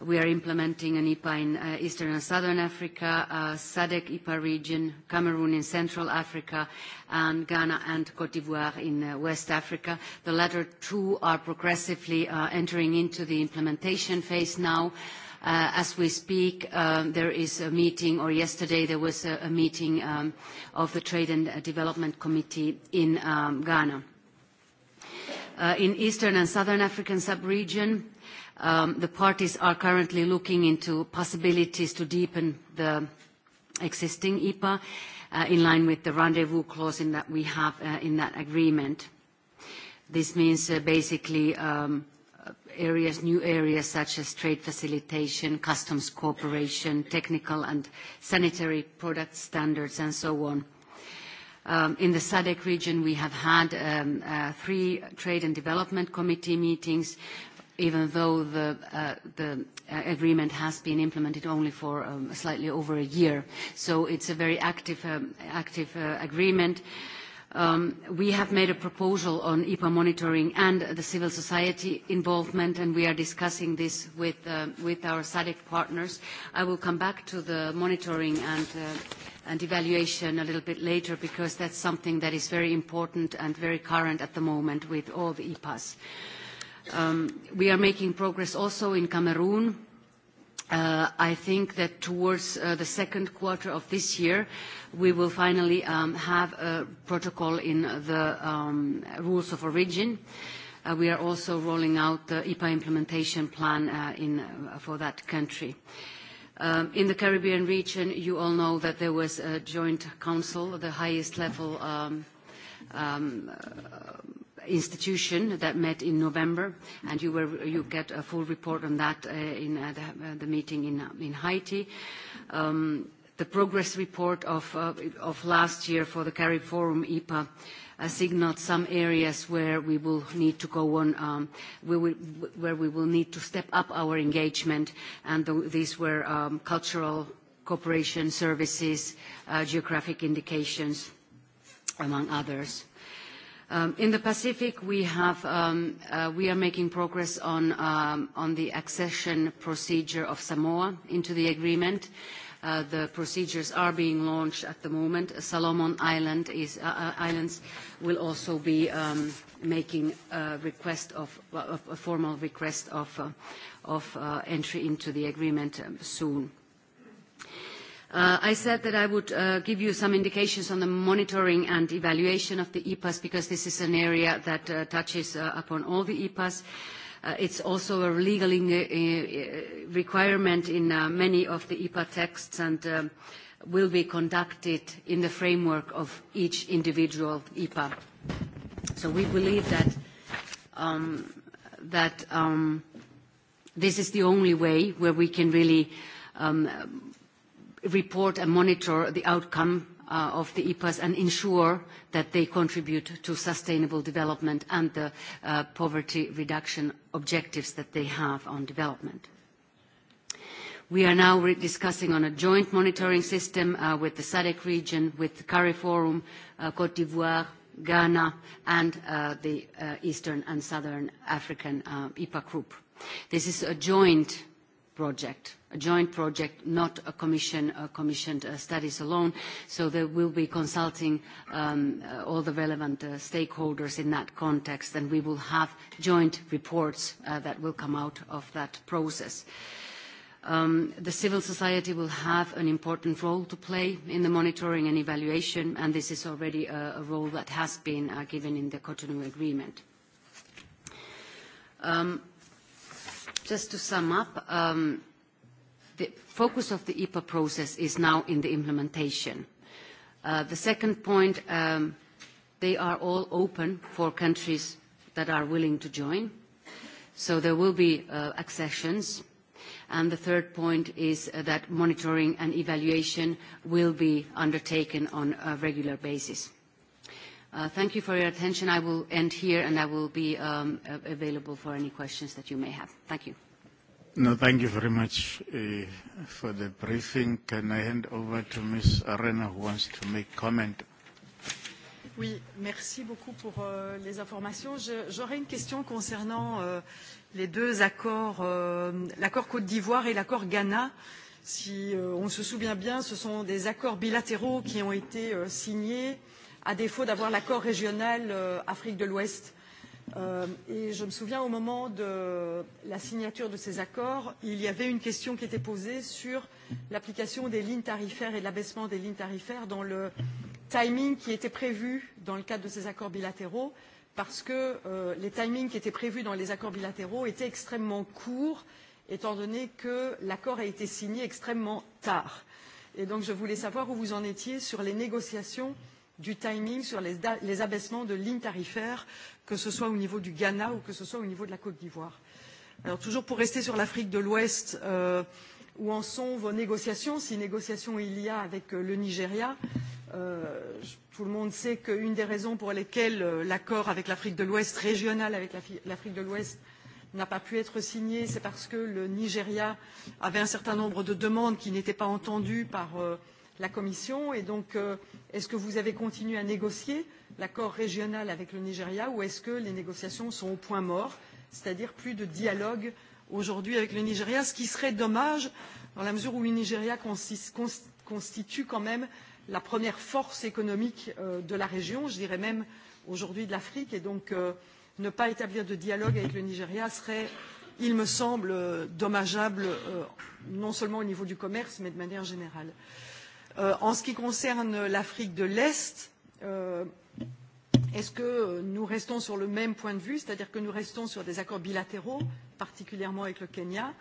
We are implementing an IPA in Eastern and Southern Africa, SADC IPA region, Cameroon in Central Africa, and Ghana and Côte d'Ivoire in West Africa. The latter two are progressively entering into the implementation phase now. As we speak, there is a meeting, or yesterday there was a meeting of the Trade and Development Committee in Ghana. In Eastern and Southern African sub-region, the parties are currently looking into possibilities to deepen the existing EPA in line with the rendezvous clause in that we have in that agreement. This means basically areas, new areas such as trade facilitation, customs cooperation, technical and sanitary product standards, and so on. In the SADC region, we have had three trade and development committee meetings even though the agreement has been implemented only for slightly over a year. So it's a very active agreement. We have made a proposal on EPA monitoring and the civil society involvement, and we are discussing this with our SADC partners. I will come back to the monitoring and evaluation a little bit later because that's something that is very important and very current at the moment with all the EPAs. We are making progress also in Cameroon. I think that towards the second quarter of this year, we will finally have a protocol in the rules of origin. We are also rolling out the IPA implementation plan for that country. In the Caribbean region, you all know that there was a joint council, the highest level institution that met in November, and you get a full report on that in the meeting in Haiti. The progress report of last year for the CARIB Forum IPA signaled some areas where we will need to go on, where we will need to step up our engagement, and these were cultural cooperation services, geographic indications, among others. In the Pacific, we are making progress on the accession procedure of Samoa into the agreement. The procedures are being launched at the moment. Solomon Islands will also be making a formal request of entry into the agreement soon. I said that I would give you some indications on the monitoring and evaluation of the EPAs because this is an area that touches upon all the EPAs. It's also a legal requirement in many of the EPA texts and will be conducted in the framework of each individual EPA. So we believe that this is the only way where we can really report and monitor the outcome of the EPAs and ensure that they contribute to sustainable development and the poverty reduction objectives that they have on development. We are now discussing on a joint monitoring system with the SADC region, with the CARI Forum, Côte d'Ivoire, Ghana, and the Eastern and Southern African EPA group. This is a joint project a joint project, not a Commission commissioned studies alone. So they will be consulting all the relevant stakeholders in that context, and we will have joint reports that will come out of that process. The civil society will have an important role to play in the monitoring and evaluation, and this is already a role that has been given in the Cotonou Agreement. Just to sum up, the focus of the EPA process is now in the implementation. The second point, they are all open for countries that are willing to join, so there will be accessions. And the third point is that monitoring and evaluation will be undertaken on a regular basis. Thank you for your attention. I will end here, and I will be available for any questions that you may have. Thank you. No, thank you very much for the briefing. Can I hand over to Ms. Arena who wants to make comment? Oui, merci beaucoup pour les informations. J'aurais une question concernant les deux accords, l'accord Côte d'Ivoire et l'accord Ghana. Si on se souvient bien, ce sont des accords bilatéraux qui ont été signés à défaut d'avoir l'accord régional Afrique de l'Ouest. Et je me souviens au moment de la signature de ces accords, il y avait une question qui était posée sur l'application des lignes tarifaires et l'abaissement des lignes tarifaires dans le timing qui était prévu dans le cadre de ces accords bilatéraux, parce que les timings qui étaient prévus dans les accords bilatéraux étaient extrêmement courts, étant donné que l'accord a été signé extrêmement tard. Et donc je voulais savoir où vous en étiez sur les négociations du timing sur les abaissements de lignes tarifaires que ce soit au niveau du Ghana ou que ce soit au niveau de la Côte d'Ivoire. Alors toujours pour rester sur l'Afrique de l'Ouest, où en sont vos négociations, si négociations il y a avec le Nigeria Tout le monde sait qu'une des raisons pour lesquelles l'accord avec l'Afrique de l'Ouest, régional avec l'Afrique de l'Ouest, n'a pas pu être signé, c'est parce que le Nigeria avait un certain nombre de demandes qui n'étaient pas entendues par la Commission. Et donc, est-ce que vous avez continué à négocier l'accord régional avec le Nigeria ou est-ce que les négociations sont au point mort, c'est-à-dire plus de dialogue aujourd'hui avec le Nigeria, ce qui serait dommage dans la mesure où le Nigeria constitue quand même la première force économique de la région, je dirais même aujourd'hui de l'Afrique. Et donc, ne pas établir de dialogue avec le Nigeria serait, il me semble, dommageable, non seulement au niveau du commerce, mais de manière générale. En ce qui concerne l'Afrique de l'Est, est-ce que nous restons sur le même point de vue, c'est-à-dire que nous restons sur des accords bilatéraux, particulièrement avec le Kenya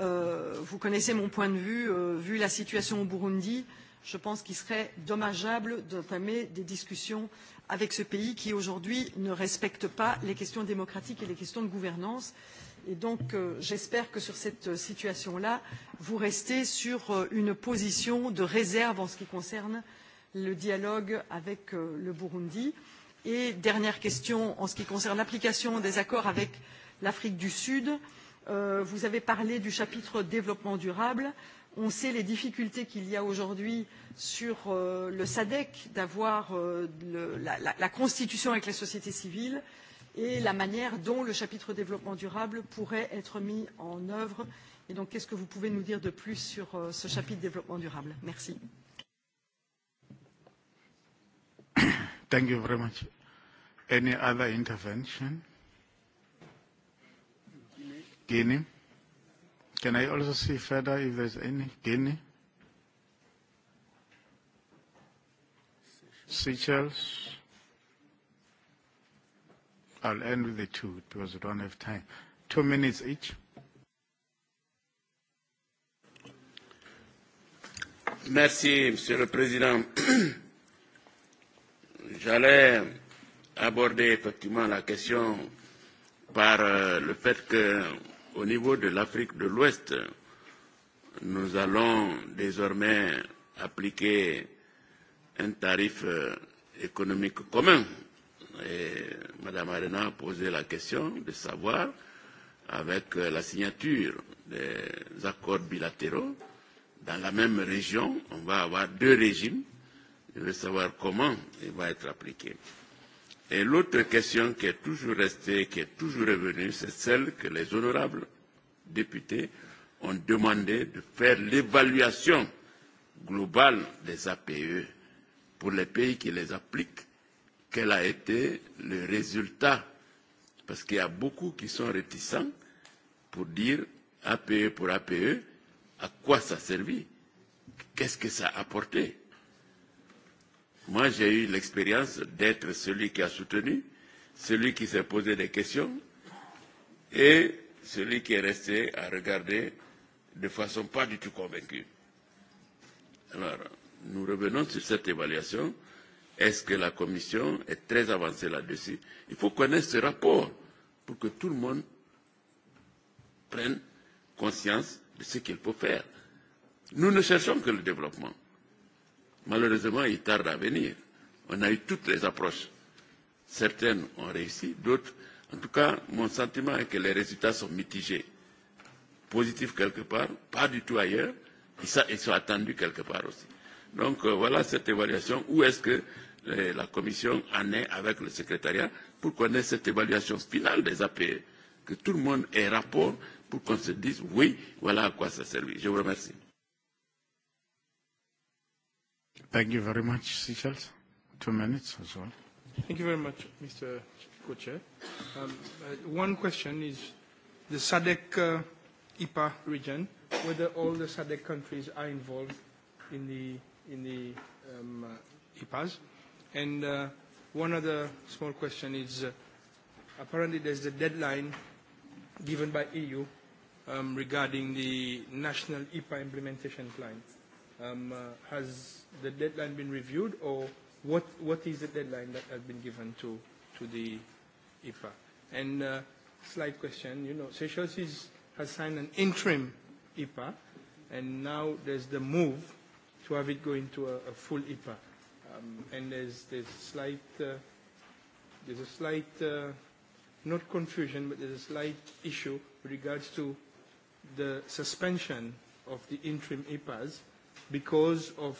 Vous connaissez mon point de vue, vu la situation au Burundi, je pense qu'il serait dommageable d'entamer des discussions avec ce pays qui, aujourd'hui, ne respecte pas les questions démocratiques et les questions de gouvernance Et donc, j'espère que sur cette situation-là, vous restez sur une position de réserve en ce qui concerne le dialogue avec le Burundi. Et dernière question, en ce qui concerne l'application des accords avec l'Afrique du Sud, vous avez parlé du chapitre développement durable. On sait les difficultés qu'il y a aujourd'hui sur le SADEC d'avoir la constitution avec la société civile et la manière dont le chapitre développement durable pourrait être mis en œuvre. Et donc, qu'est-ce que vous pouvez nous dire de plus sur ce chapitre développement durable Merci. Thank you very much. Any other intervention? Guinea. Can I also see further if there's any? Guinea. Seychelles. I'll end with the two because don't have time. Two minutes each. Merci, Monsieur le Président. J'allais aborder effectivement la question par le fait que, niveau de l'Afrique de l'Ouest, nous allons désormais appliquer un tarif économique commun Mme Arena a posé la question de savoir, avec la signature des accords bilatéraux, dans la même région, on va avoir deux régimes. Je veux savoir comment il va être appliqué. Et l'autre question qui est toujours restée, qui est toujours revenue, c'est celle que les honorables députés ont demandé de faire l'évaluation globale des APE pour les pays qui les appliquent quel a été le résultat Parce qu'il y a beaucoup qui sont réticents pour dire APE pour APE, à quoi ça a servi Qu'est-ce que ça a apporté Moi, j'ai eu l'expérience d'être celui qui a soutenu, celui qui s'est posé des questions et celui qui est resté à regarder de façon pas du tout convaincue. Alors, nous revenons sur cette évaluation Est-ce que la Commission est très avancée là-dessus Il faut connaître ce rapport pour que tout le monde prenne conscience de ce qu'il faut faire. Nous ne cherchons que le développement. Malheureusement, il tarde à venir. On a eu toutes les approches. Certaines ont réussi, d'autres. En tout cas, mon sentiment est que les résultats sont mitigés. Positifs quelque part, pas du tout ailleurs. Ils sont attendus quelque part aussi. Donc voilà cette évaluation. Où est-ce que la Commission en est avec le secrétariat pour connaître cette évaluation finale des APE, que tout le monde ait rapport pour qu'on se dise oui, voilà à quoi ça sert. Je vous remercie. Thank you very much, Seychelles. Two minutes as well. Thank you very much, Mr. Co-Chair. Um, one question is the SADC IPA region, whether all the SADC countries are involved in the, in the um, IPAs. And one other small question is, apparently there's a deadline given by EU regarding the national EPA implementation plan. Um, has the deadline been reviewed, or what what is the deadline that has been given to to the EPA? And uh, slight question, you know, Seychelles has signed an interim EPA, and now there's the move to have it go into a, a full EPA and there's there's a slight there's a slight not confusion but there's a slight issue with regards to the suspension of the interim IPAs because of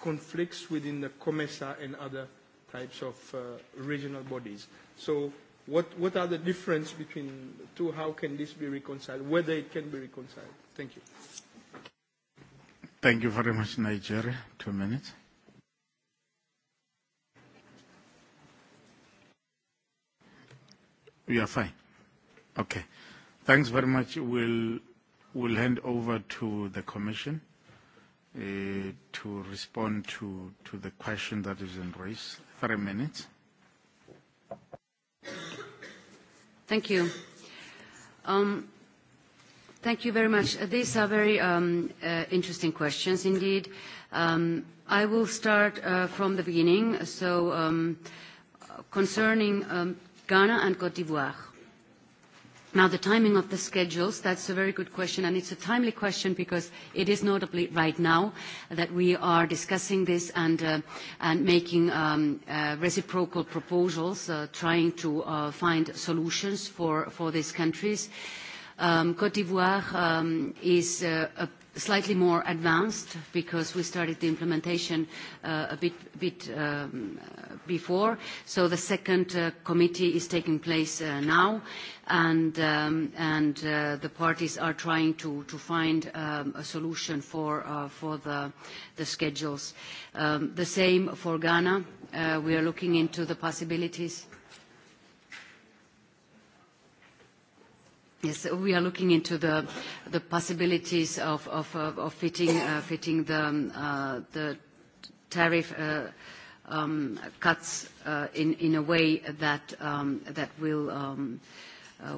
conflicts within the COMESA and other types of regional bodies. So what what are the difference between the two? How can this be reconciled? Whether it can be reconciled? Thank you. Thank you very much, Nigeria. Two minutes. We are fine. Okay. Thanks very much. We'll we'll hand over to the Commission to respond to to the question that is in race Three minutes. Thank you. Thank you very much. These are very interesting questions indeed. I will start from the beginning. So concerning Ghana and Cote d'Ivoire. Now, the timing of the schedules, that's a very good question, and it's a timely question because it is notably right now that we are discussing this and making reciprocal proposals, trying to find solutions for these countries. Cote d'Ivoire is a slightly more advanced because we started the implementation a bit before. So the second committee is taking place now, and the parties are trying to find a solution for the schedules. The same for Ghana. We are looking into the possibilities Yes, we are looking into the possibilities of fitting the tariff cuts in a way that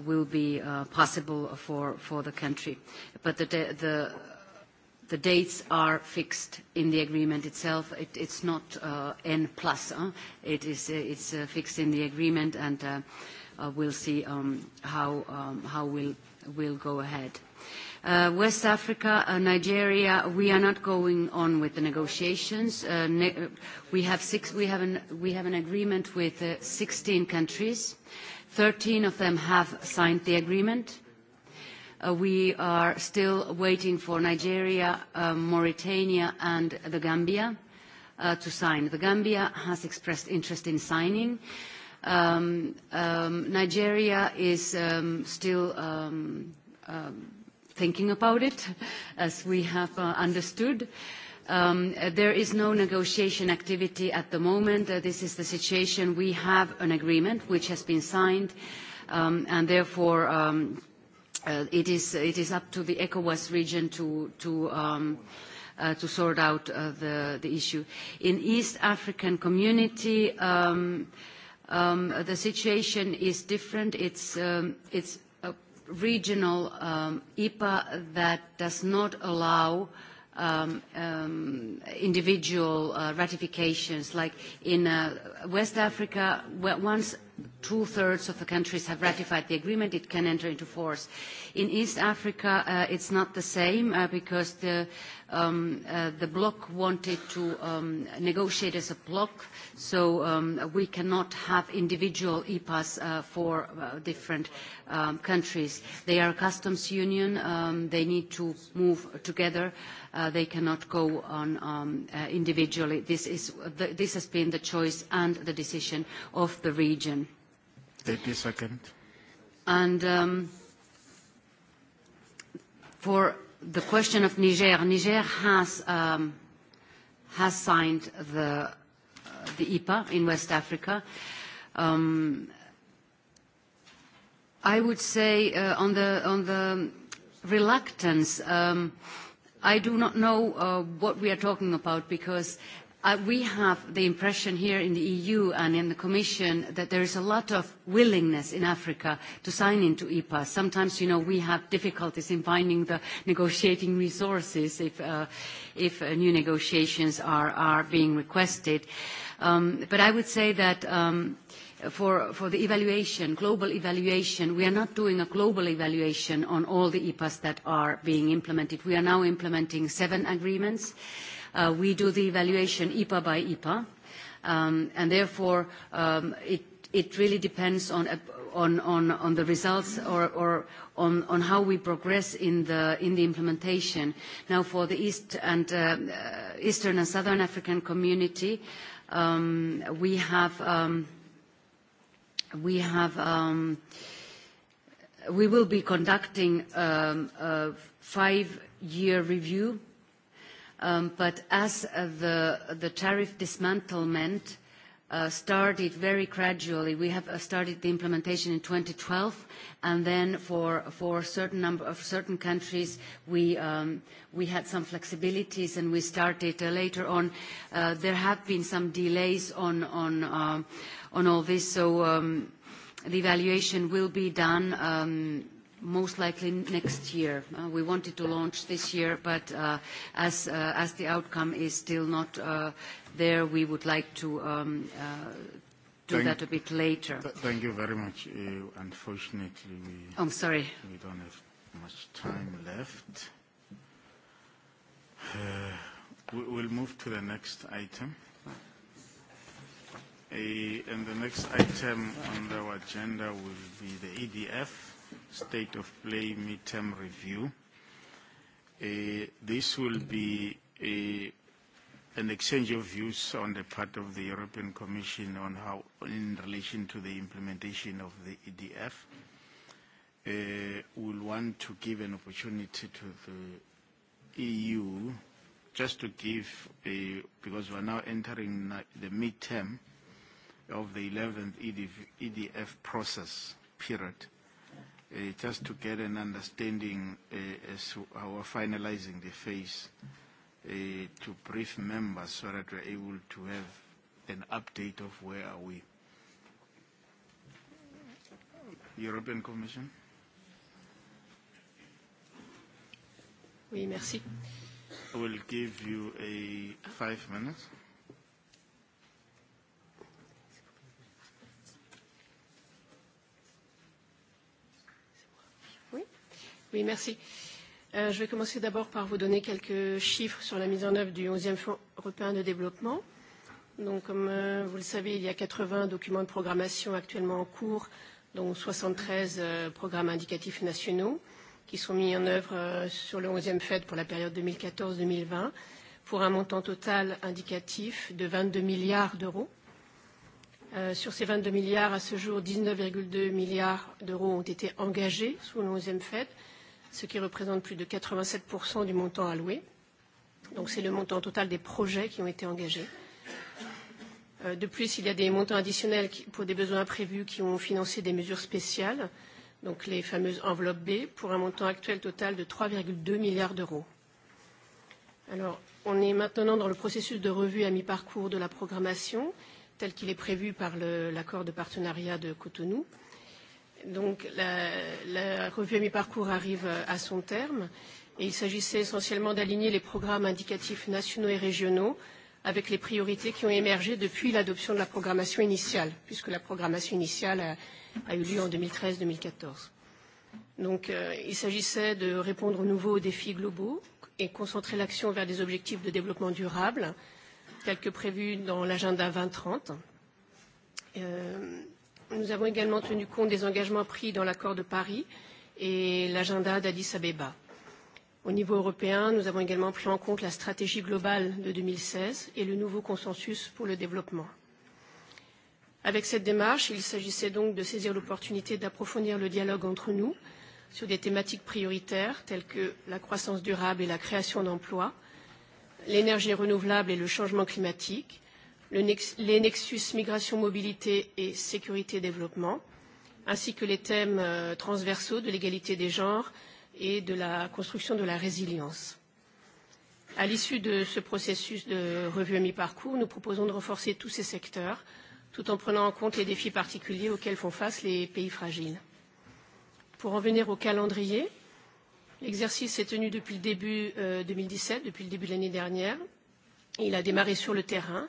will be possible for the country but the dates are fixed in the agreement itself it's not n plus it is it's fixed in the agreement and we'll see how we'll go ahead. West Africa, Nigeria, we are not going on with the negotiations. We have an we have an agreement with 16 countries. 13 of them have signed the agreement. We are still waiting for Nigeria, Mauritania and the Gambia to sign. The Gambia has expressed interest in signing. Nigeria is still thinking about it, as we have understood. There is no negotiation activity at the moment. This is the situation. We have an agreement which has been signed, and therefore it is up to the ECOWAS region to to sort out the issue. In East African Community, The situation is different. It's a regional IPA that does not allow individual ratifications. Like in West Africa, once two-thirds of the countries have ratified the agreement, it can enter into force. In East Africa, it's not the same because the bloc wanted to negotiate as a bloc, so we cannot have individual EPAs for different countries. They are a customs union. They need to move together They cannot go on individually. This has been the choice and the decision of the region. 30 seconds. And for the question of Niger, Niger has has signed the the IPA in West Africa. I would say on the on the reluctance. I do not know what we are talking about because we have the impression here in the EU and in the Commission that there is a lot of willingness in Africa to sign into EPA. Sometimes, you know, we have difficulties in finding the negotiating resources if new negotiations are being requested. But I would say that for the evaluation, global evaluation. We are not doing a global evaluation on all the EPAs that are being implemented. We are now implementing seven agreements. We do the evaluation EPA by EPA, and therefore it really depends on the results or on how we progress in the implementation. Now, for the East and Eastern and Southern African Community, we have we have we will be conducting a five-year review, but as the tariff dismantlement started very gradually. We have started the implementation in 2012, and then for a certain number of certain countries, we had some flexibilities and we started later on. There have been some delays on all this, so the evaluation will be done most likely next year. We wanted to launch this year, but as the outcome is still not there we would like to do that a bit later. Thank you very much. Unfortunately, we... I'm sorry. We don't have much time left. We'll move to the next item. And the next item on our agenda will be the EDF State of Play Midterm Review. This will be a an exchange of views on the part of the European Commission on how, in relation to the implementation of the EDF. We'll want to give an opportunity to the EU just to give, because we are now entering the midterm of the 11th EDF process period, just to get an understanding as we are finalizing the phase to brief members so that we're able to have an update of where are we. European Commission. Oui, merci. I will give you a five minutes. Oui, oui, merci. Je vais commencer d'abord par vous donner quelques chiffres sur la mise en œuvre du 11e Fonds européen de développement. Donc, comme vous le savez, il y a 80 documents de programmation actuellement en cours, dont 73 programmes indicatifs nationaux qui sont mis en œuvre sur le 11e FED pour la période 2014-2020, pour un montant total indicatif de 22 milliards d'euros. Sur ces 22 milliards, à ce jour, 19,2 milliards d'euros ont été engagés sous le 11e FED, ce qui représente plus de 87% du montant alloué. Donc c'est le montant total des projets qui ont été engagés. De plus, il y a des montants additionnels pour des besoins prévus qui ont financé des mesures spéciales, donc les fameuses enveloppes B, pour un montant actuel total de 3,2 milliards d'euros. Alors, on est maintenant dans le processus de revue à mi-parcours de la programmation, tel qu'il est prévu par l'accord de partenariat de Cotonou. Donc la revue à mi-parcours arrive à son terme et il s'agissait essentiellement d'aligner les programmes indicatifs nationaux et régionaux avec les priorités qui ont émergé depuis l'adoption de la programmation initiale, puisque la programmation initiale a eu lieu en 2013-2014. Donc il s'agissait de répondre au nouveau aux défis globaux et concentrer l'action vers des objectifs de développement durable, tels que prévus dans l'agenda 2030. Nous avons également tenu compte des engagements pris dans l'accord de Paris et l'agenda d'Addis Abeba. Au niveau européen, nous avons également pris en compte la stratégie globale de 2016 et le nouveau consensus pour le développement. Avec cette démarche, il s'agissait donc de saisir l'opportunité d'approfondir le dialogue entre nous sur des thématiques prioritaires telles que la croissance durable et la création d'emplois, l'énergie renouvelable et le changement climatique, les nexus migration, mobilité et sécurité et développement, ainsi que les thèmes transversaux de l'égalité des genres et de la construction de la résilience. À l'issue de ce processus de revue à mi-parcours, nous proposons de renforcer tous ces secteurs, tout en prenant en compte les défis particuliers auxquels font face les pays fragiles. Pour en venir au calendrier, l'exercice s'est tenu depuis le début 2017, depuis le début de l'année dernière. Il a démarré sur le terrain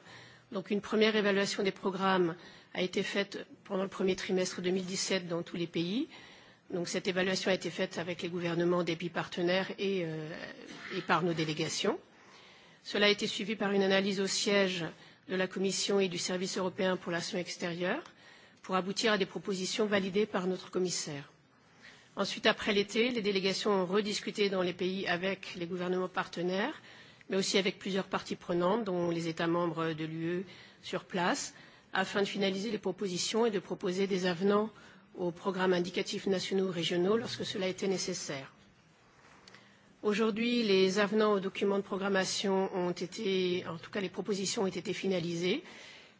Donc une première évaluation des programmes a été faite pendant le premier trimestre 2017 dans tous les pays. Donc cette évaluation a été faite avec les gouvernements des pays partenaires et par nos délégations. Cela a été suivi par une analyse au siège de la Commission et du Service européen pour l'action extérieure pour aboutir à des propositions validées par notre commissaire. Ensuite, après l'été, les délégations ont rediscuté dans les pays avec les gouvernements partenaires mais aussi avec plusieurs parties prenantes, dont les États membres de l'UE sur place, afin de finaliser les propositions et de proposer des avenants aux programmes indicatifs nationaux ou régionaux lorsque cela était nécessaire. Aujourd'hui, les avenants aux documents de programmation ont été, en tout cas les propositions ont été finalisées,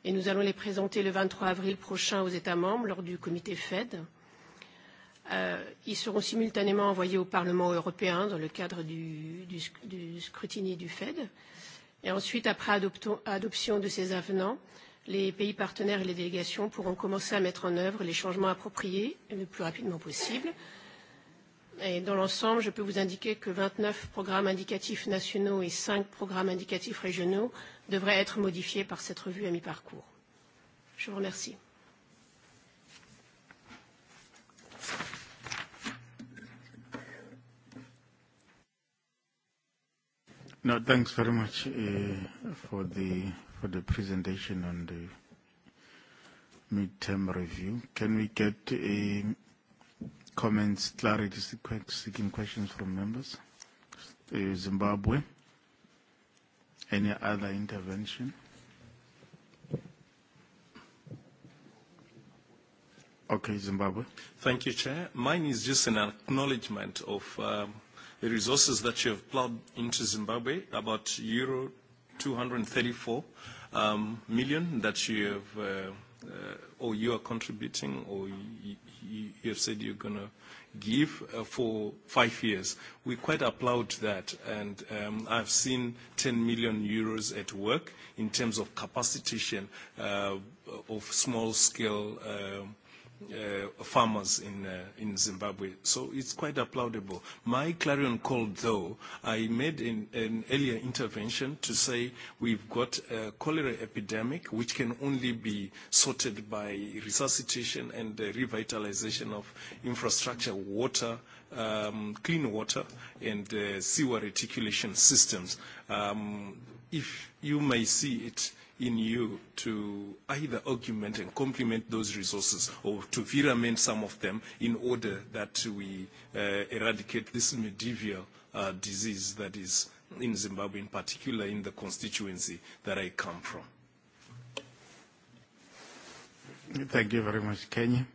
et nous allons les présenter le 23 avril prochain aux États membres lors du comité FED. Ils seront simultanément envoyés au Parlement européen dans le cadre du scrutinier du Fed. Et ensuite, après adoption de ces avenants, les pays partenaires et les délégations pourront commencer à mettre en œuvre les changements appropriés le plus rapidement possible. Et dans l'ensemble, je peux vous indiquer que 29 programmes indicatifs nationaux et 5 programmes indicatifs régionaux devraient être modifiés par cette revue à mi-parcours. Je vous remercie. No, thanks very much for the for the presentation on the midterm review. Can we get comments, clarity, seeking questions from members? Zimbabwe. Any other intervention? Okay, Zimbabwe. Thank you, Chair. Mine is just an acknowledgement of the resources that you have plugged into Zimbabwe, about euro 234 million that you have or you are contributing or you have said you're going to give for five years. We quite applaud that and I've seen 10 million euros at work in terms of capacitation of small-scale farmers in in Zimbabwe. So it's quite applaudable. My clarion call, though, I made in an earlier intervention to say we've got a cholera epidemic which can only be sorted by resuscitation and revitalization of infrastructure, water, clean water and sewer reticulation systems. If you may see it in you to either augment and complement those resources or to virament some of them in order that we eradicate this medieval disease that is in Zimbabwe, in particular in the constituency that I come from. Thank you very much. Kenya.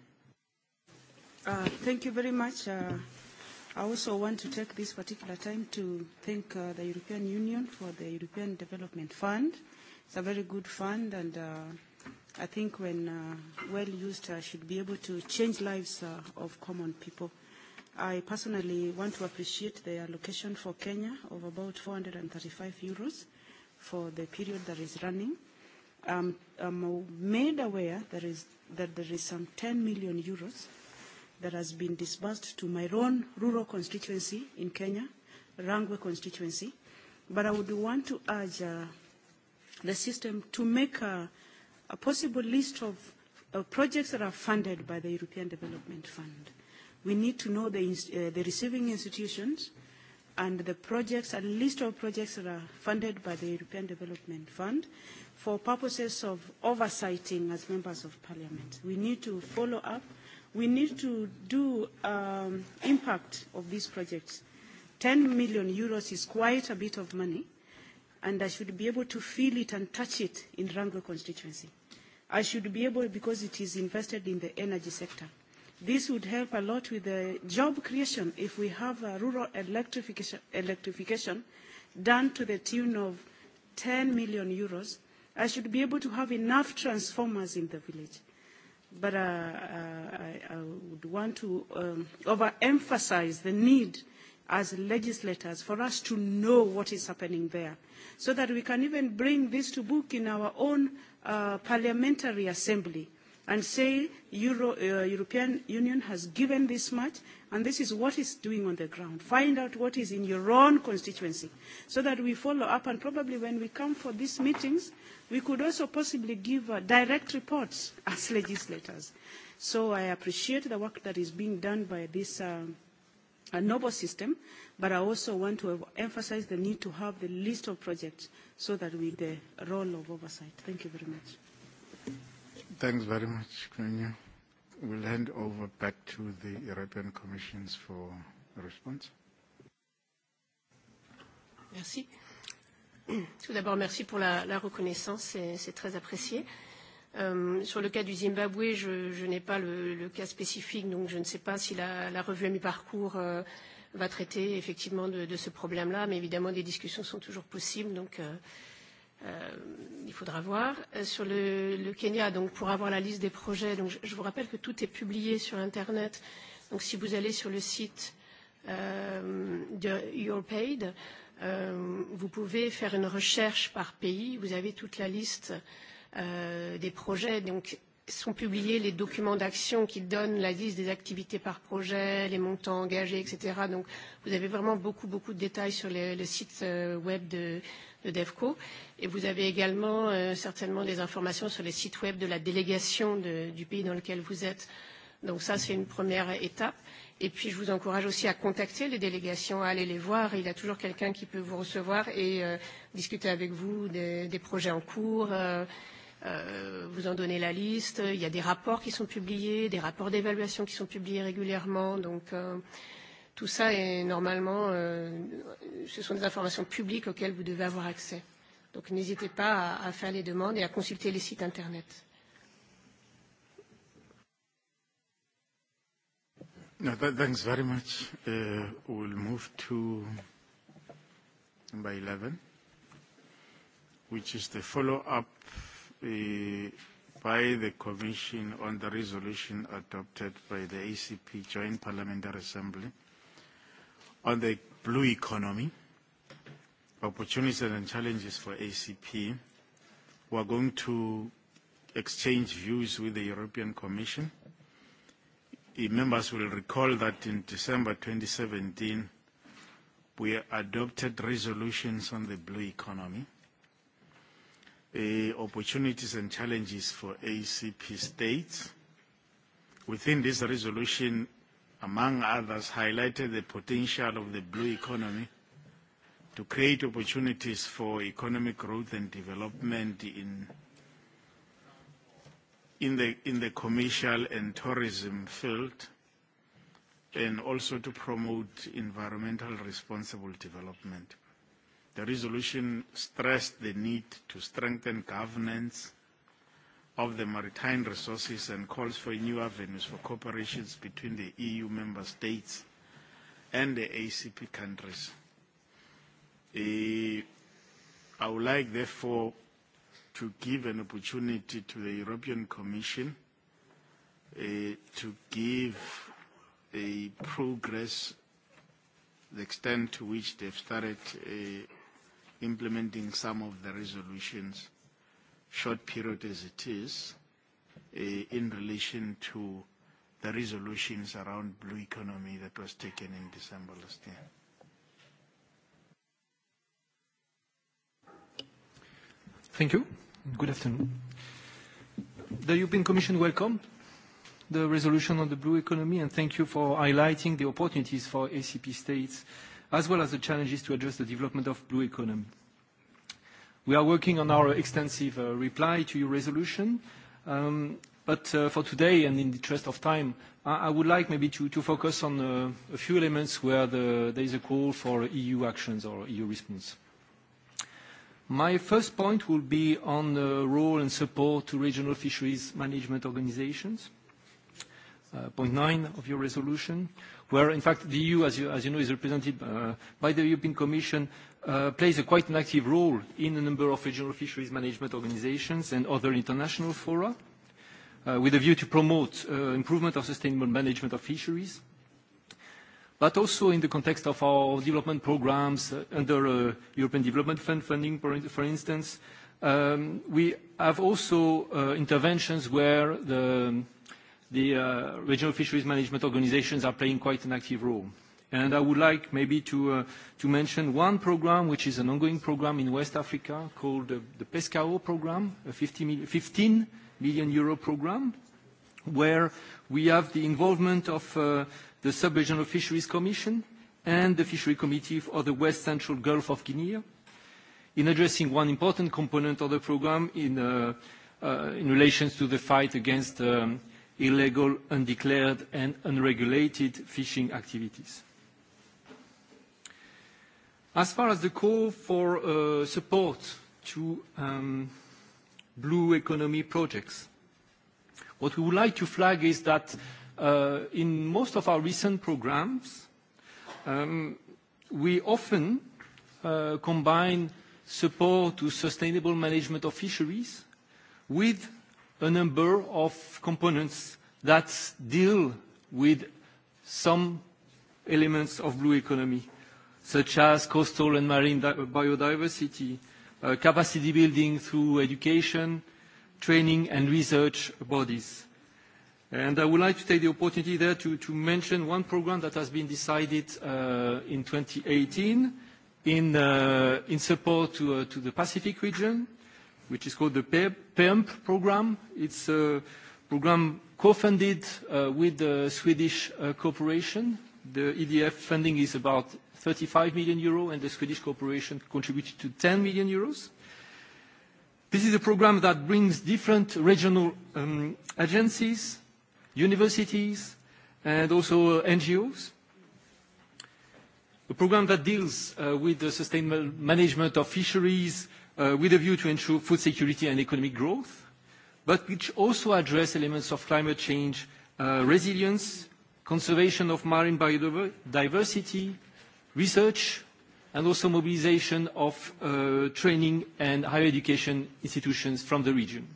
Thank you very much. I also want to take this particular time to thank the European Union for the European Development Fund. It's a very good fund and I think when well used should be able to change lives of common people. I personally want to appreciate the allocation for Kenya of about 435 euros for the period that is running. I'm made aware that there is some 10 million euros that has been disbursed to my own rural constituency in Kenya, Rangwe constituency. But I would want to urge the system to make a possible list of projects that are funded by the European Development Fund. We need to know the receiving institutions and the projects, a list of projects that are funded by the European Development Fund for purposes of oversighting as members of parliament. We need to follow up We need to do impact of these projects. 10 million euros is quite a bit of money, and I should be able to feel it and touch it in Rango constituency. I should be able, because it is invested in the energy sector. This would help a lot with the job creation if we have a rural electrification done to the tune of 10 million euros. I should be able to have enough transformers in the village but I would want to overemphasize the need as legislators for us to know what is happening there so that we can even bring this to book in our own parliamentary assembly and say European Union has given this much and this is what it's doing on the ground. Find out what is in your own constituency so that we follow up and probably when we come for these meetings we could also possibly give direct reports as legislators. So I appreciate the work that is being done by this noble system but I also want to emphasize the need to have the list of projects so that we the role of oversight. Thank you very much. Thanks very much, Kenya. We'll hand over back to the European Commission for a response. Merci. Tout d'abord, merci pour la, la reconnaissance, c'est très apprécié. sur le cas du Zimbabwe, je, je n'ai pas le, le cas spécifique, donc je ne sais pas si la, la revue à mi-parcours va traiter effectivement de, ce problème-là, mais évidemment, des discussions sont toujours possibles, donc il faudra voir. Sur le Kenya, donc pour avoir la liste des projets, donc je vous rappelle que tout est publié sur Internet. Donc si vous allez sur le site de euh, vous pouvez faire une recherche par pays. Vous avez toute la liste des projets. Donc sont publiés les documents d'action qui donnent la liste des activités par projet, les montants engagés, etc. Donc, vous avez vraiment beaucoup, beaucoup de détails sur le site web de DEFCO. Et vous avez également certainement des informations sur les sites web de la délégation du pays dans lequel vous êtes. Donc, ça, c'est une première étape. Et puis, je vous encourage aussi à contacter les délégations, à aller les voir. Il y a toujours quelqu'un qui peut vous recevoir et discuter avec vous des projets en cours vous en donnez la liste. Il y a des rapports qui sont publiés, des rapports d'évaluation qui sont publiés régulièrement. Donc, tout ça est normalement, ce sont des informations publiques auxquelles vous devez avoir accès. Donc, n'hésitez pas à faire les demandes et à consulter les sites Internet. Thanks very much. We'll move to number 11, which is the follow-up by the Commission on the resolution adopted by the ACP Joint Parliamentary Assembly on the blue economy, opportunities and challenges for ACP. We are going to exchange views with the European Commission. the Members will recall that in December 2017, we adopted resolutions on the blue economy opportunities and challenges for ACP states. Within this resolution, among others, highlighted the potential of the blue economy to create opportunities for economic growth and development in in the in the commercial and tourism field and also to promote environmental responsible development. The resolution stressed the need to strengthen governance of the maritime resources and calls for new avenues for cooperation between the EU member states and the ACP countries. I would like, therefore, to give an opportunity to the European Commission to give a progress the extent to which they've started implementing some of the resolutions, short period as it is, in relation to the resolutions around blue economy that was taken in December last year. Thank you. Good afternoon. The European Commission welcomed the resolution on the blue economy and thank you for highlighting the opportunities for ACP states as well as the challenges to address the development of blue economy. We are working on our extensive reply to your resolution, but for today and in the interest of time, I would like maybe to focus on a few elements where there is a call for EU actions or EU response. My first point will be on the role and support to regional fisheries management organizations. Point nine of your resolution where in fact the EU, as you know, is represented by the European Commission, plays a quite an active role in a number of regional fisheries management organizations and other international fora, with a view to promote improvement of sustainable management of fisheries, but also in the context of our development programs under European Development Fund funding, for instance. We have also interventions where the the regional fisheries management organizations are playing quite an active role. And I would like maybe to mention one program, which is an ongoing program in West Africa called the PESCAO program, a 15 million euro program, where we have the involvement of the Sub-Regional Fisheries Commission and the Fishery Committee of the West Central Gulf of Guinea in addressing one important component of the program in relation to the fight against illegal, undeclared and unregulated fishing activities. As far as the call for support to blue economy projects, what we would like to flag is that in most of our recent programs, we often combine support to sustainable management of fisheries with a number of components that deal with some elements of blue economy, such as coastal and marine biodiversity, capacity building through education, training and research bodies. And I would like to take the opportunity there to mention one program that has been decided in 2018 in support to the Pacific region, which is called the PEB, PEMP program. It's a program co-funded with the Swedish cooperation. The EDF funding is about 35 million euro, and the Swedish cooperation contributed to 10 million euros. This is a program that brings different regional agencies, universities, and also NGOs. A program that deals with the sustainable management of fisheries, with a view to ensure food security and economic growth, but which also address elements of climate change resilience, conservation of marine biodiversity, research, and also mobilization of training and higher education institutions from the region.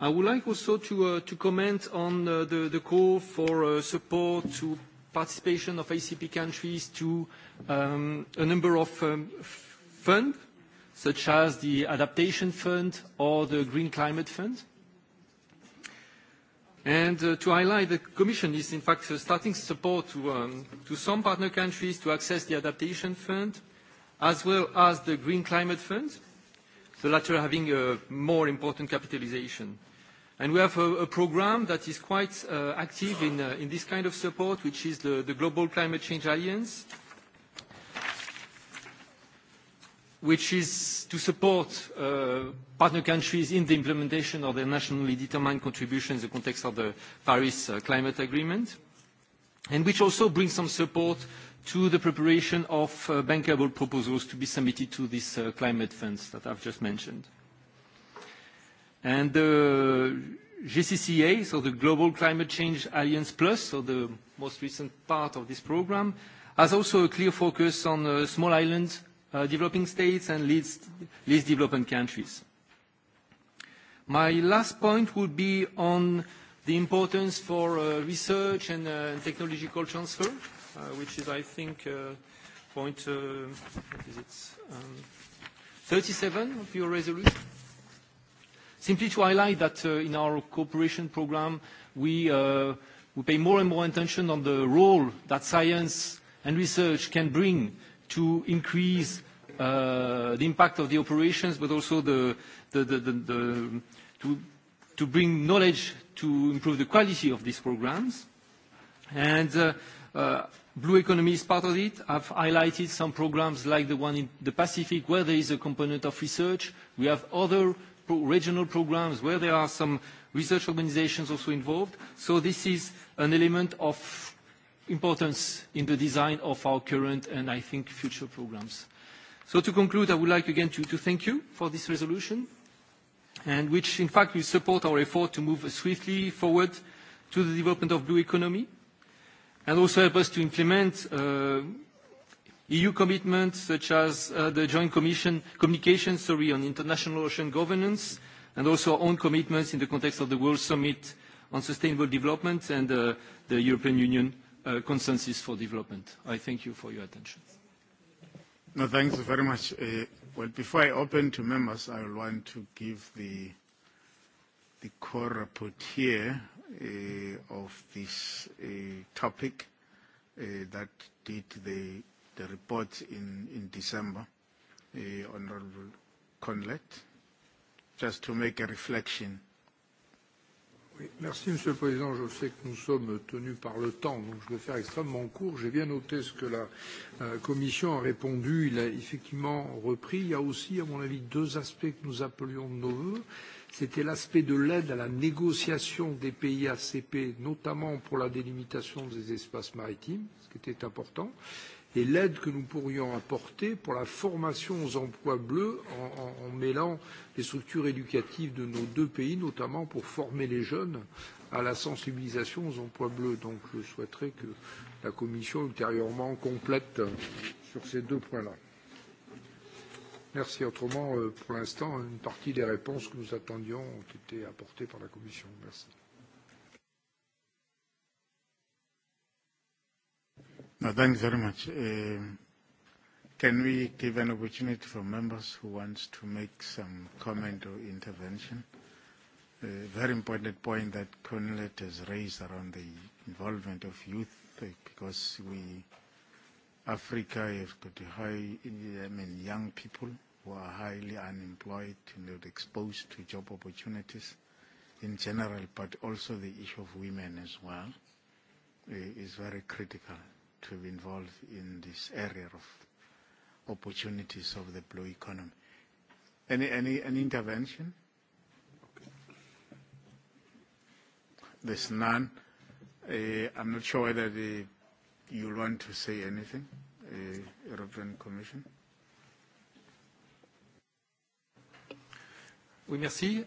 I would like also to comment on the call for support to participation of ACP countries to a number of funds, such as the Adaptation Fund or the Green Climate Fund. And to highlight, the Commission is in fact starting support to some partner countries to access the Adaptation Fund, as well as the Green Climate Fund, the latter having a more important capitalization. And we have a program that is quite active in this kind of support, which is the Global Climate Change Alliance, which is to support partner countries in the implementation of their nationally determined contributions in the context of the Paris Climate Agreement, and which also brings some support to the preparation of bankable proposals to be submitted to these climate funds that I've just mentioned. And the GCCA, so the Global Climate Change Alliance Plus, so the most recent part of this program, has also a clear focus on small islands, developing states, and least developing countries. My last point would be on the importance for research and technological transfer, which is, I think, point 37 of your resolution. Simply to highlight that in our cooperation program, we pay more and more attention on the role that science and research can bring to increase the impact of the operations, but also to bring knowledge to improve the quality of these programs. And Blue Economy is part of it. I've highlighted some programs like the one in the Pacific where there is a component of research. We have other regional programs where there are some research organizations also involved. So this is an element of importance in the design of our current and I think future programs. So to conclude, I would like again to thank you for this resolution and which in fact will support our effort to move swiftly forward to the development of blue economy and also help us to implement EU commitments such as the Joint Commission communication on international ocean governance and also our own commitments in the context of the World Summit on Sustainable Development and the European Union Consensus for Development. I thank you for your attention. No, thanks very much. Well, before I open to members, I want to give the core report here of this topic that did the the report in in December, Honorable Conlet, just to make a reflection. Merci, Monsieur le Président. Je sais que nous sommes tenus par le temps, donc je vais faire extrêmement court. J'ai bien noté ce que la Commission a répondu. Il a effectivement repris. Il y a aussi, à mon avis, deux aspects que nous appelions de nos voeux. C'était l'aspect de l'aide à la négociation des pays ACP, notamment pour la délimitation des espaces maritimes, ce qui était important et l'aide que nous pourrions apporter pour la formation aux emplois bleus en mêlant les structures éducatives de nos deux pays, notamment pour former les jeunes à la sensibilisation aux emplois bleus. Donc je souhaiterais que la Commission ultérieurement complète sur ces deux points-là. Merci. Autrement, pour l'instant, une partie des réponses que nous attendions ont été apportées par la Commission. Merci. No, thank you very much. Can we give an opportunity for members who want to make some comment or intervention? A very important point that Cornelette has raised around the involvement of youth, because we, Africa, have got a high, I mean, young people who are highly unemployed and not exposed to job opportunities in general, but also the issue of women as well is very critical to be involved in this area of opportunities of the blue economy. Any, any, any intervention? There's none. Uh, I'm not sure whether the, you want to say anything, uh, European Commission. Oui, merci.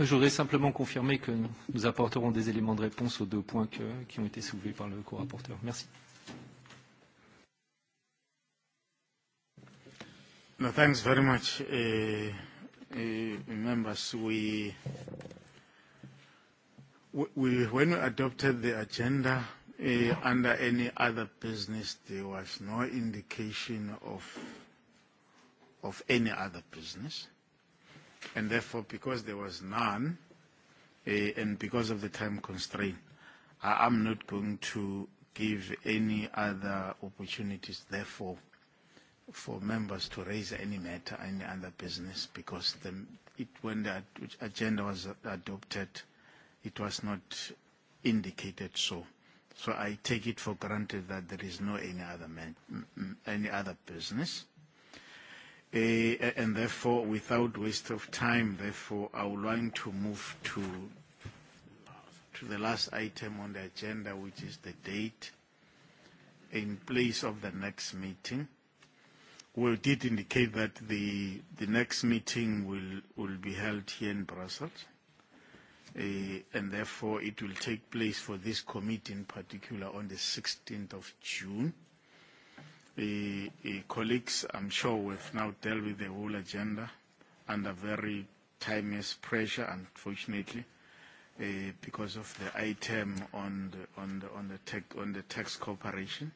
Je voudrais simplement confirmer que nous apporterons des éléments de réponse aux deux points que, qui ont été soulevés par le co-rapporteur. Merci. No, thanks very much, members. We, we, when we adopted the agenda under any other business, there was no indication of of any other business, and therefore, because there was none, and because of the time constraint, I am not going to give any other opportunities. Therefore for members to raise any matter, any other business, because the, it, when the agenda was adopted, it was not indicated so. So I take it for granted that there is no any other, any other business. and therefore, without waste of time, therefore, I would like to move to, to the last item on the agenda, which is the date in place of the next meeting We did indicate that the the next meeting will will be held here in Brussels, and therefore it will take place for this committee in particular on the 16th of June. Colleagues, I'm sure we've now dealt with the whole agenda under very timeless pressure, unfortunately, because of the item on the on the on the tax cooperation,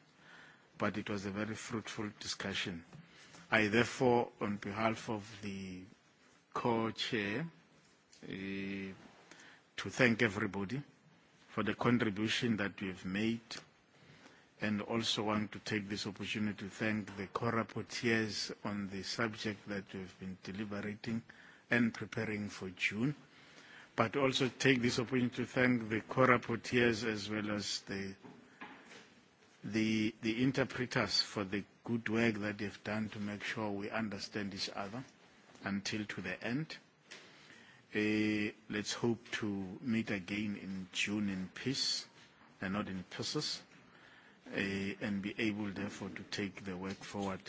but it was a very fruitful discussion. I therefore, on behalf of the co-chair, to thank everybody for the contribution that we have made and also want to take this opportunity to thank the co-rapporteurs on the subject that we have been deliberating and preparing for June, but also take this opportunity to thank the co-rapporteurs as well as the the the interpreters for the good work that they've done to make sure we understand each other until to the end. Let's hope to meet again in June in peace and not in pieces and be able therefore to take the work forward.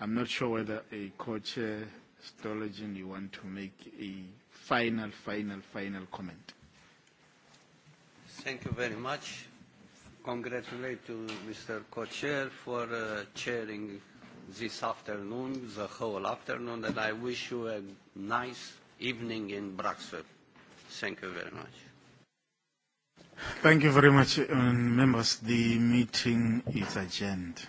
I'm not sure whether a co-chair you want to make a final, final, final comment. Thank you very much congratulate to Mr. Co-Chair, for chairing this afternoon, the whole afternoon, and I wish you a nice evening in Brussels. Thank you very much. Thank you very much, members. The meeting is adjourned.